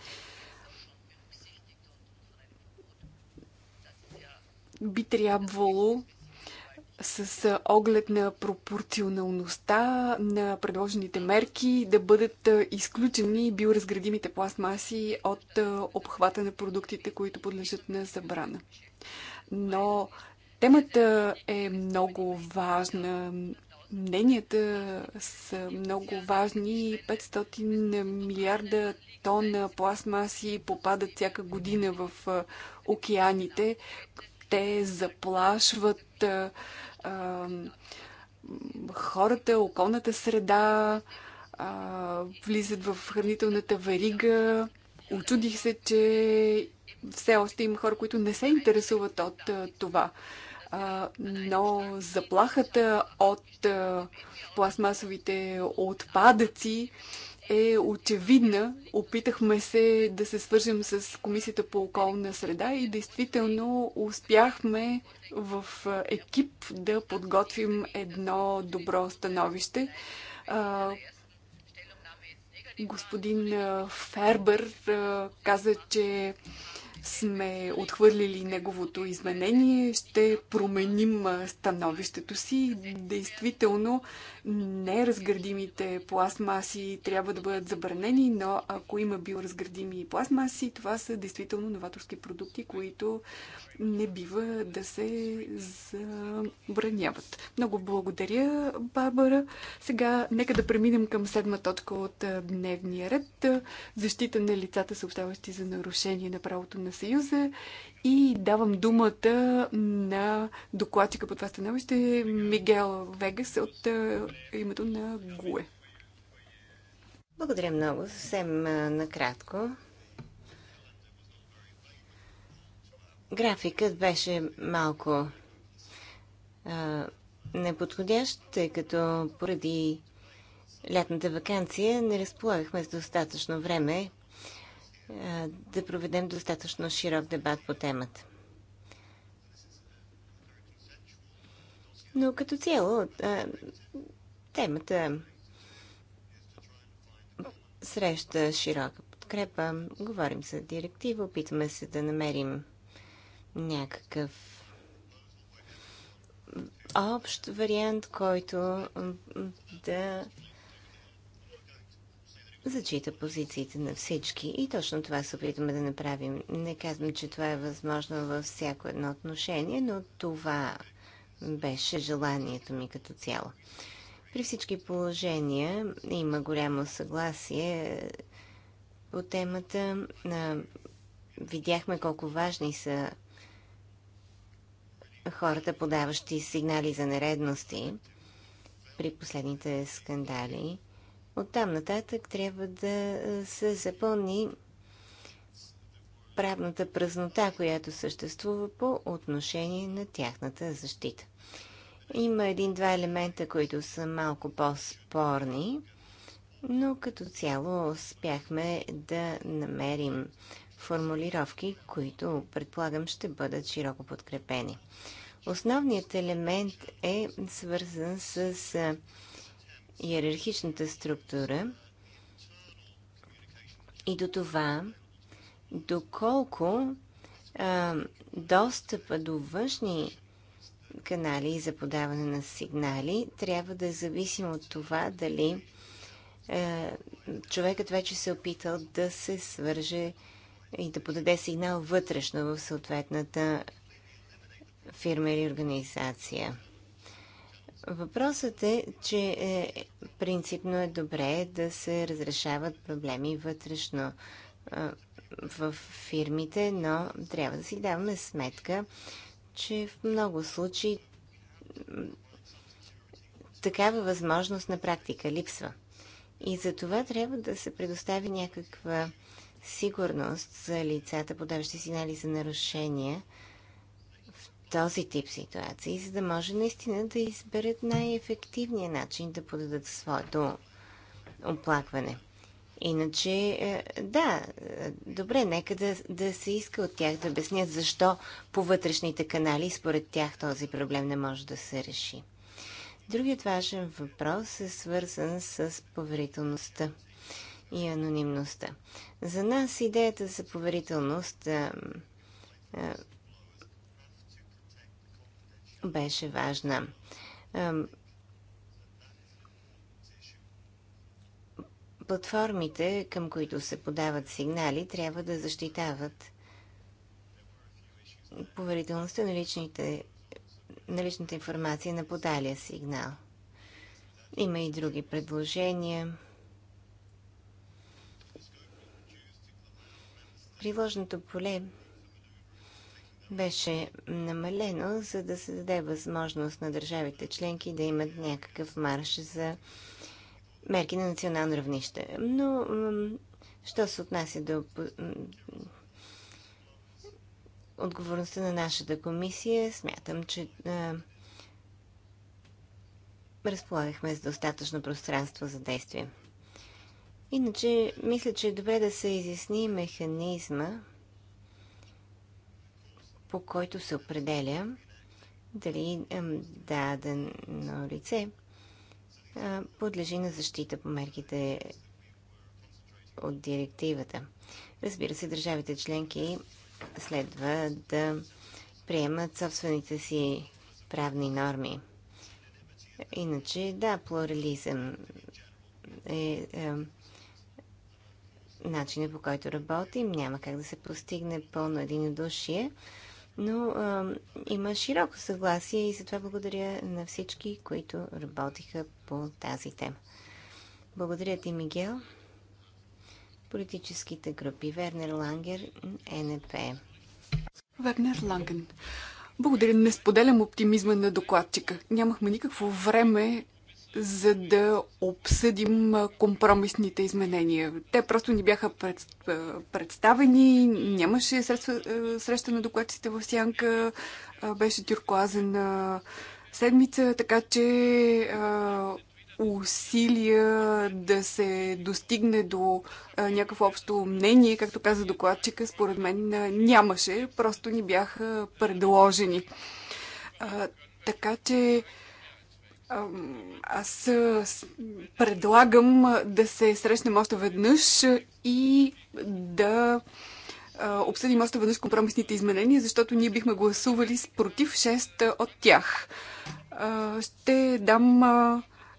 би трябвало с оглед на пропорционалността на предложените мерки да бъдат изключени биоразградимите пластмаси от обхвата на продуктите, които подлежат на забрана. Но Темата е много важна. Мненията са много важни. 500 милиарда тона пластмаси попадат всяка година в океаните. Те заплашват а, а, хората, околната среда, а, влизат в хранителната верига. Очудих се, че все още има хора, които не се интересуват от това но заплахата от пластмасовите отпадъци е очевидна. Опитахме се да се свържем с Комисията по околна среда и действително успяхме в екип да подготвим едно добро становище. Господин Фербер каза, че сме отхвърлили неговото изменение, ще променим становището си. Действително, неразградимите пластмаси трябва да бъдат забранени, но ако има биоразградими пластмаси, това са действително новаторски продукти, които не бива да се забраняват. Много благодаря, Барбара. Сега нека да преминем към седма точка от дневния ред. Защита на лицата, съобщаващи за нарушение на правото на Съюза и давам думата на докладчика по това становище Мигел Вегас от името на ГУЕ. Благодаря много. Съвсем накратко. Графикът беше малко а, неподходящ, тъй като поради лятната вакансия не разполагахме с достатъчно време е, да проведем достатъчно широк дебат по темата. Но като цяло, е, темата среща широка подкрепа. Говорим за директива, опитваме се да намерим някакъв общ вариант, който да зачита позициите на всички. И точно това се опитваме да направим. Не казвам, че това е възможно във всяко едно отношение, но това беше желанието ми като цяло. При всички положения има голямо съгласие по темата. Видяхме колко важни са хората, подаващи сигнали за нередности при последните скандали. Оттам нататък трябва да се запълни правната празнота, която съществува по отношение на тяхната защита. Има един-два елемента, които са малко по-спорни, но като цяло успяхме да намерим формулировки, които предполагам ще бъдат широко подкрепени. Основният елемент е свързан с иерархичната структура и до това, доколко а, достъпа до външни канали за подаване на сигнали трябва да е зависим от това дали а, човекът вече се е опитал да се свърже и да подаде сигнал вътрешно в съответната фирма или организация. Въпросът е, че е, принципно е добре да се разрешават проблеми вътрешно е, в фирмите, но трябва да си даваме сметка, че в много случаи такава възможност на практика липсва. И за това трябва да се предостави някаква сигурност за лицата, подаващи сигнали за нарушения, този тип ситуации, за да може наистина да изберат най-ефективния начин да подадат своето оплакване. Иначе, е, да, добре, нека да, да се иска от тях да обяснят защо по вътрешните канали според тях този проблем не може да се реши. Другият важен въпрос е свързан с поверителността и анонимността. За нас идеята за поверителност беше важна. Платформите, към които се подават сигнали, трябва да защитават поверителността на, личните, на личната информация на подалия сигнал. Има и други предложения. Приложното поле беше намалено, за да се даде възможност на държавите членки да имат някакъв марш за мерки на национално равнище. Но, що се отнася до отговорността на нашата комисия, смятам, че а, разполагахме с достатъчно пространство за действие. Иначе, мисля, че е добре да се изясни механизма, по който се определя дали дадено лице е, подлежи на защита по мерките от директивата. Разбира се, държавите членки следва да приемат собствените си правни норми. Иначе, да, плурализъм е, е начинът по който работим. Няма как да се постигне пълно единодушие, но а, има широко съгласие и затова благодаря на всички, които работиха по тази тема. Благодаря ти, Мигел. Политическите групи Вернер Лангер, НП. Вернер Ланген. Благодаря, не споделям оптимизма на докладчика. Нямахме никакво време за да обсъдим компромисните изменения. Те просто ни бяха пред, представени, нямаше средства, среща на докладците в Сянка, беше тюркоазена седмица, така че усилия да се достигне до някакво общо мнение, както каза докладчика, според мен нямаше, просто ни бяха предложени. така че аз предлагам да се срещнем още веднъж и да обсъдим още веднъж компромисните изменения, защото ние бихме гласували с против 6 от тях. Ще дам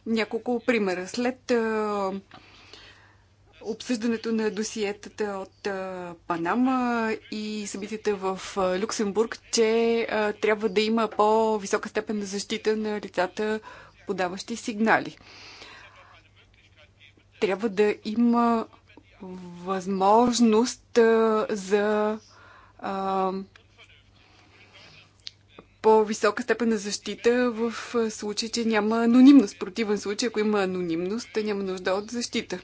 няколко примера. След обсъждането на досиетата от Панама и събитията в Люксембург, че трябва да има по-висока степен на защита на лицата, подаващи сигнали. Трябва да има възможност за по-висока степен на защита в случай, че няма анонимност. В противен случай, ако има анонимност, няма нужда от защита.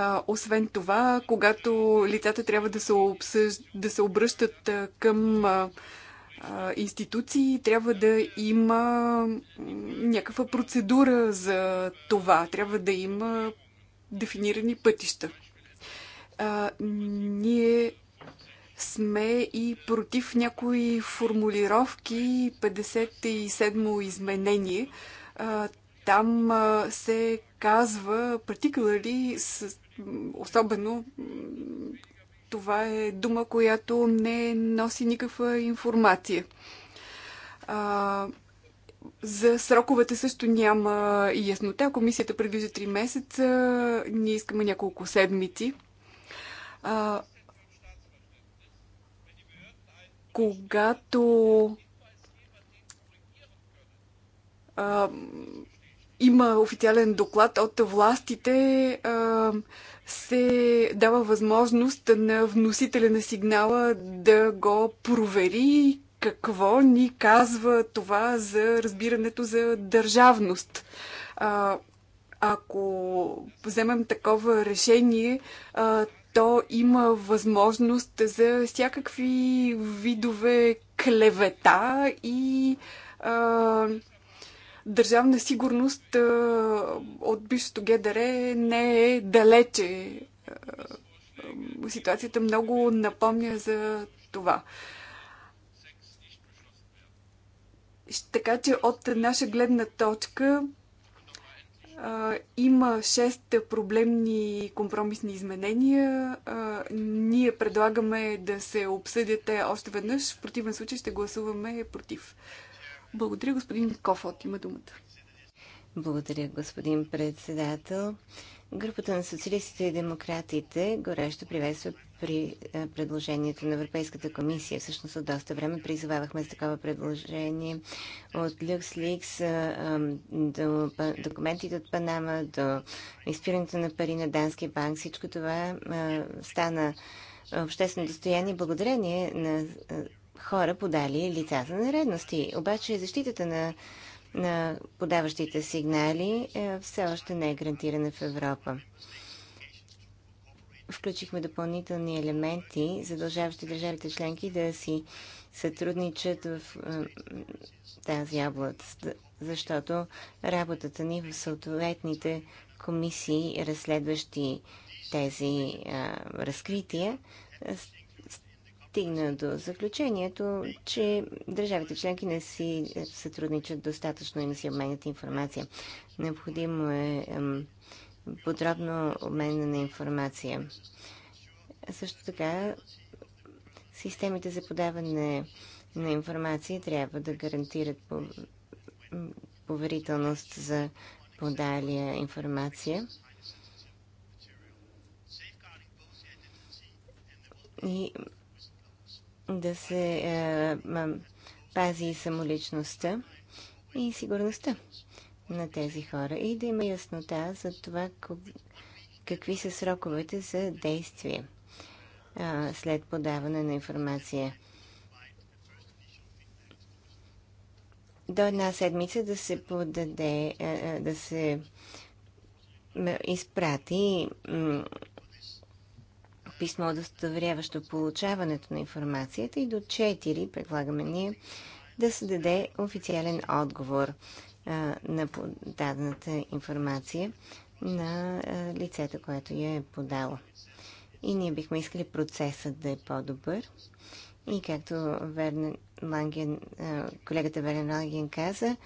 А, освен това, когато лицата трябва да се, обсъж... да се обръщат към а, институции, трябва да има някаква процедура за това. Трябва да има дефинирани пътища. А, ние сме и против някои формулировки 57 мо изменение. А, там а, се казва particularly с особено това е дума, която не носи никаква информация. А, за сроковете също няма яснота. Комисията предвижда 3 месеца, ние искаме няколко седмици. А, когато а, има официален доклад от властите, се дава възможност на вносителя на сигнала да го провери какво ни казва това за разбирането за държавност. Ако вземем такова решение, то има възможност за всякакви видове клевета и държавна сигурност а, от бившото ГДР не е далече. А, ситуацията много напомня за това. Така че от наша гледна точка а, има 6 проблемни компромисни изменения. А, ние предлагаме да се обсъдят още веднъж. В противен случай ще гласуваме против. Благодаря, господин Кофот. Има думата. Благодаря, господин председател. Групата на социалистите и демократите горещо приветства при е, предложението на Европейската комисия. Всъщност от доста време призовавахме за такова предложение от LuxLeaks е, е, до документите от Панама, до изпирането на пари на Дански банк. Всичко това стана обществено достояние благодарение на хора подали лица за нередности, Обаче защитата на, на подаващите сигнали е, все още не е гарантирана в Европа. Включихме допълнителни елементи, задължаващи държавите членки да си сътрудничат в е, тази област, защото работата ни в съответните комисии, разследващи тези а, е, разкрития, е, стигна до заключението, че държавите членки не си сътрудничат достатъчно и не си обменят информация. Необходимо е подробно обмена на информация. Също така, системите за подаване на информация трябва да гарантират поверителност за подалия информация. И да се а, е, а, пази самоличността и сигурността на тези хора и да има яснота за това какви са сроковете за действие а, след подаване на информация. До една седмица да се подаде, а, е, е, да се изпрати писмо, удостоверяващо получаването на информацията и до 4 предлагаме ние да се даде официален отговор а, на подадената информация на а, лицето, което я е подало. И ние бихме искали процесът да е по-добър. И както Верна Ланген, а, колегата Вернен Ланген каза,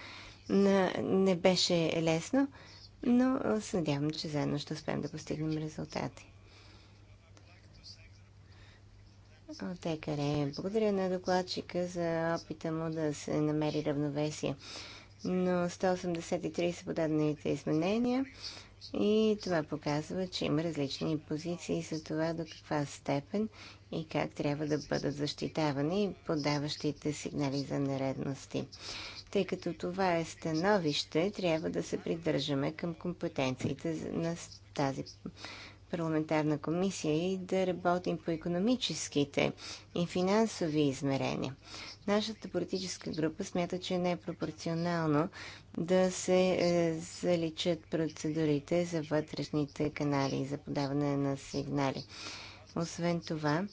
на, не беше лесно, но се надявам, че заедно ще успеем да постигнем резултати. ОТКР. Благодаря на докладчика за опита му да се намери равновесие. Но 183 са подадените изменения и това показва, че има различни позиции за това до каква степен и как трябва да бъдат защитавани подаващите сигнали за нередности. Тъй като това е становище, трябва да се придържаме към компетенциите на тази парламентарна комисия и да работим по економическите и финансови измерения. Нашата политическа група смята, че не е пропорционално да се е, заличат процедурите за вътрешните канали за подаване на сигнали. Освен това,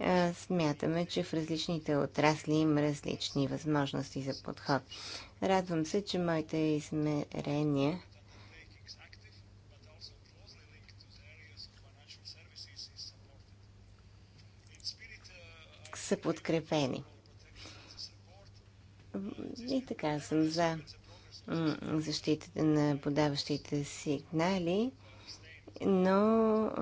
е, смятаме, че в различните отрасли има различни възможности за подход. Радвам се, че моите измерения са подкрепени. И така съм за защитата на подаващите сигнали, но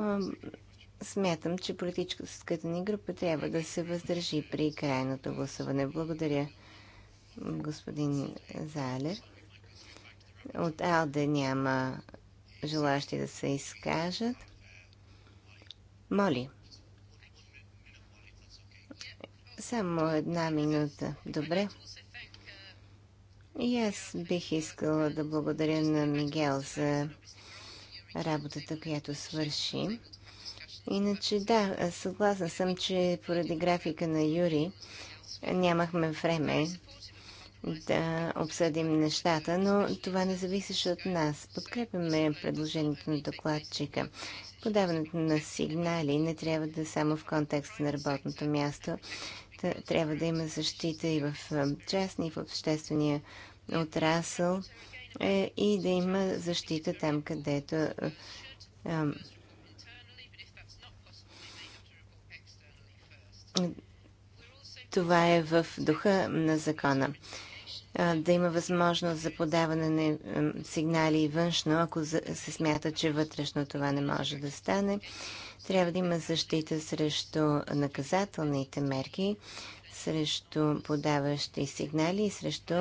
смятам, че политическата ни група трябва да се въздържи при крайното гласуване. Благодаря, господин Залер. От Алде няма желащи да се изкажат. Моли. Само една минута. Добре. И аз бих искала да благодаря на Мигел за работата, която свърши. Иначе да, съгласна съм, че поради графика на Юри нямахме време да обсъдим нещата, но това не зависеше от нас. Подкрепяме предложението на докладчика. Подаването на сигнали не трябва да е само в контекста на работното място, трябва да има защита и в частни, и в обществения отрасъл е, и да има защита там, където това е в духа на закона. Да има възможност за подаване на сигнали външно, ако се смята, че вътрешно това не може да стане. Трябва да има защита срещу наказателните мерки, срещу подаващи сигнали и срещу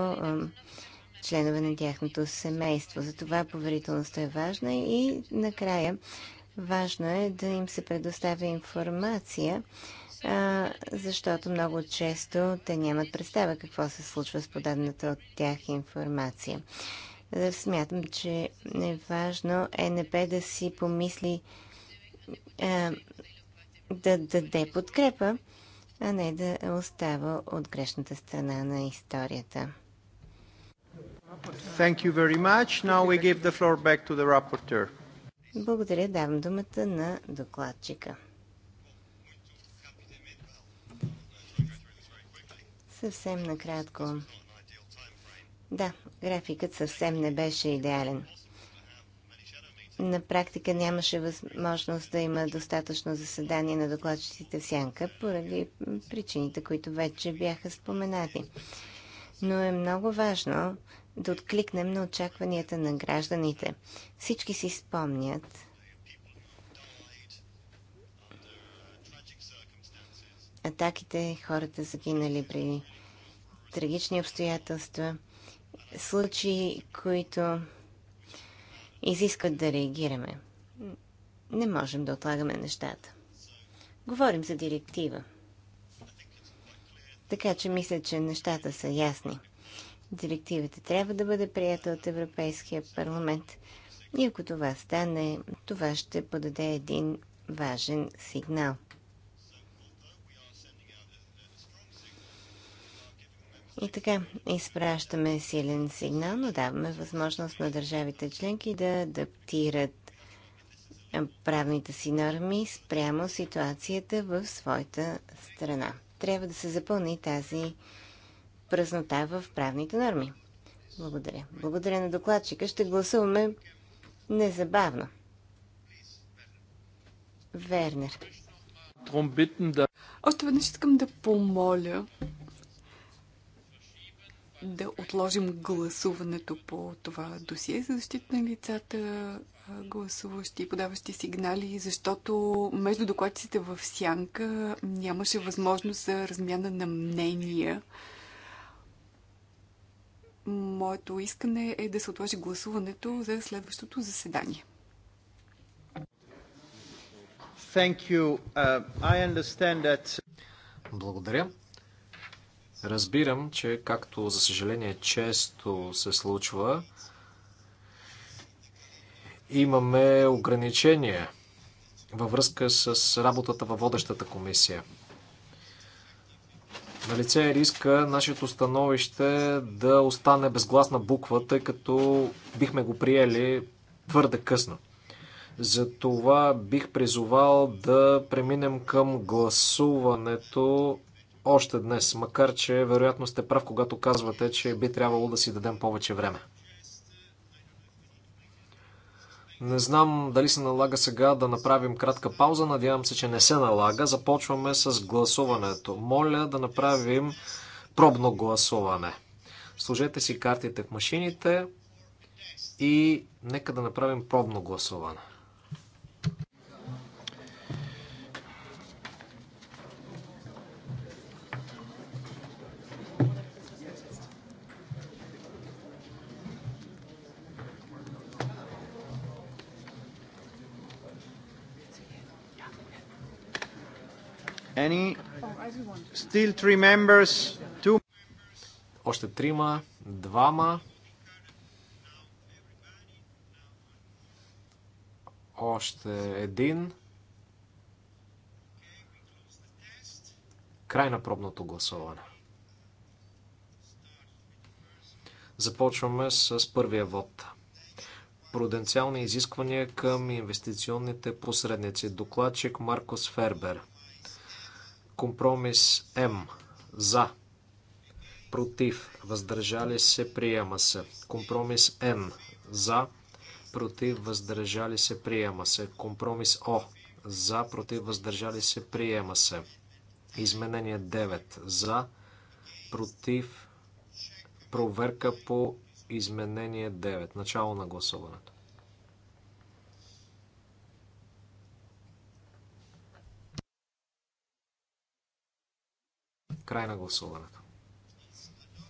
членове на тяхното семейство. Затова поверителността е важна и накрая важно е да им се предоставя информация, защото много често те нямат представа какво се случва с подадената от тях информация. Смятам, че е важно ЕНП да си помисли е, да даде подкрепа, а не да остава от грешната страна на историята. Thank you very much. Now we give the floor back to the rapporteur. Благодаря. Давам думата на докладчика. Съвсем накратко. Да, графикът съвсем не беше идеален на практика нямаше възможност да има достатъчно заседание на докладчиците в Сянка, поради причините, които вече бяха споменати. Но е много важно да откликнем на очакванията на гражданите. Всички си спомнят атаките, хората загинали при трагични обстоятелства, случаи, които изискват да реагираме. Не можем да отлагаме нещата. Говорим за директива. Така че мисля, че нещата са ясни. Директивата трябва да бъде прията от Европейския парламент и ако това стане, това ще подаде един важен сигнал – И така, изпращаме силен сигнал, но даваме възможност на държавите членки да адаптират правните си норми спрямо ситуацията в своята страна. Трябва да се запълни тази празнота в правните норми. Благодаря. Благодаря на докладчика. Ще гласуваме незабавно. Вернер. Още веднъж искам да помоля да отложим гласуването по това досие за защита на лицата, гласуващи и подаващи сигнали, защото между докладчиците в Сянка нямаше възможност за размяна на мнения. Моето искане е да се отложи гласуването за следващото заседание. Thank you. Uh, I understand that... Благодаря. Разбирам, че както за съжаление често се случва, имаме ограничения във връзка с работата във водещата комисия. На лице е риска нашето становище да остане безгласна буква, тъй като бихме го приели твърде късно. Затова бих призовал да преминем към гласуването още днес, макар че вероятно сте прав, когато казвате, че би трябвало да си дадем повече време. Не знам дали се налага сега да направим кратка пауза. Надявам се, че не се налага. Започваме с гласуването. Моля да направим пробно гласуване. Сложете си картите в машините и нека да направим пробно гласуване. Any? Still three members. Two. Още трима, двама. Още един. Край на пробното гласуване. Започваме с първия вод. Пруденциални изисквания към инвестиционните посредници. Докладчик Маркос Фербер. Компромис М. За. Против. Въздържали се. Приема се. Компромис Н. За. Против. Въздържали се. Приема се. Компромис О. За. Против. Въздържали се. Приема се. Изменение 9. За. Против. Проверка по изменение 9. Начало на гласуването. Край на гласуването.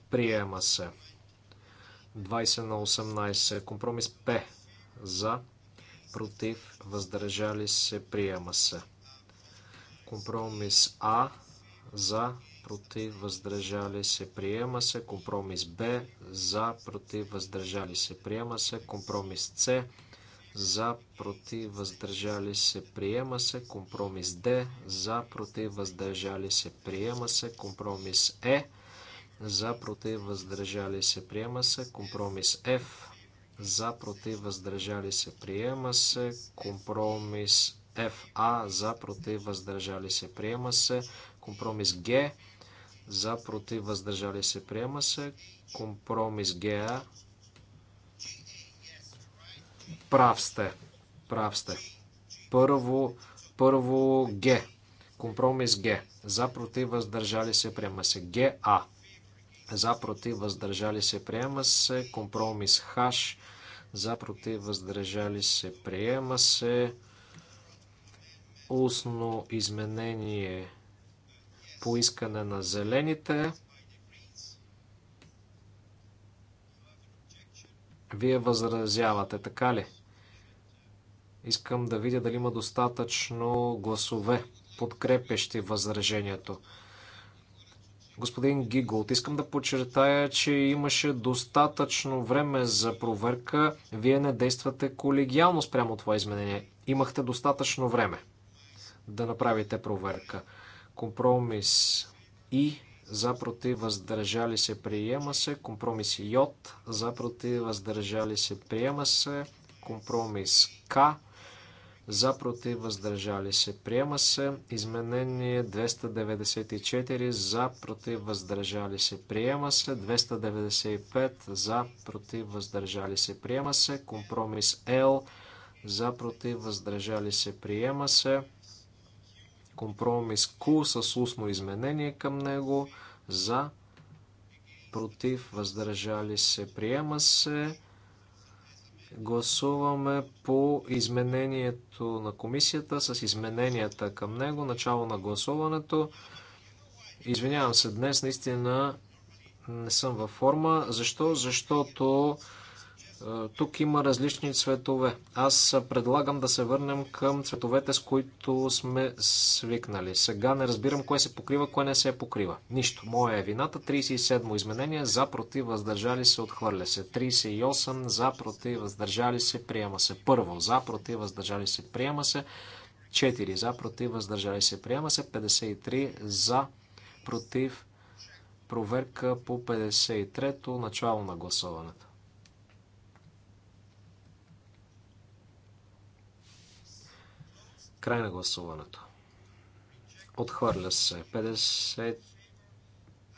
Приема се. 20 на 18. Компромис П. За. Против. Въздържали се. Приема се. Компромис А. За. Против. Въздържали се. Приема се. Компромис Б. За. Против. Въздържали се. Приема се. Компромис С за, против, въздържали се, приема се. Компромис Д, за, против, въздържали се, приема се. Компромис Е, за, против, въздържали се, приема се. Компромис Ф, за, против, въздържали се, приема се. Компромис ФА, за, против, въздържали се, приема се. Компромис Г, за, против, въздържали се, приема се. Компромис ГА, Прав сте. Прав сте. Първо, първо Г. Компромис Г. За против въздържали се приема се Г. А. За против въздържали се приема се. Компромис Х. За против въздържали се приема се. Устно изменение по искане на зелените. Вие възразявате, така ли? Искам да видя дали има достатъчно гласове, подкрепещи възражението. Господин Гиголт, искам да подчертая, че имаше достатъчно време за проверка. Вие не действате колегиално спрямо това изменение. Имахте достатъчно време да направите проверка. Компромис И за против въздържали се приема се. Компромис Й за против въздържали се приема се. Компромис К за против въздържали се. Приема се изменение 294 за против въздържали се. Приема се 295 за против въздържали се. Приема се компромис L за против въздържали се. Приема се компромис Q с устно изменение към него за против въздържали се. Приема се Гласуваме по изменението на комисията с измененията към него. Начало на гласуването. Извинявам се, днес наистина не съм във форма. Защо? Защото тук има различни цветове. Аз предлагам да се върнем към цветовете, с които сме свикнали. Сега не разбирам кое се покрива, кое не се покрива. Нищо. Моя е вината. 37 изменение. За, против, въздържали се, отхвърля се. 38. За, против, въздържали се, приема се. Първо. За, против, въздържали се, приема се. 4. За, против, въздържали се, приема се. 53. За, против, проверка по 53-то начало на гласуването. Край на гласуването. Отхвърля се. 50...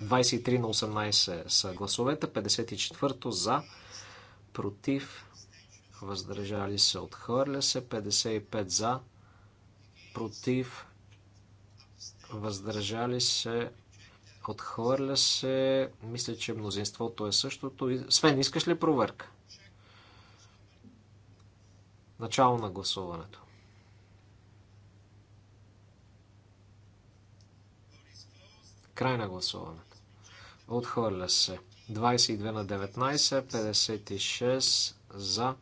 23 на 18 са гласовете. 54-то за. Против. Въздържали се. Отхвърля се. 55 за. Против. Въздържали се. Отхвърля се. Мисля, че мнозинството е същото. Свен, искаш ли проверка? Начало на гласуването. Край на гласуването. Отхвърля се. 22 на 19, 56 за,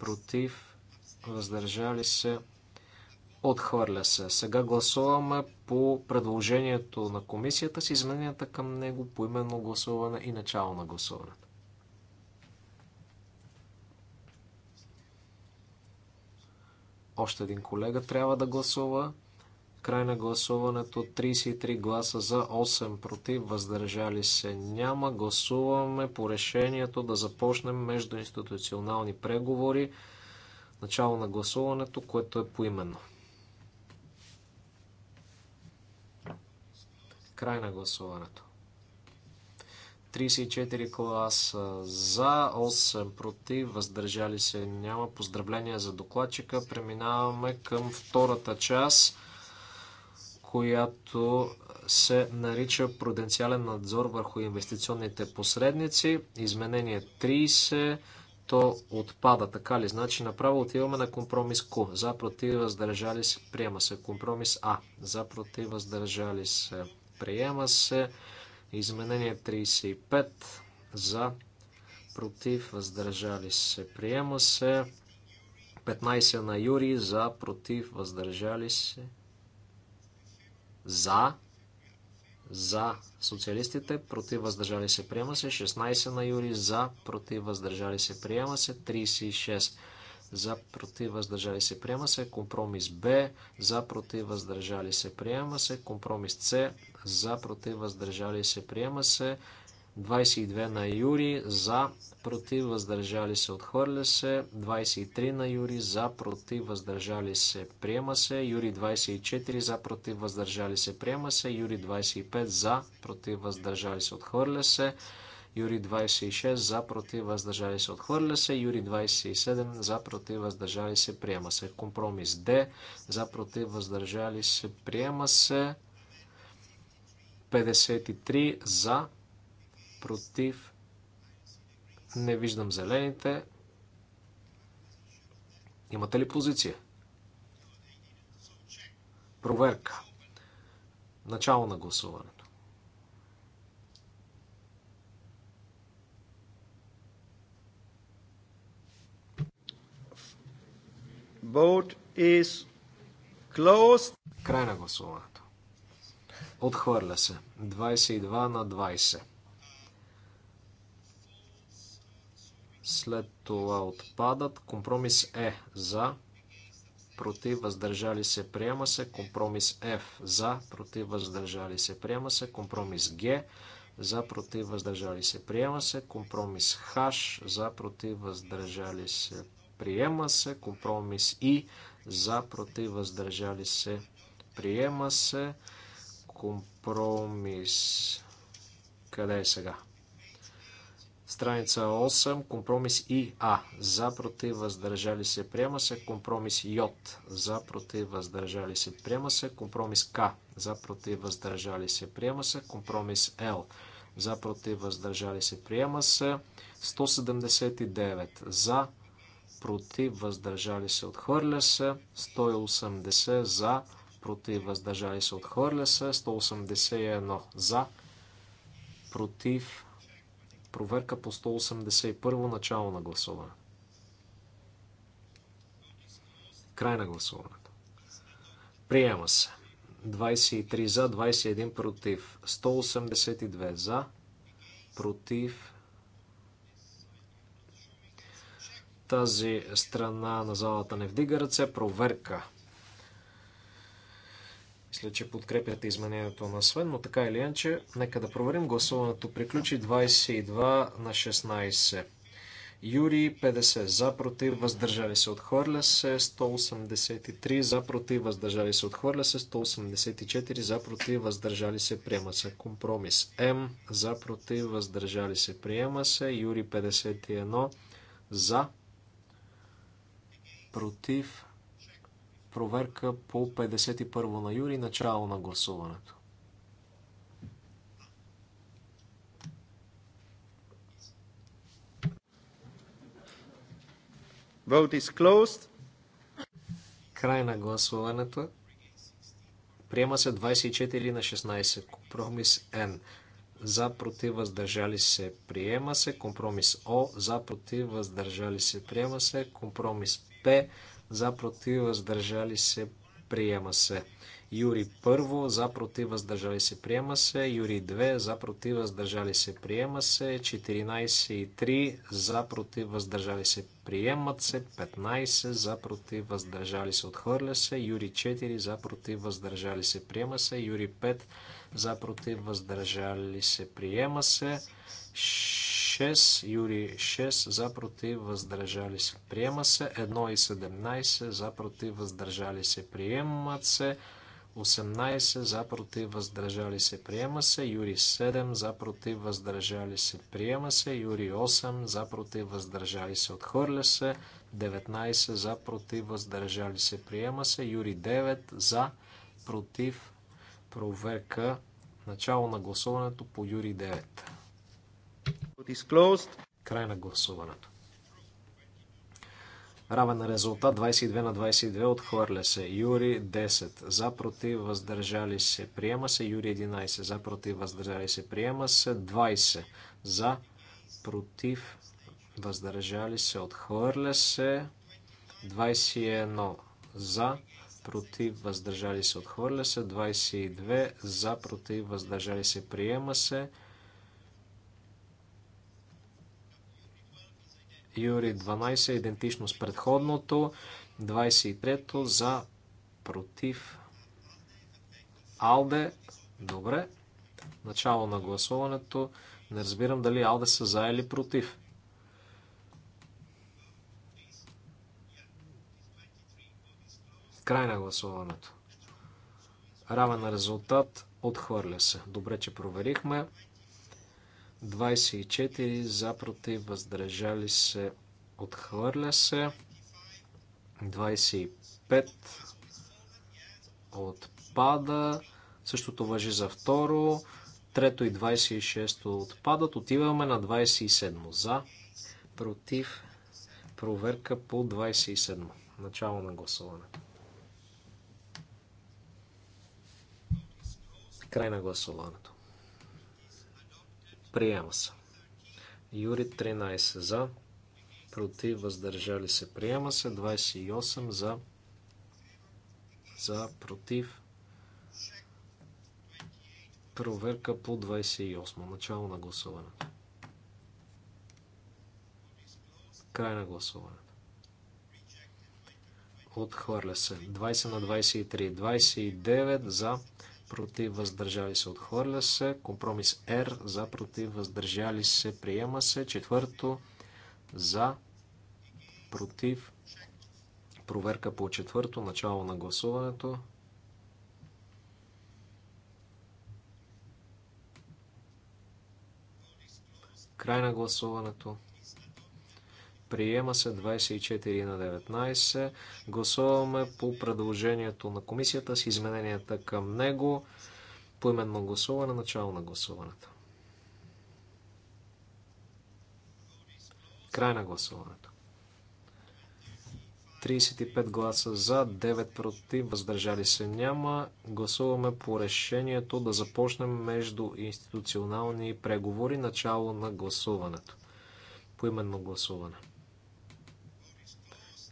против, въздържали се. Отхвърля се. Сега гласуваме по предложението на комисията с измененията към него по именно гласуване и начало на гласуването. Още един колега трябва да гласува. Край на гласуването 33 гласа за 8 против, въздържали се няма. Гласуваме по решението да започнем междуинституционални преговори. Начало на гласуването, което е поименно. Край на гласуването. 34 класа за, 8 против, въздържали се няма. Поздравления за докладчика. Преминаваме към втората част която се нарича Пруденциален надзор върху инвестиционните посредници. Изменение 30, то отпада, така ли? Значи направо отиваме на компромис Q. За против въздържали се, приема се. Компромис А. За против въздържали се, приема се. Изменение 35. За против въздържали се, приема се. 15 на Юри. За против въздържали се, за, за социалистите, против въздържали се, приема се. 16 на юли за, против въздържали се, приема се. 36 за, против въздържали се, приема се. Компромис Б, за, против въздържали се, приема се. Компромис С, за, против въздържали се, приема се. 22 на Юри за, против, въздържали се, отхвърля се. 23 на Юри за, против, въздържали се, приема се. Юри 24 за, против, въздържали се, приема се. Юри 25 за, против, въздържали се, отхвърля се. Юри 26 за, против, въздържали се, отхвърля се. Юри 27 за, против, въздържали се, приема се. Компромис Д за, против, въздържали се, приема се. 53 за, против, не виждам зелените. Имате ли позиция? Проверка. Начало на гласуването. Vote is closed. Край на гласуването. Отхвърля се. 22 на 20. След това отпадат. Компромис Е за, против, въздържали се, приема се. Компромис Ф за, против, въздържали се, приема се. Компромис Г за, против, въздържали се, приема се. Компромис Х за, против, въздържали се, приема се. Компромис И за, против, въздържали се, приема се. Компромис. Къде е сега? Страница 8. Компромис И А. За, против, въздържали се, приема се. Компромис Й. За, против, въздържали се, приема се. Компромис К. За, против, въздържали се, приема се. Компромис Л. За, против, въздържали се, приема се. 179. За, против, въздържали се, отхвърля се. 180. За, против, въздържали се, отхвърля се. 181. За, против, Проверка по 181 начало на гласуване. Край на гласуването. Приема се. 23 за, 21 против, 182 за, против. Тази страна на залата не вдига ръце. Проверка. Мисля, че подкрепяте изменението на Свен, но така или иначе, нека да проверим. Гласуването приключи 22 на 16. Юри 50 за, против, въздържали се, отхвърля се 183 за, против, въздържали се, отхвърля се 184 за, против, въздържали се, приема се. Компромис М за, против, въздържали се, приема се. Юри 51 за, против, проверка по 51 на юли, начало на гласуването. Vote is closed. Край на гласуването. Приема се 24 на 16. Компромис Н. За против въздържали се. Приема се. Компромис О. За против въздържали се. Приема се. Компромис П за против въздържали се приема се. Юри първо, за против въздържали се приема се. Юри 2 за против въздържали се приема се. 14 и 3 за против въздържали се приемат се. 15 за против въздържали се отхвърля се. Юри 4 за против въздържали се приема се. Юри 5 за против въздържали се приема се. 6, Юри 6 за против въздържали се. Приема се 1 и 17 за против въздържали се. Приемат се 18 за против въздържали се. Приема се Юри 7 за против въздържали се. Приема се Юри 8 за против въздържали се. Отхвърля се 19 за против въздържали се. Приема се Юри 9 за против проверка. Начало на гласуването по Юри 9. Vote is closed. Край на гласуването. Равен резултат 22 на 22 отхвърля се. Юри 10 за против въздържали се приема се. Юри 11 за против въздържали се приема се. 20 за против въздържали се отхвърля се. 21 за против въздържали се отхвърля се. 22 за против въздържали се приема се. Юри 12 идентично с предходното. 23 за против Алде. Добре. Начало на гласуването. Не разбирам дали Алде са за или против. Край на гласуването. Равен резултат. Отхвърля се. Добре, че проверихме. 24 за против въздържали се отхвърля се 25 отпада същото въжи за второ трето и 26 отпадат отиваме на 27 за против проверка по 27 начало на гласуване край на гласуването Приема се. Юри 13 за. Против въздържали се. Приема се. 28 за. За. Против. Проверка по 28. Начало на гласуването. Край на гласуването. Отхвърля се. 20 на 23. 29 за против въздържали се, отхвърля се. Компромис R за против въздържали се, приема се. Четвърто за против. Проверка по четвърто, начало на гласуването. Край на гласуването. Приема се 24 на 19. Гласуваме по предложението на комисията с измененията към него. Поименно гласуване, начало на гласуването. Край на гласуването. 35 гласа за, 9 против, въздържали се няма. Гласуваме по решението да започнем между институционални преговори, начало на гласуването. Поименно гласуване.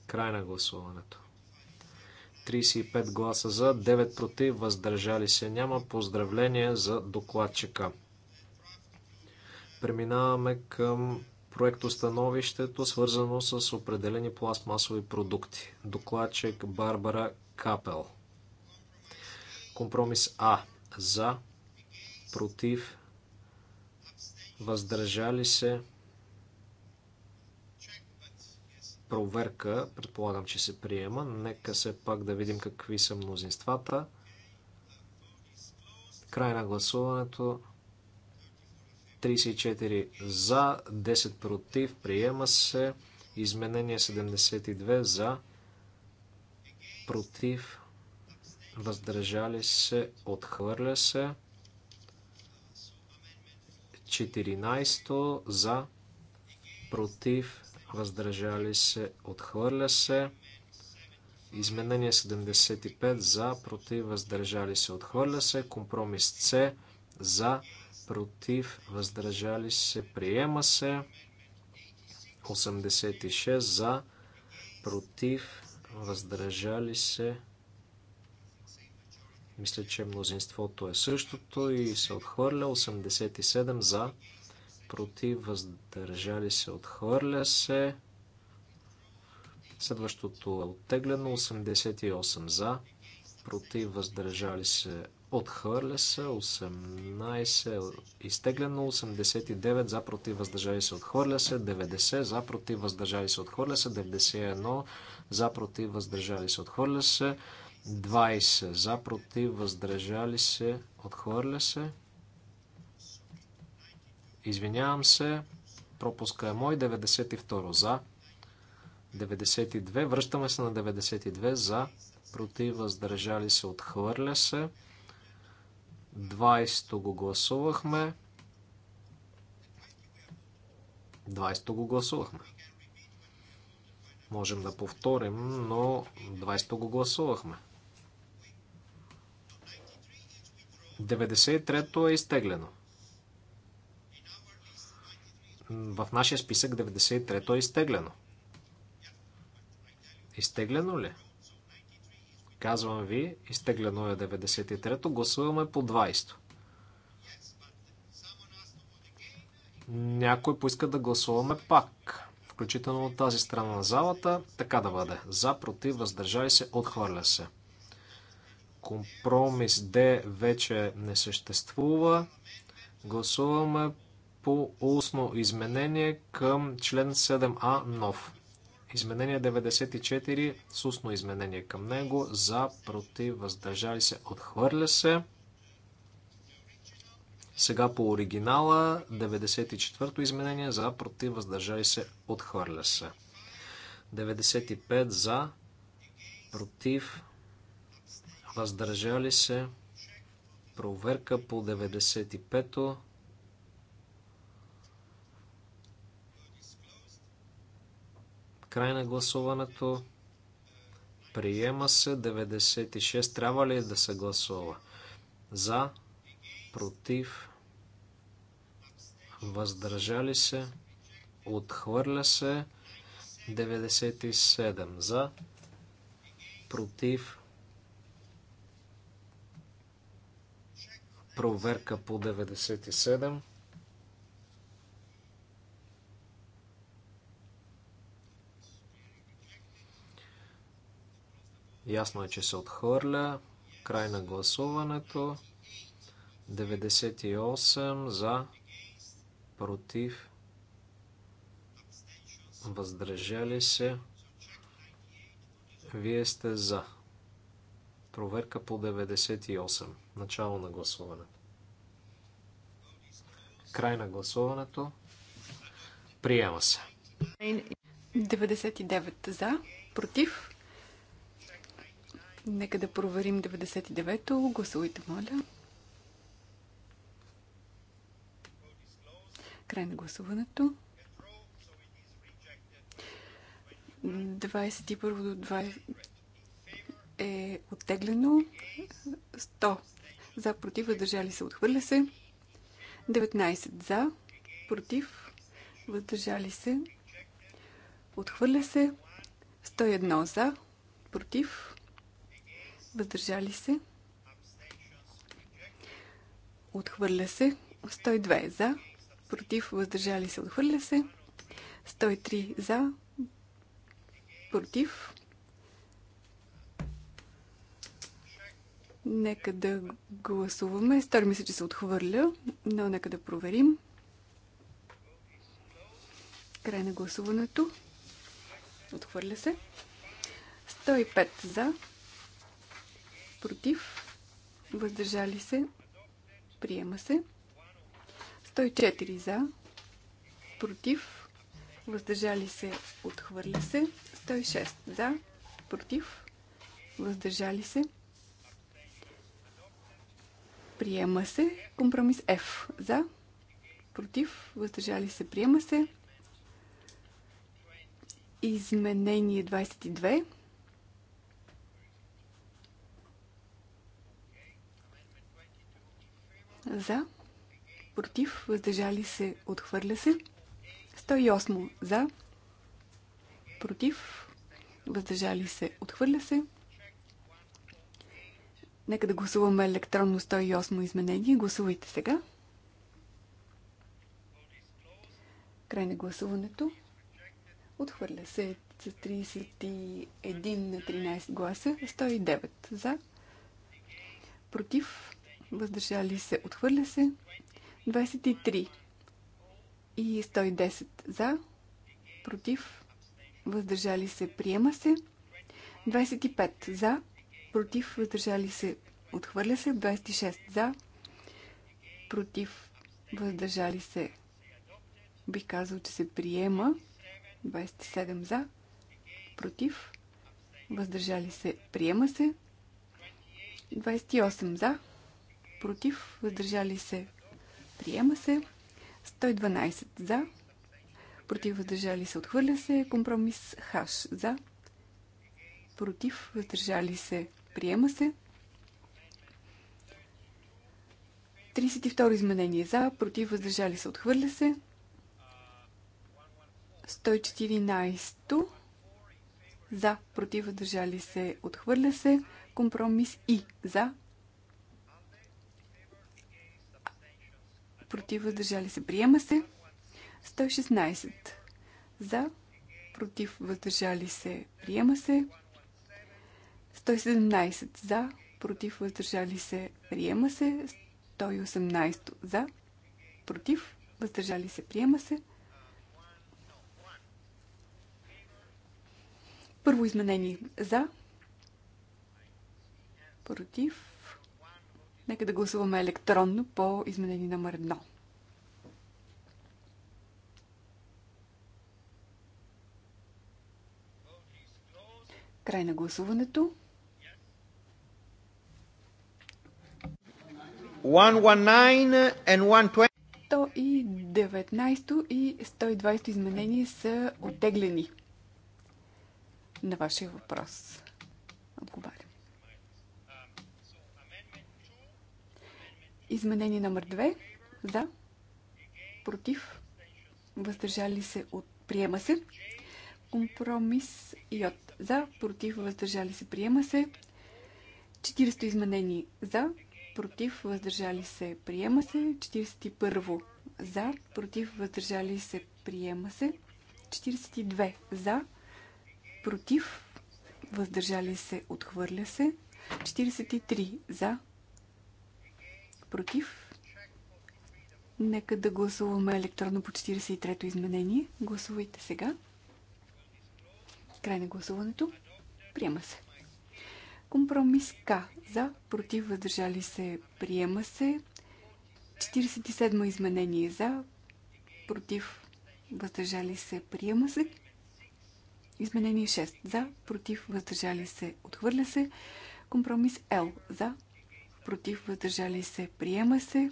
Край на гласуването. 35 гласа за, 9 против, въздържали се няма. Поздравление за докладчика. Преминаваме към проектостановището, свързано с определени пластмасови продукти. Докладчик Барбара Капел. Компромис А. За, против, въздържали се, проверка. Предполагам, че се приема. Нека се пак да видим какви са мнозинствата. Край на гласуването. 34 за, 10 против. Приема се. Изменение 72 за, против, въздържали се, отхвърля се. 14 за, против, въздържали се, отхвърля се. Изменение 75 за, против, въздържали се, отхвърля се. Компромис С за, против, въздържали се, приема се. 86 за, против, въздържали се. Мисля, че мнозинството е същото и се отхвърля. 87 за, против, въздържали се, отхвърля се. Следващото е оттеглено, 88 за, против, въздържали се, отхвърля се, 18 е изтеглено, 89 за, против, въздържали се, отхвърля се, 90 за, против, въздържали се, отхвърля се, 91 за, против, въздържали се, отхвърля се, 20 за, против, въздържали се, отхвърля се. Извинявам се, пропуска е мой. 92 за. 92. Връщаме се на 92 за. Против въздържали се. Отхвърля се. 20 го гласувахме. 20 го гласувахме. Можем да повторим, но 20 го гласувахме. 93-то е изтеглено. В нашия списък 93-то е изтеглено. Изтеглено ли? Казвам ви, изтеглено е 93-то, гласуваме по 20-то. Някой поиска да гласуваме пак, включително от тази страна на залата, така да бъде. За, против, въздържай се, отхвърля се. Компромис Д вече не съществува. Гласуваме по устно изменение към член 7а нов. Изменение 94 с устно изменение към него. За, против, въздържали се, отхвърля се. Сега по оригинала 94-то изменение за, против, въздържали се, отхвърля се. 95 за, против, въздържали се. Проверка по 95-то. Край на гласуването. Приема се 96. Трябва ли да се гласува? За, против, въздържали се, отхвърля се 97. За, против, проверка по 97. Ясно е, че се отхвърля. Край на гласуването. 98 за, против, въздържали се. Вие сте за. Проверка по 98. Начало на гласуването. Край на гласуването. Приема се. 99 за, против, Нека да проверим 99-то. Гласувайте, моля. Край на гласуването. 21 до 20 е оттеглено. 100 за, против, въздържали се, отхвърля се. 19 за, против, въздържали се, отхвърля се. 101 за, против, въздържали се, отхвърля се, 102 за, против, въздържали се, отхвърля се, 103 за, против. Нека да гласуваме. Стори мисля, че се отхвърля, но нека да проверим. Край на гласуването. Отхвърля се. 105 за, против, въздържали се, приема се. 104 за, против, въздържали се, отхвърля се. 106 за, против, въздържали се, приема се. Компромис F за, против, въздържали се, приема се. Изменение 22 за, против, въздържали се, отхвърля се. 108 за, против, въздържали се, отхвърля се. Нека да гласуваме електронно 108 изменение. Гласувайте сега. Край на гласуването. Отхвърля се с 31 на 13 гласа, 109 за, против, въздържали се, отхвърля се. 23 и 110 за, против, въздържали се, приема се. 25 за, против, въздържали се, отхвърля се. 26 за, против, въздържали се, бих казал, че се приема. 27 за, против, въздържали се, приема се. 28 за, против, въздържали се, приема се. 112 за, против, въздържали се, отхвърля се. Компромис Х за, против, въздържали се, приема се. 32 изменение за, против, въздържали се, отхвърля се. 114 за, против, въздържали се, отхвърля се. Компромис И за, против, въздържали се, приема се. 116 за, против, въздържали се, приема се. 117 за, против, въздържали се, приема се. 118 за, против, въздържали се, приема се. Първо изменение за, против, Нека да гласуваме електронно по изменение номер 1. Край на гласуването. 119 and 120. 119 и 120 изменения са оттеглени. На вашия въпрос отговарям. Изменение номер 2. За. Против. Въздържали се от. Приема се. Компромис и от. За. Против. Въздържали се. Приема се. 40 изменение. За. Против. Въздържали се. Приема се. 41. За. Против. Въздържали се. Приема се. 42. За. Против. Въздържали се. Отхвърля се. 43. За против. Нека да гласуваме електронно по 43-то изменение. Гласувайте сега. Край на гласуването. Приема се. Компромис К. За, против, въздържали се. Приема се. 47-мо изменение за, против, въздържали се. Приема се. Изменение 6. За, против, въздържали се. Отхвърля се. Компромис Л. За, против, въздържали се, приема се.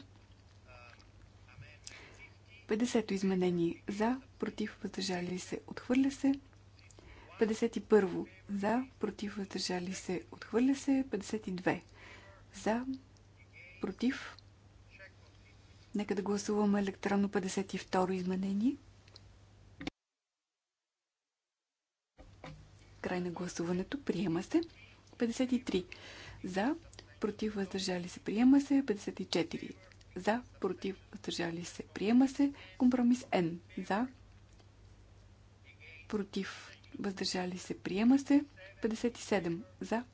50-то изменение за, против, въздържали се, отхвърля се. 51 за, против, въздържали се, отхвърля се. 52 за, против. Нека да гласуваме електронно 52 изменение. Край на гласуването. Приема се. 53 за, против въздържали се, приема се. 54 за, против въздържали се, приема се. Компромис Н за, против въздържали се, приема се. 57 за,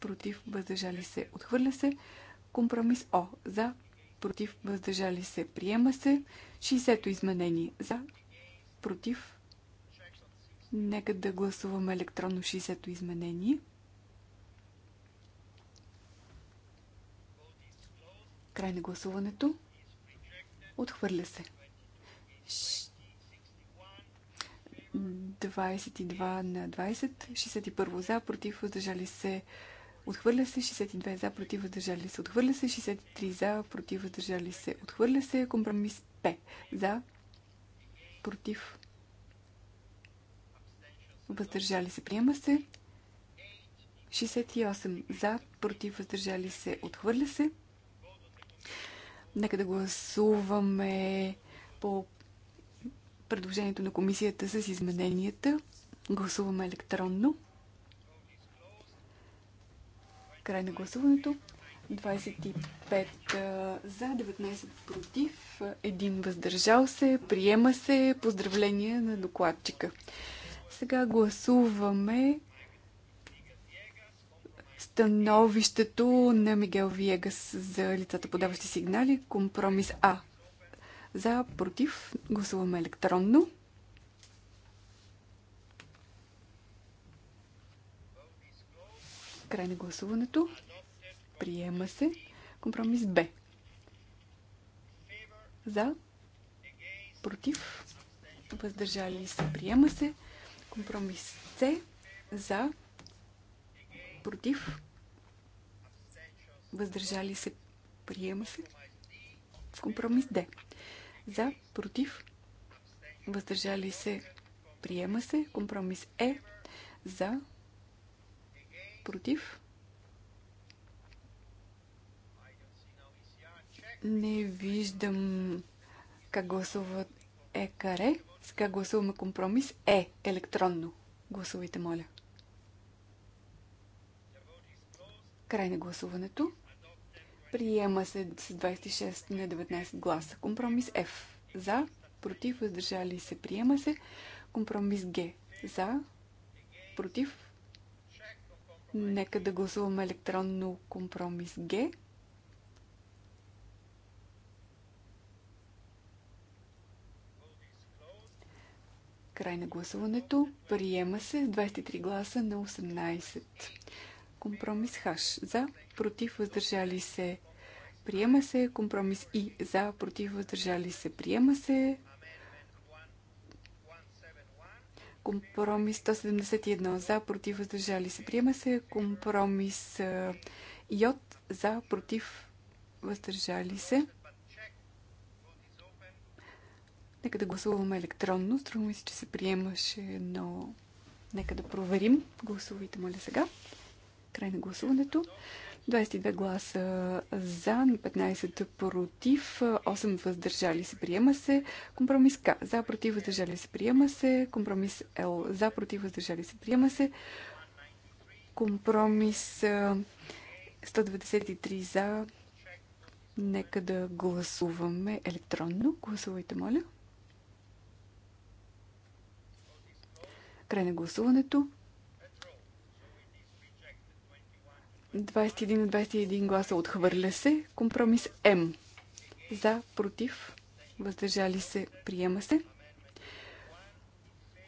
против въздържали се, отхвърля се. Компромис О за, против въздържали се, приема се. 60-то изменение за, против. Нека да гласуваме електронно 60-то изменение. Край на гласуването. Отхвърля се. 22 на 20, 61 за, против, въздържали се. Отхвърля се 62 за, против, въздържали се. Отхвърля се 63 за, против, въздържали се. Отхвърля се компромис П за, против, въздържали се. Приема се 68 за, против, въздържали се. Отхвърля се Нека да гласуваме по предложението на комисията с измененията. Гласуваме електронно. Край на гласуването. 25 за, 19 против, Един въздържал се, приема се. Поздравление на докладчика. Сега гласуваме Становището на Мигел Виегас за лицата подаващи сигнали. Компромис А. За, против. Гласуваме електронно. Край на гласуването. Приема се. Компромис Б. За. Против. Въздържали се. Приема се. Компромис С. За против, въздържали се, приема се. Компромис Д. За, против, въздържали се, приема се. Компромис Е. За, против. Не виждам как гласуват Е каре. Сега гласуваме компромис Е електронно. Гласувайте, моля. Край на гласуването. Приема се с 26 на 19 гласа. Компромис F. За. Против. Въздържали се. Приема се. Компромис Г. За. Против. Нека да гласуваме електронно компромис Г. Край на гласуването. Приема се с 23 гласа на 18. Компромис Хаш. За, против, въздържали се. Приема се. Компромис И. За, против, въздържали се. Приема се. Компромис 171. За, против, въздържали се. Приема се. Компромис Йод. За, против, въздържали се. Нека да гласуваме електронно. Струва ми се, че се приемаше, но нека да проверим. Гласувайте, моля сега. Край на гласуването. 22 гласа за, 15 против, 8 въздържали се, приема се. Компромис К. За, против, въздържали се, приема се. Компромис Л. За, против, въздържали се, приема се. Компромис 193 за. Нека да гласуваме електронно. Гласувайте, моля. Край на гласуването. 21 на 21 гласа отхвърля се. Компромис М. За, против, въздържали се, приема се.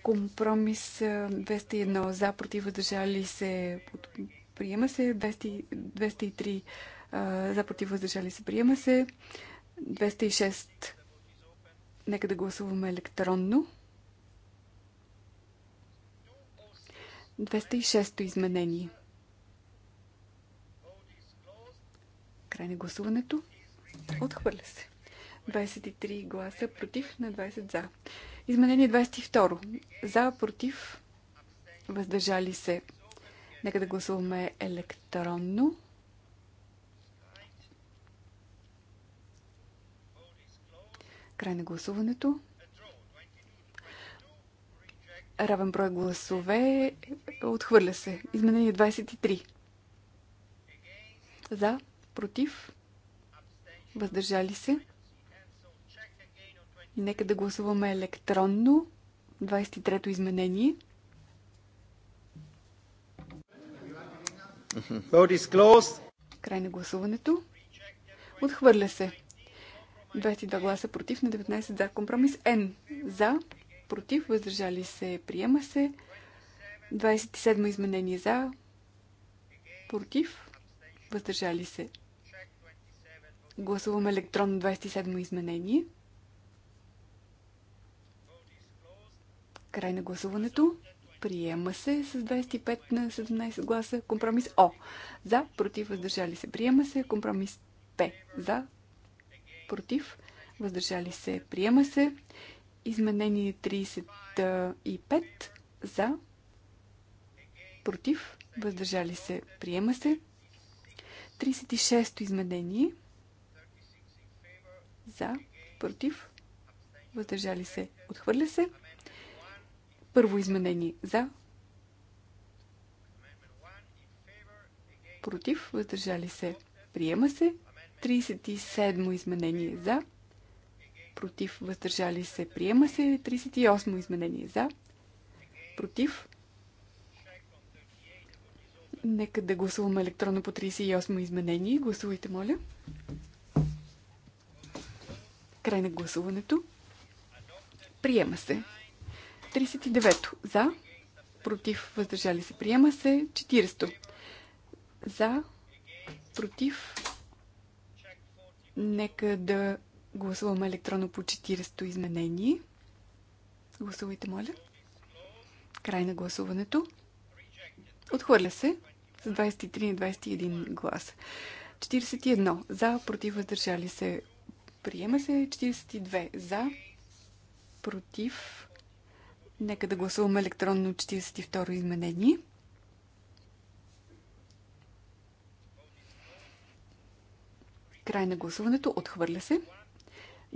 Компромис 201 за, против, въздържали се, приема се. 203 за, против, въздържали се, приема се. 206. Нека да гласуваме електронно. 206 изменение. Край на гласуването. Отхвърля се. 23 гласа против на 20 за. Изменение 22. За, против, въздържали се. Нека да гласуваме електронно. Край на гласуването. Равен брой гласове. Отхвърля се. Изменение 23. За против, въздържали се. Нека да гласуваме електронно. 23-то изменение. Край на гласуването. Отхвърля се. 22 гласа против на 19 за. Компромис Н. За. Против. Въздържали се. Приема се. 27 изменение за. Против. Въздържали се. Гласуваме електронно 27 изменение. Край на гласуването. Приема се с 25 на 17 гласа. Компромис О. За, против, въздържали се. Приема се. Компромис П. За, против, въздържали се. Приема се. Изменение 35. За, против, въздържали се. Приема се. 36-то изменение. За, против, въздържали се, отхвърля се. Първо изменение за, против, въздържали се, приема се. 37 изменение за, против, въздържали се, приема се. 38 изменение за, против. Нека да гласуваме електронно по 38 изменение. Гласувайте, моля. Край на гласуването. Приема се. 39. За. Против. Въздържали се. Приема се. 40. За. Против. Нека да гласуваме електронно по 40-то изменение. Гласувайте, моля. Край на гласуването. Отхвърля се с 23 и 21 гласа. 41. За, против, въздържали се. Приема се 42 за, против. Нека да гласуваме електронно 42 изменение. Край на гласуването. Отхвърля се.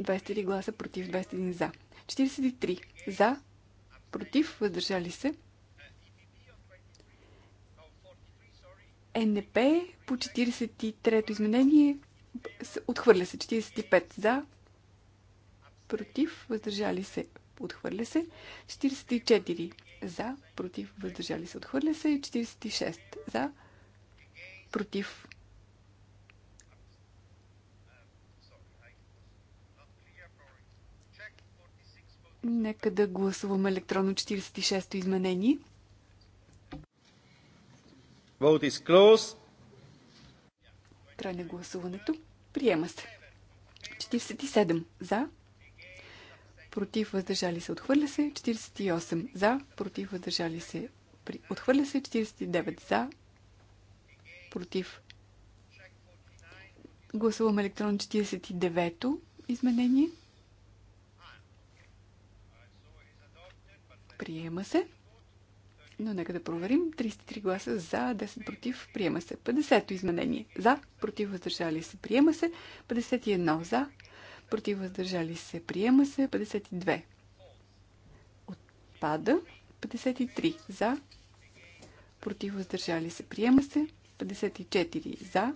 23 гласа против, 21 за. 43 за, против, въздържали се. Е, НП по 43-то изменение Отхвърля се 45 за. Против. Въздържали се. Отхвърля се. 44 за. Против. Въздържали се. Отхвърля се. 46 за. Против. Нека да гласуваме електронно 46-то изменение. Vote is closed. Край на гласуването. Приема се. 47 за. Против въздържали се. Отхвърля се. 48 за. Против въздържали се. Отхвърля се. 49 за. Против. Гласуваме електронно 49-то изменение. Приема се но нека да проверим. 33 гласа за, 10 против, приема се. 50-то изменение. За, против, въздържали се, приема се. 51 за, против, въздържали се, приема се. 52 отпада. 53 за, против, въздържали се, приема се. 54 за,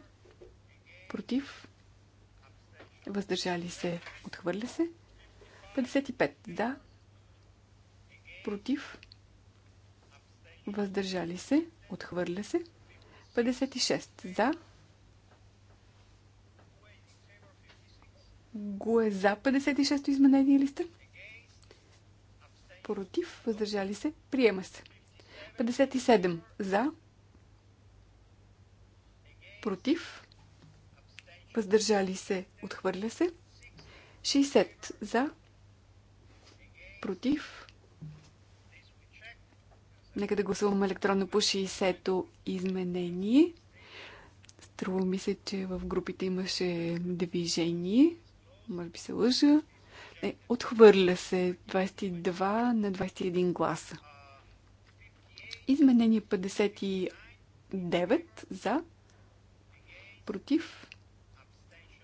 против, въздържали се, отхвърля се. 55 за, против, въздържали се, отхвърля се. 56 за. Го е за 56-то изменение ли сте? Против, въздържали се, приема се. 57 за. Против, въздържали се, отхвърля се. 60 за. Против, Нека да гласуваме електронно по 60-то изменение. Струва ми се, че в групите имаше движение. Може би се лъжа. Не, отхвърля се 22 на 21 гласа. Изменение 59 за, против,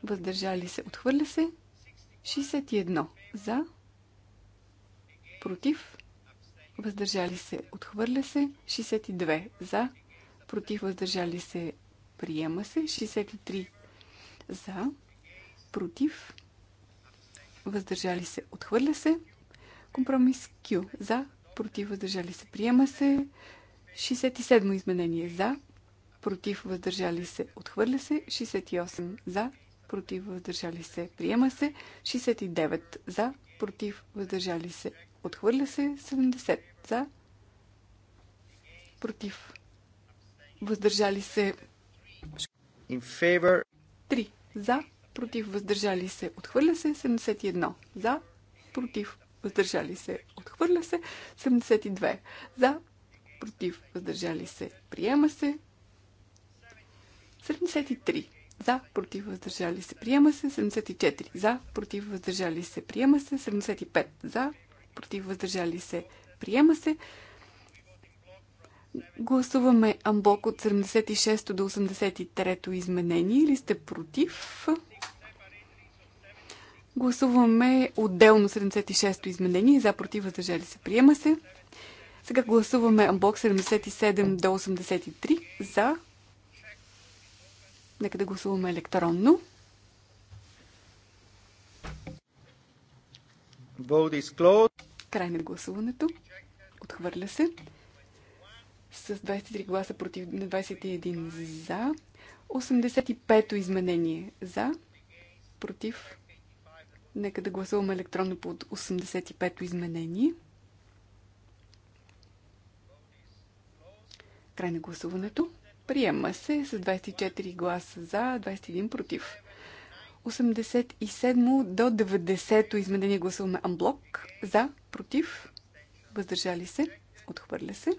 въздържали се, отхвърля се. 61 за, против, въздържали се, отхвърля се. 62 за, против, въздържали се, приема се. 63 за, против, въздържали се, отхвърля се. Компромис Q за, против, въздържали се, приема се. 67 изменение за, против, въздържали се, отхвърля се. 68 за, против, въздържали се, приема се. 69 за, против, въздържали се, Отхвърля се 70 за. Против. Въздържали се. 3 за. Против. Въздържали се. Отхвърля се 71 за. Против. Въздържали се. Отхвърля се 72 за. Против. Въздържали се. Приема се 73 за, против, въздържали се, приема се, 74 за, против, въздържали се, приема се, 75 за, против, въздържали се, приема се. Гласуваме Амбок от 76 до 83 изменение или сте против? Гласуваме отделно 76-то изменение. За, против, въздържали се. Приема се. Сега гласуваме Амбок 77 до 83. За. Нека да гласуваме електронно. Край на гласуването. Отхвърля се. С 23 гласа против 21 за. 85-то изменение за. Против. Нека да гласуваме електронно под 85-то изменение. Край на гласуването. Приема се с 24 гласа за, 21 против. 87 до 90 изменение гласуваме амблок. За, против, въздържали се, отхвърля се.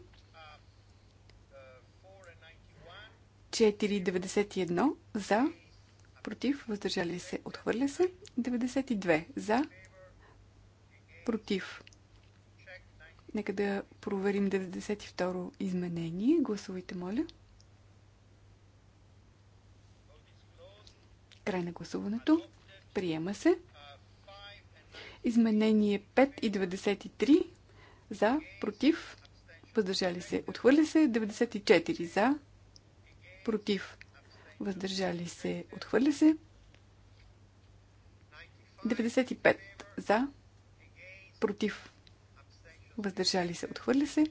4,91 за, против, въздържали се, отхвърля се. 92 за, против. Нека да проверим 92 изменение. Гласувайте, моля. 92. Край на гласуването. Приема се. Изменение 5 и 93 за, против, въздържали се. Отхвърля се 94 за, против, въздържали се. Отхвърля се. 95 за, против, въздържали се. Отхвърля се.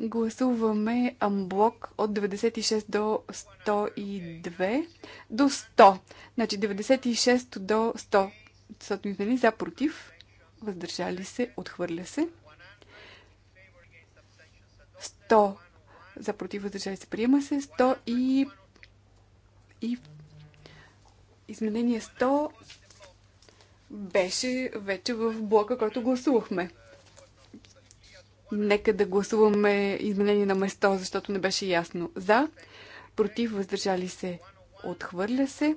Гласуваме амблок от 96 до 102 до 100. Значи 96 до 100 Съдно нали, за против, въздържали се, отхвърля се. 100 за против, въздържали се, приема се. 100 и, и изменение 100 беше вече в блока, който гласувахме. Нека да гласуваме изменение на место, защото не беше ясно. За, против, въздържали се, отхвърля се.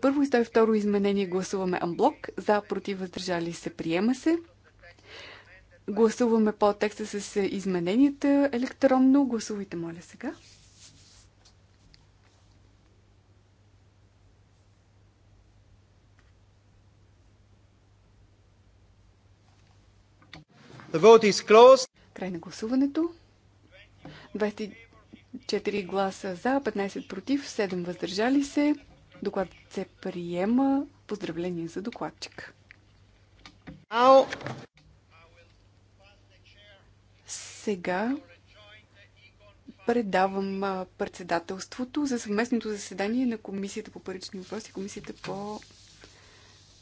първо и 102 изменение гласуваме амблок. За, против, въздържали се, приема се. Гласуваме по текста с измененията електронно. Гласувайте, моля, сега. The vote is closed. Край на гласуването. 24 гласа за, 15 против, 7 въздържали се. Доклад се приема. Поздравление за докладчик. Сега предавам председателството за съвместното заседание на Комисията по парични въпроси и Комисията по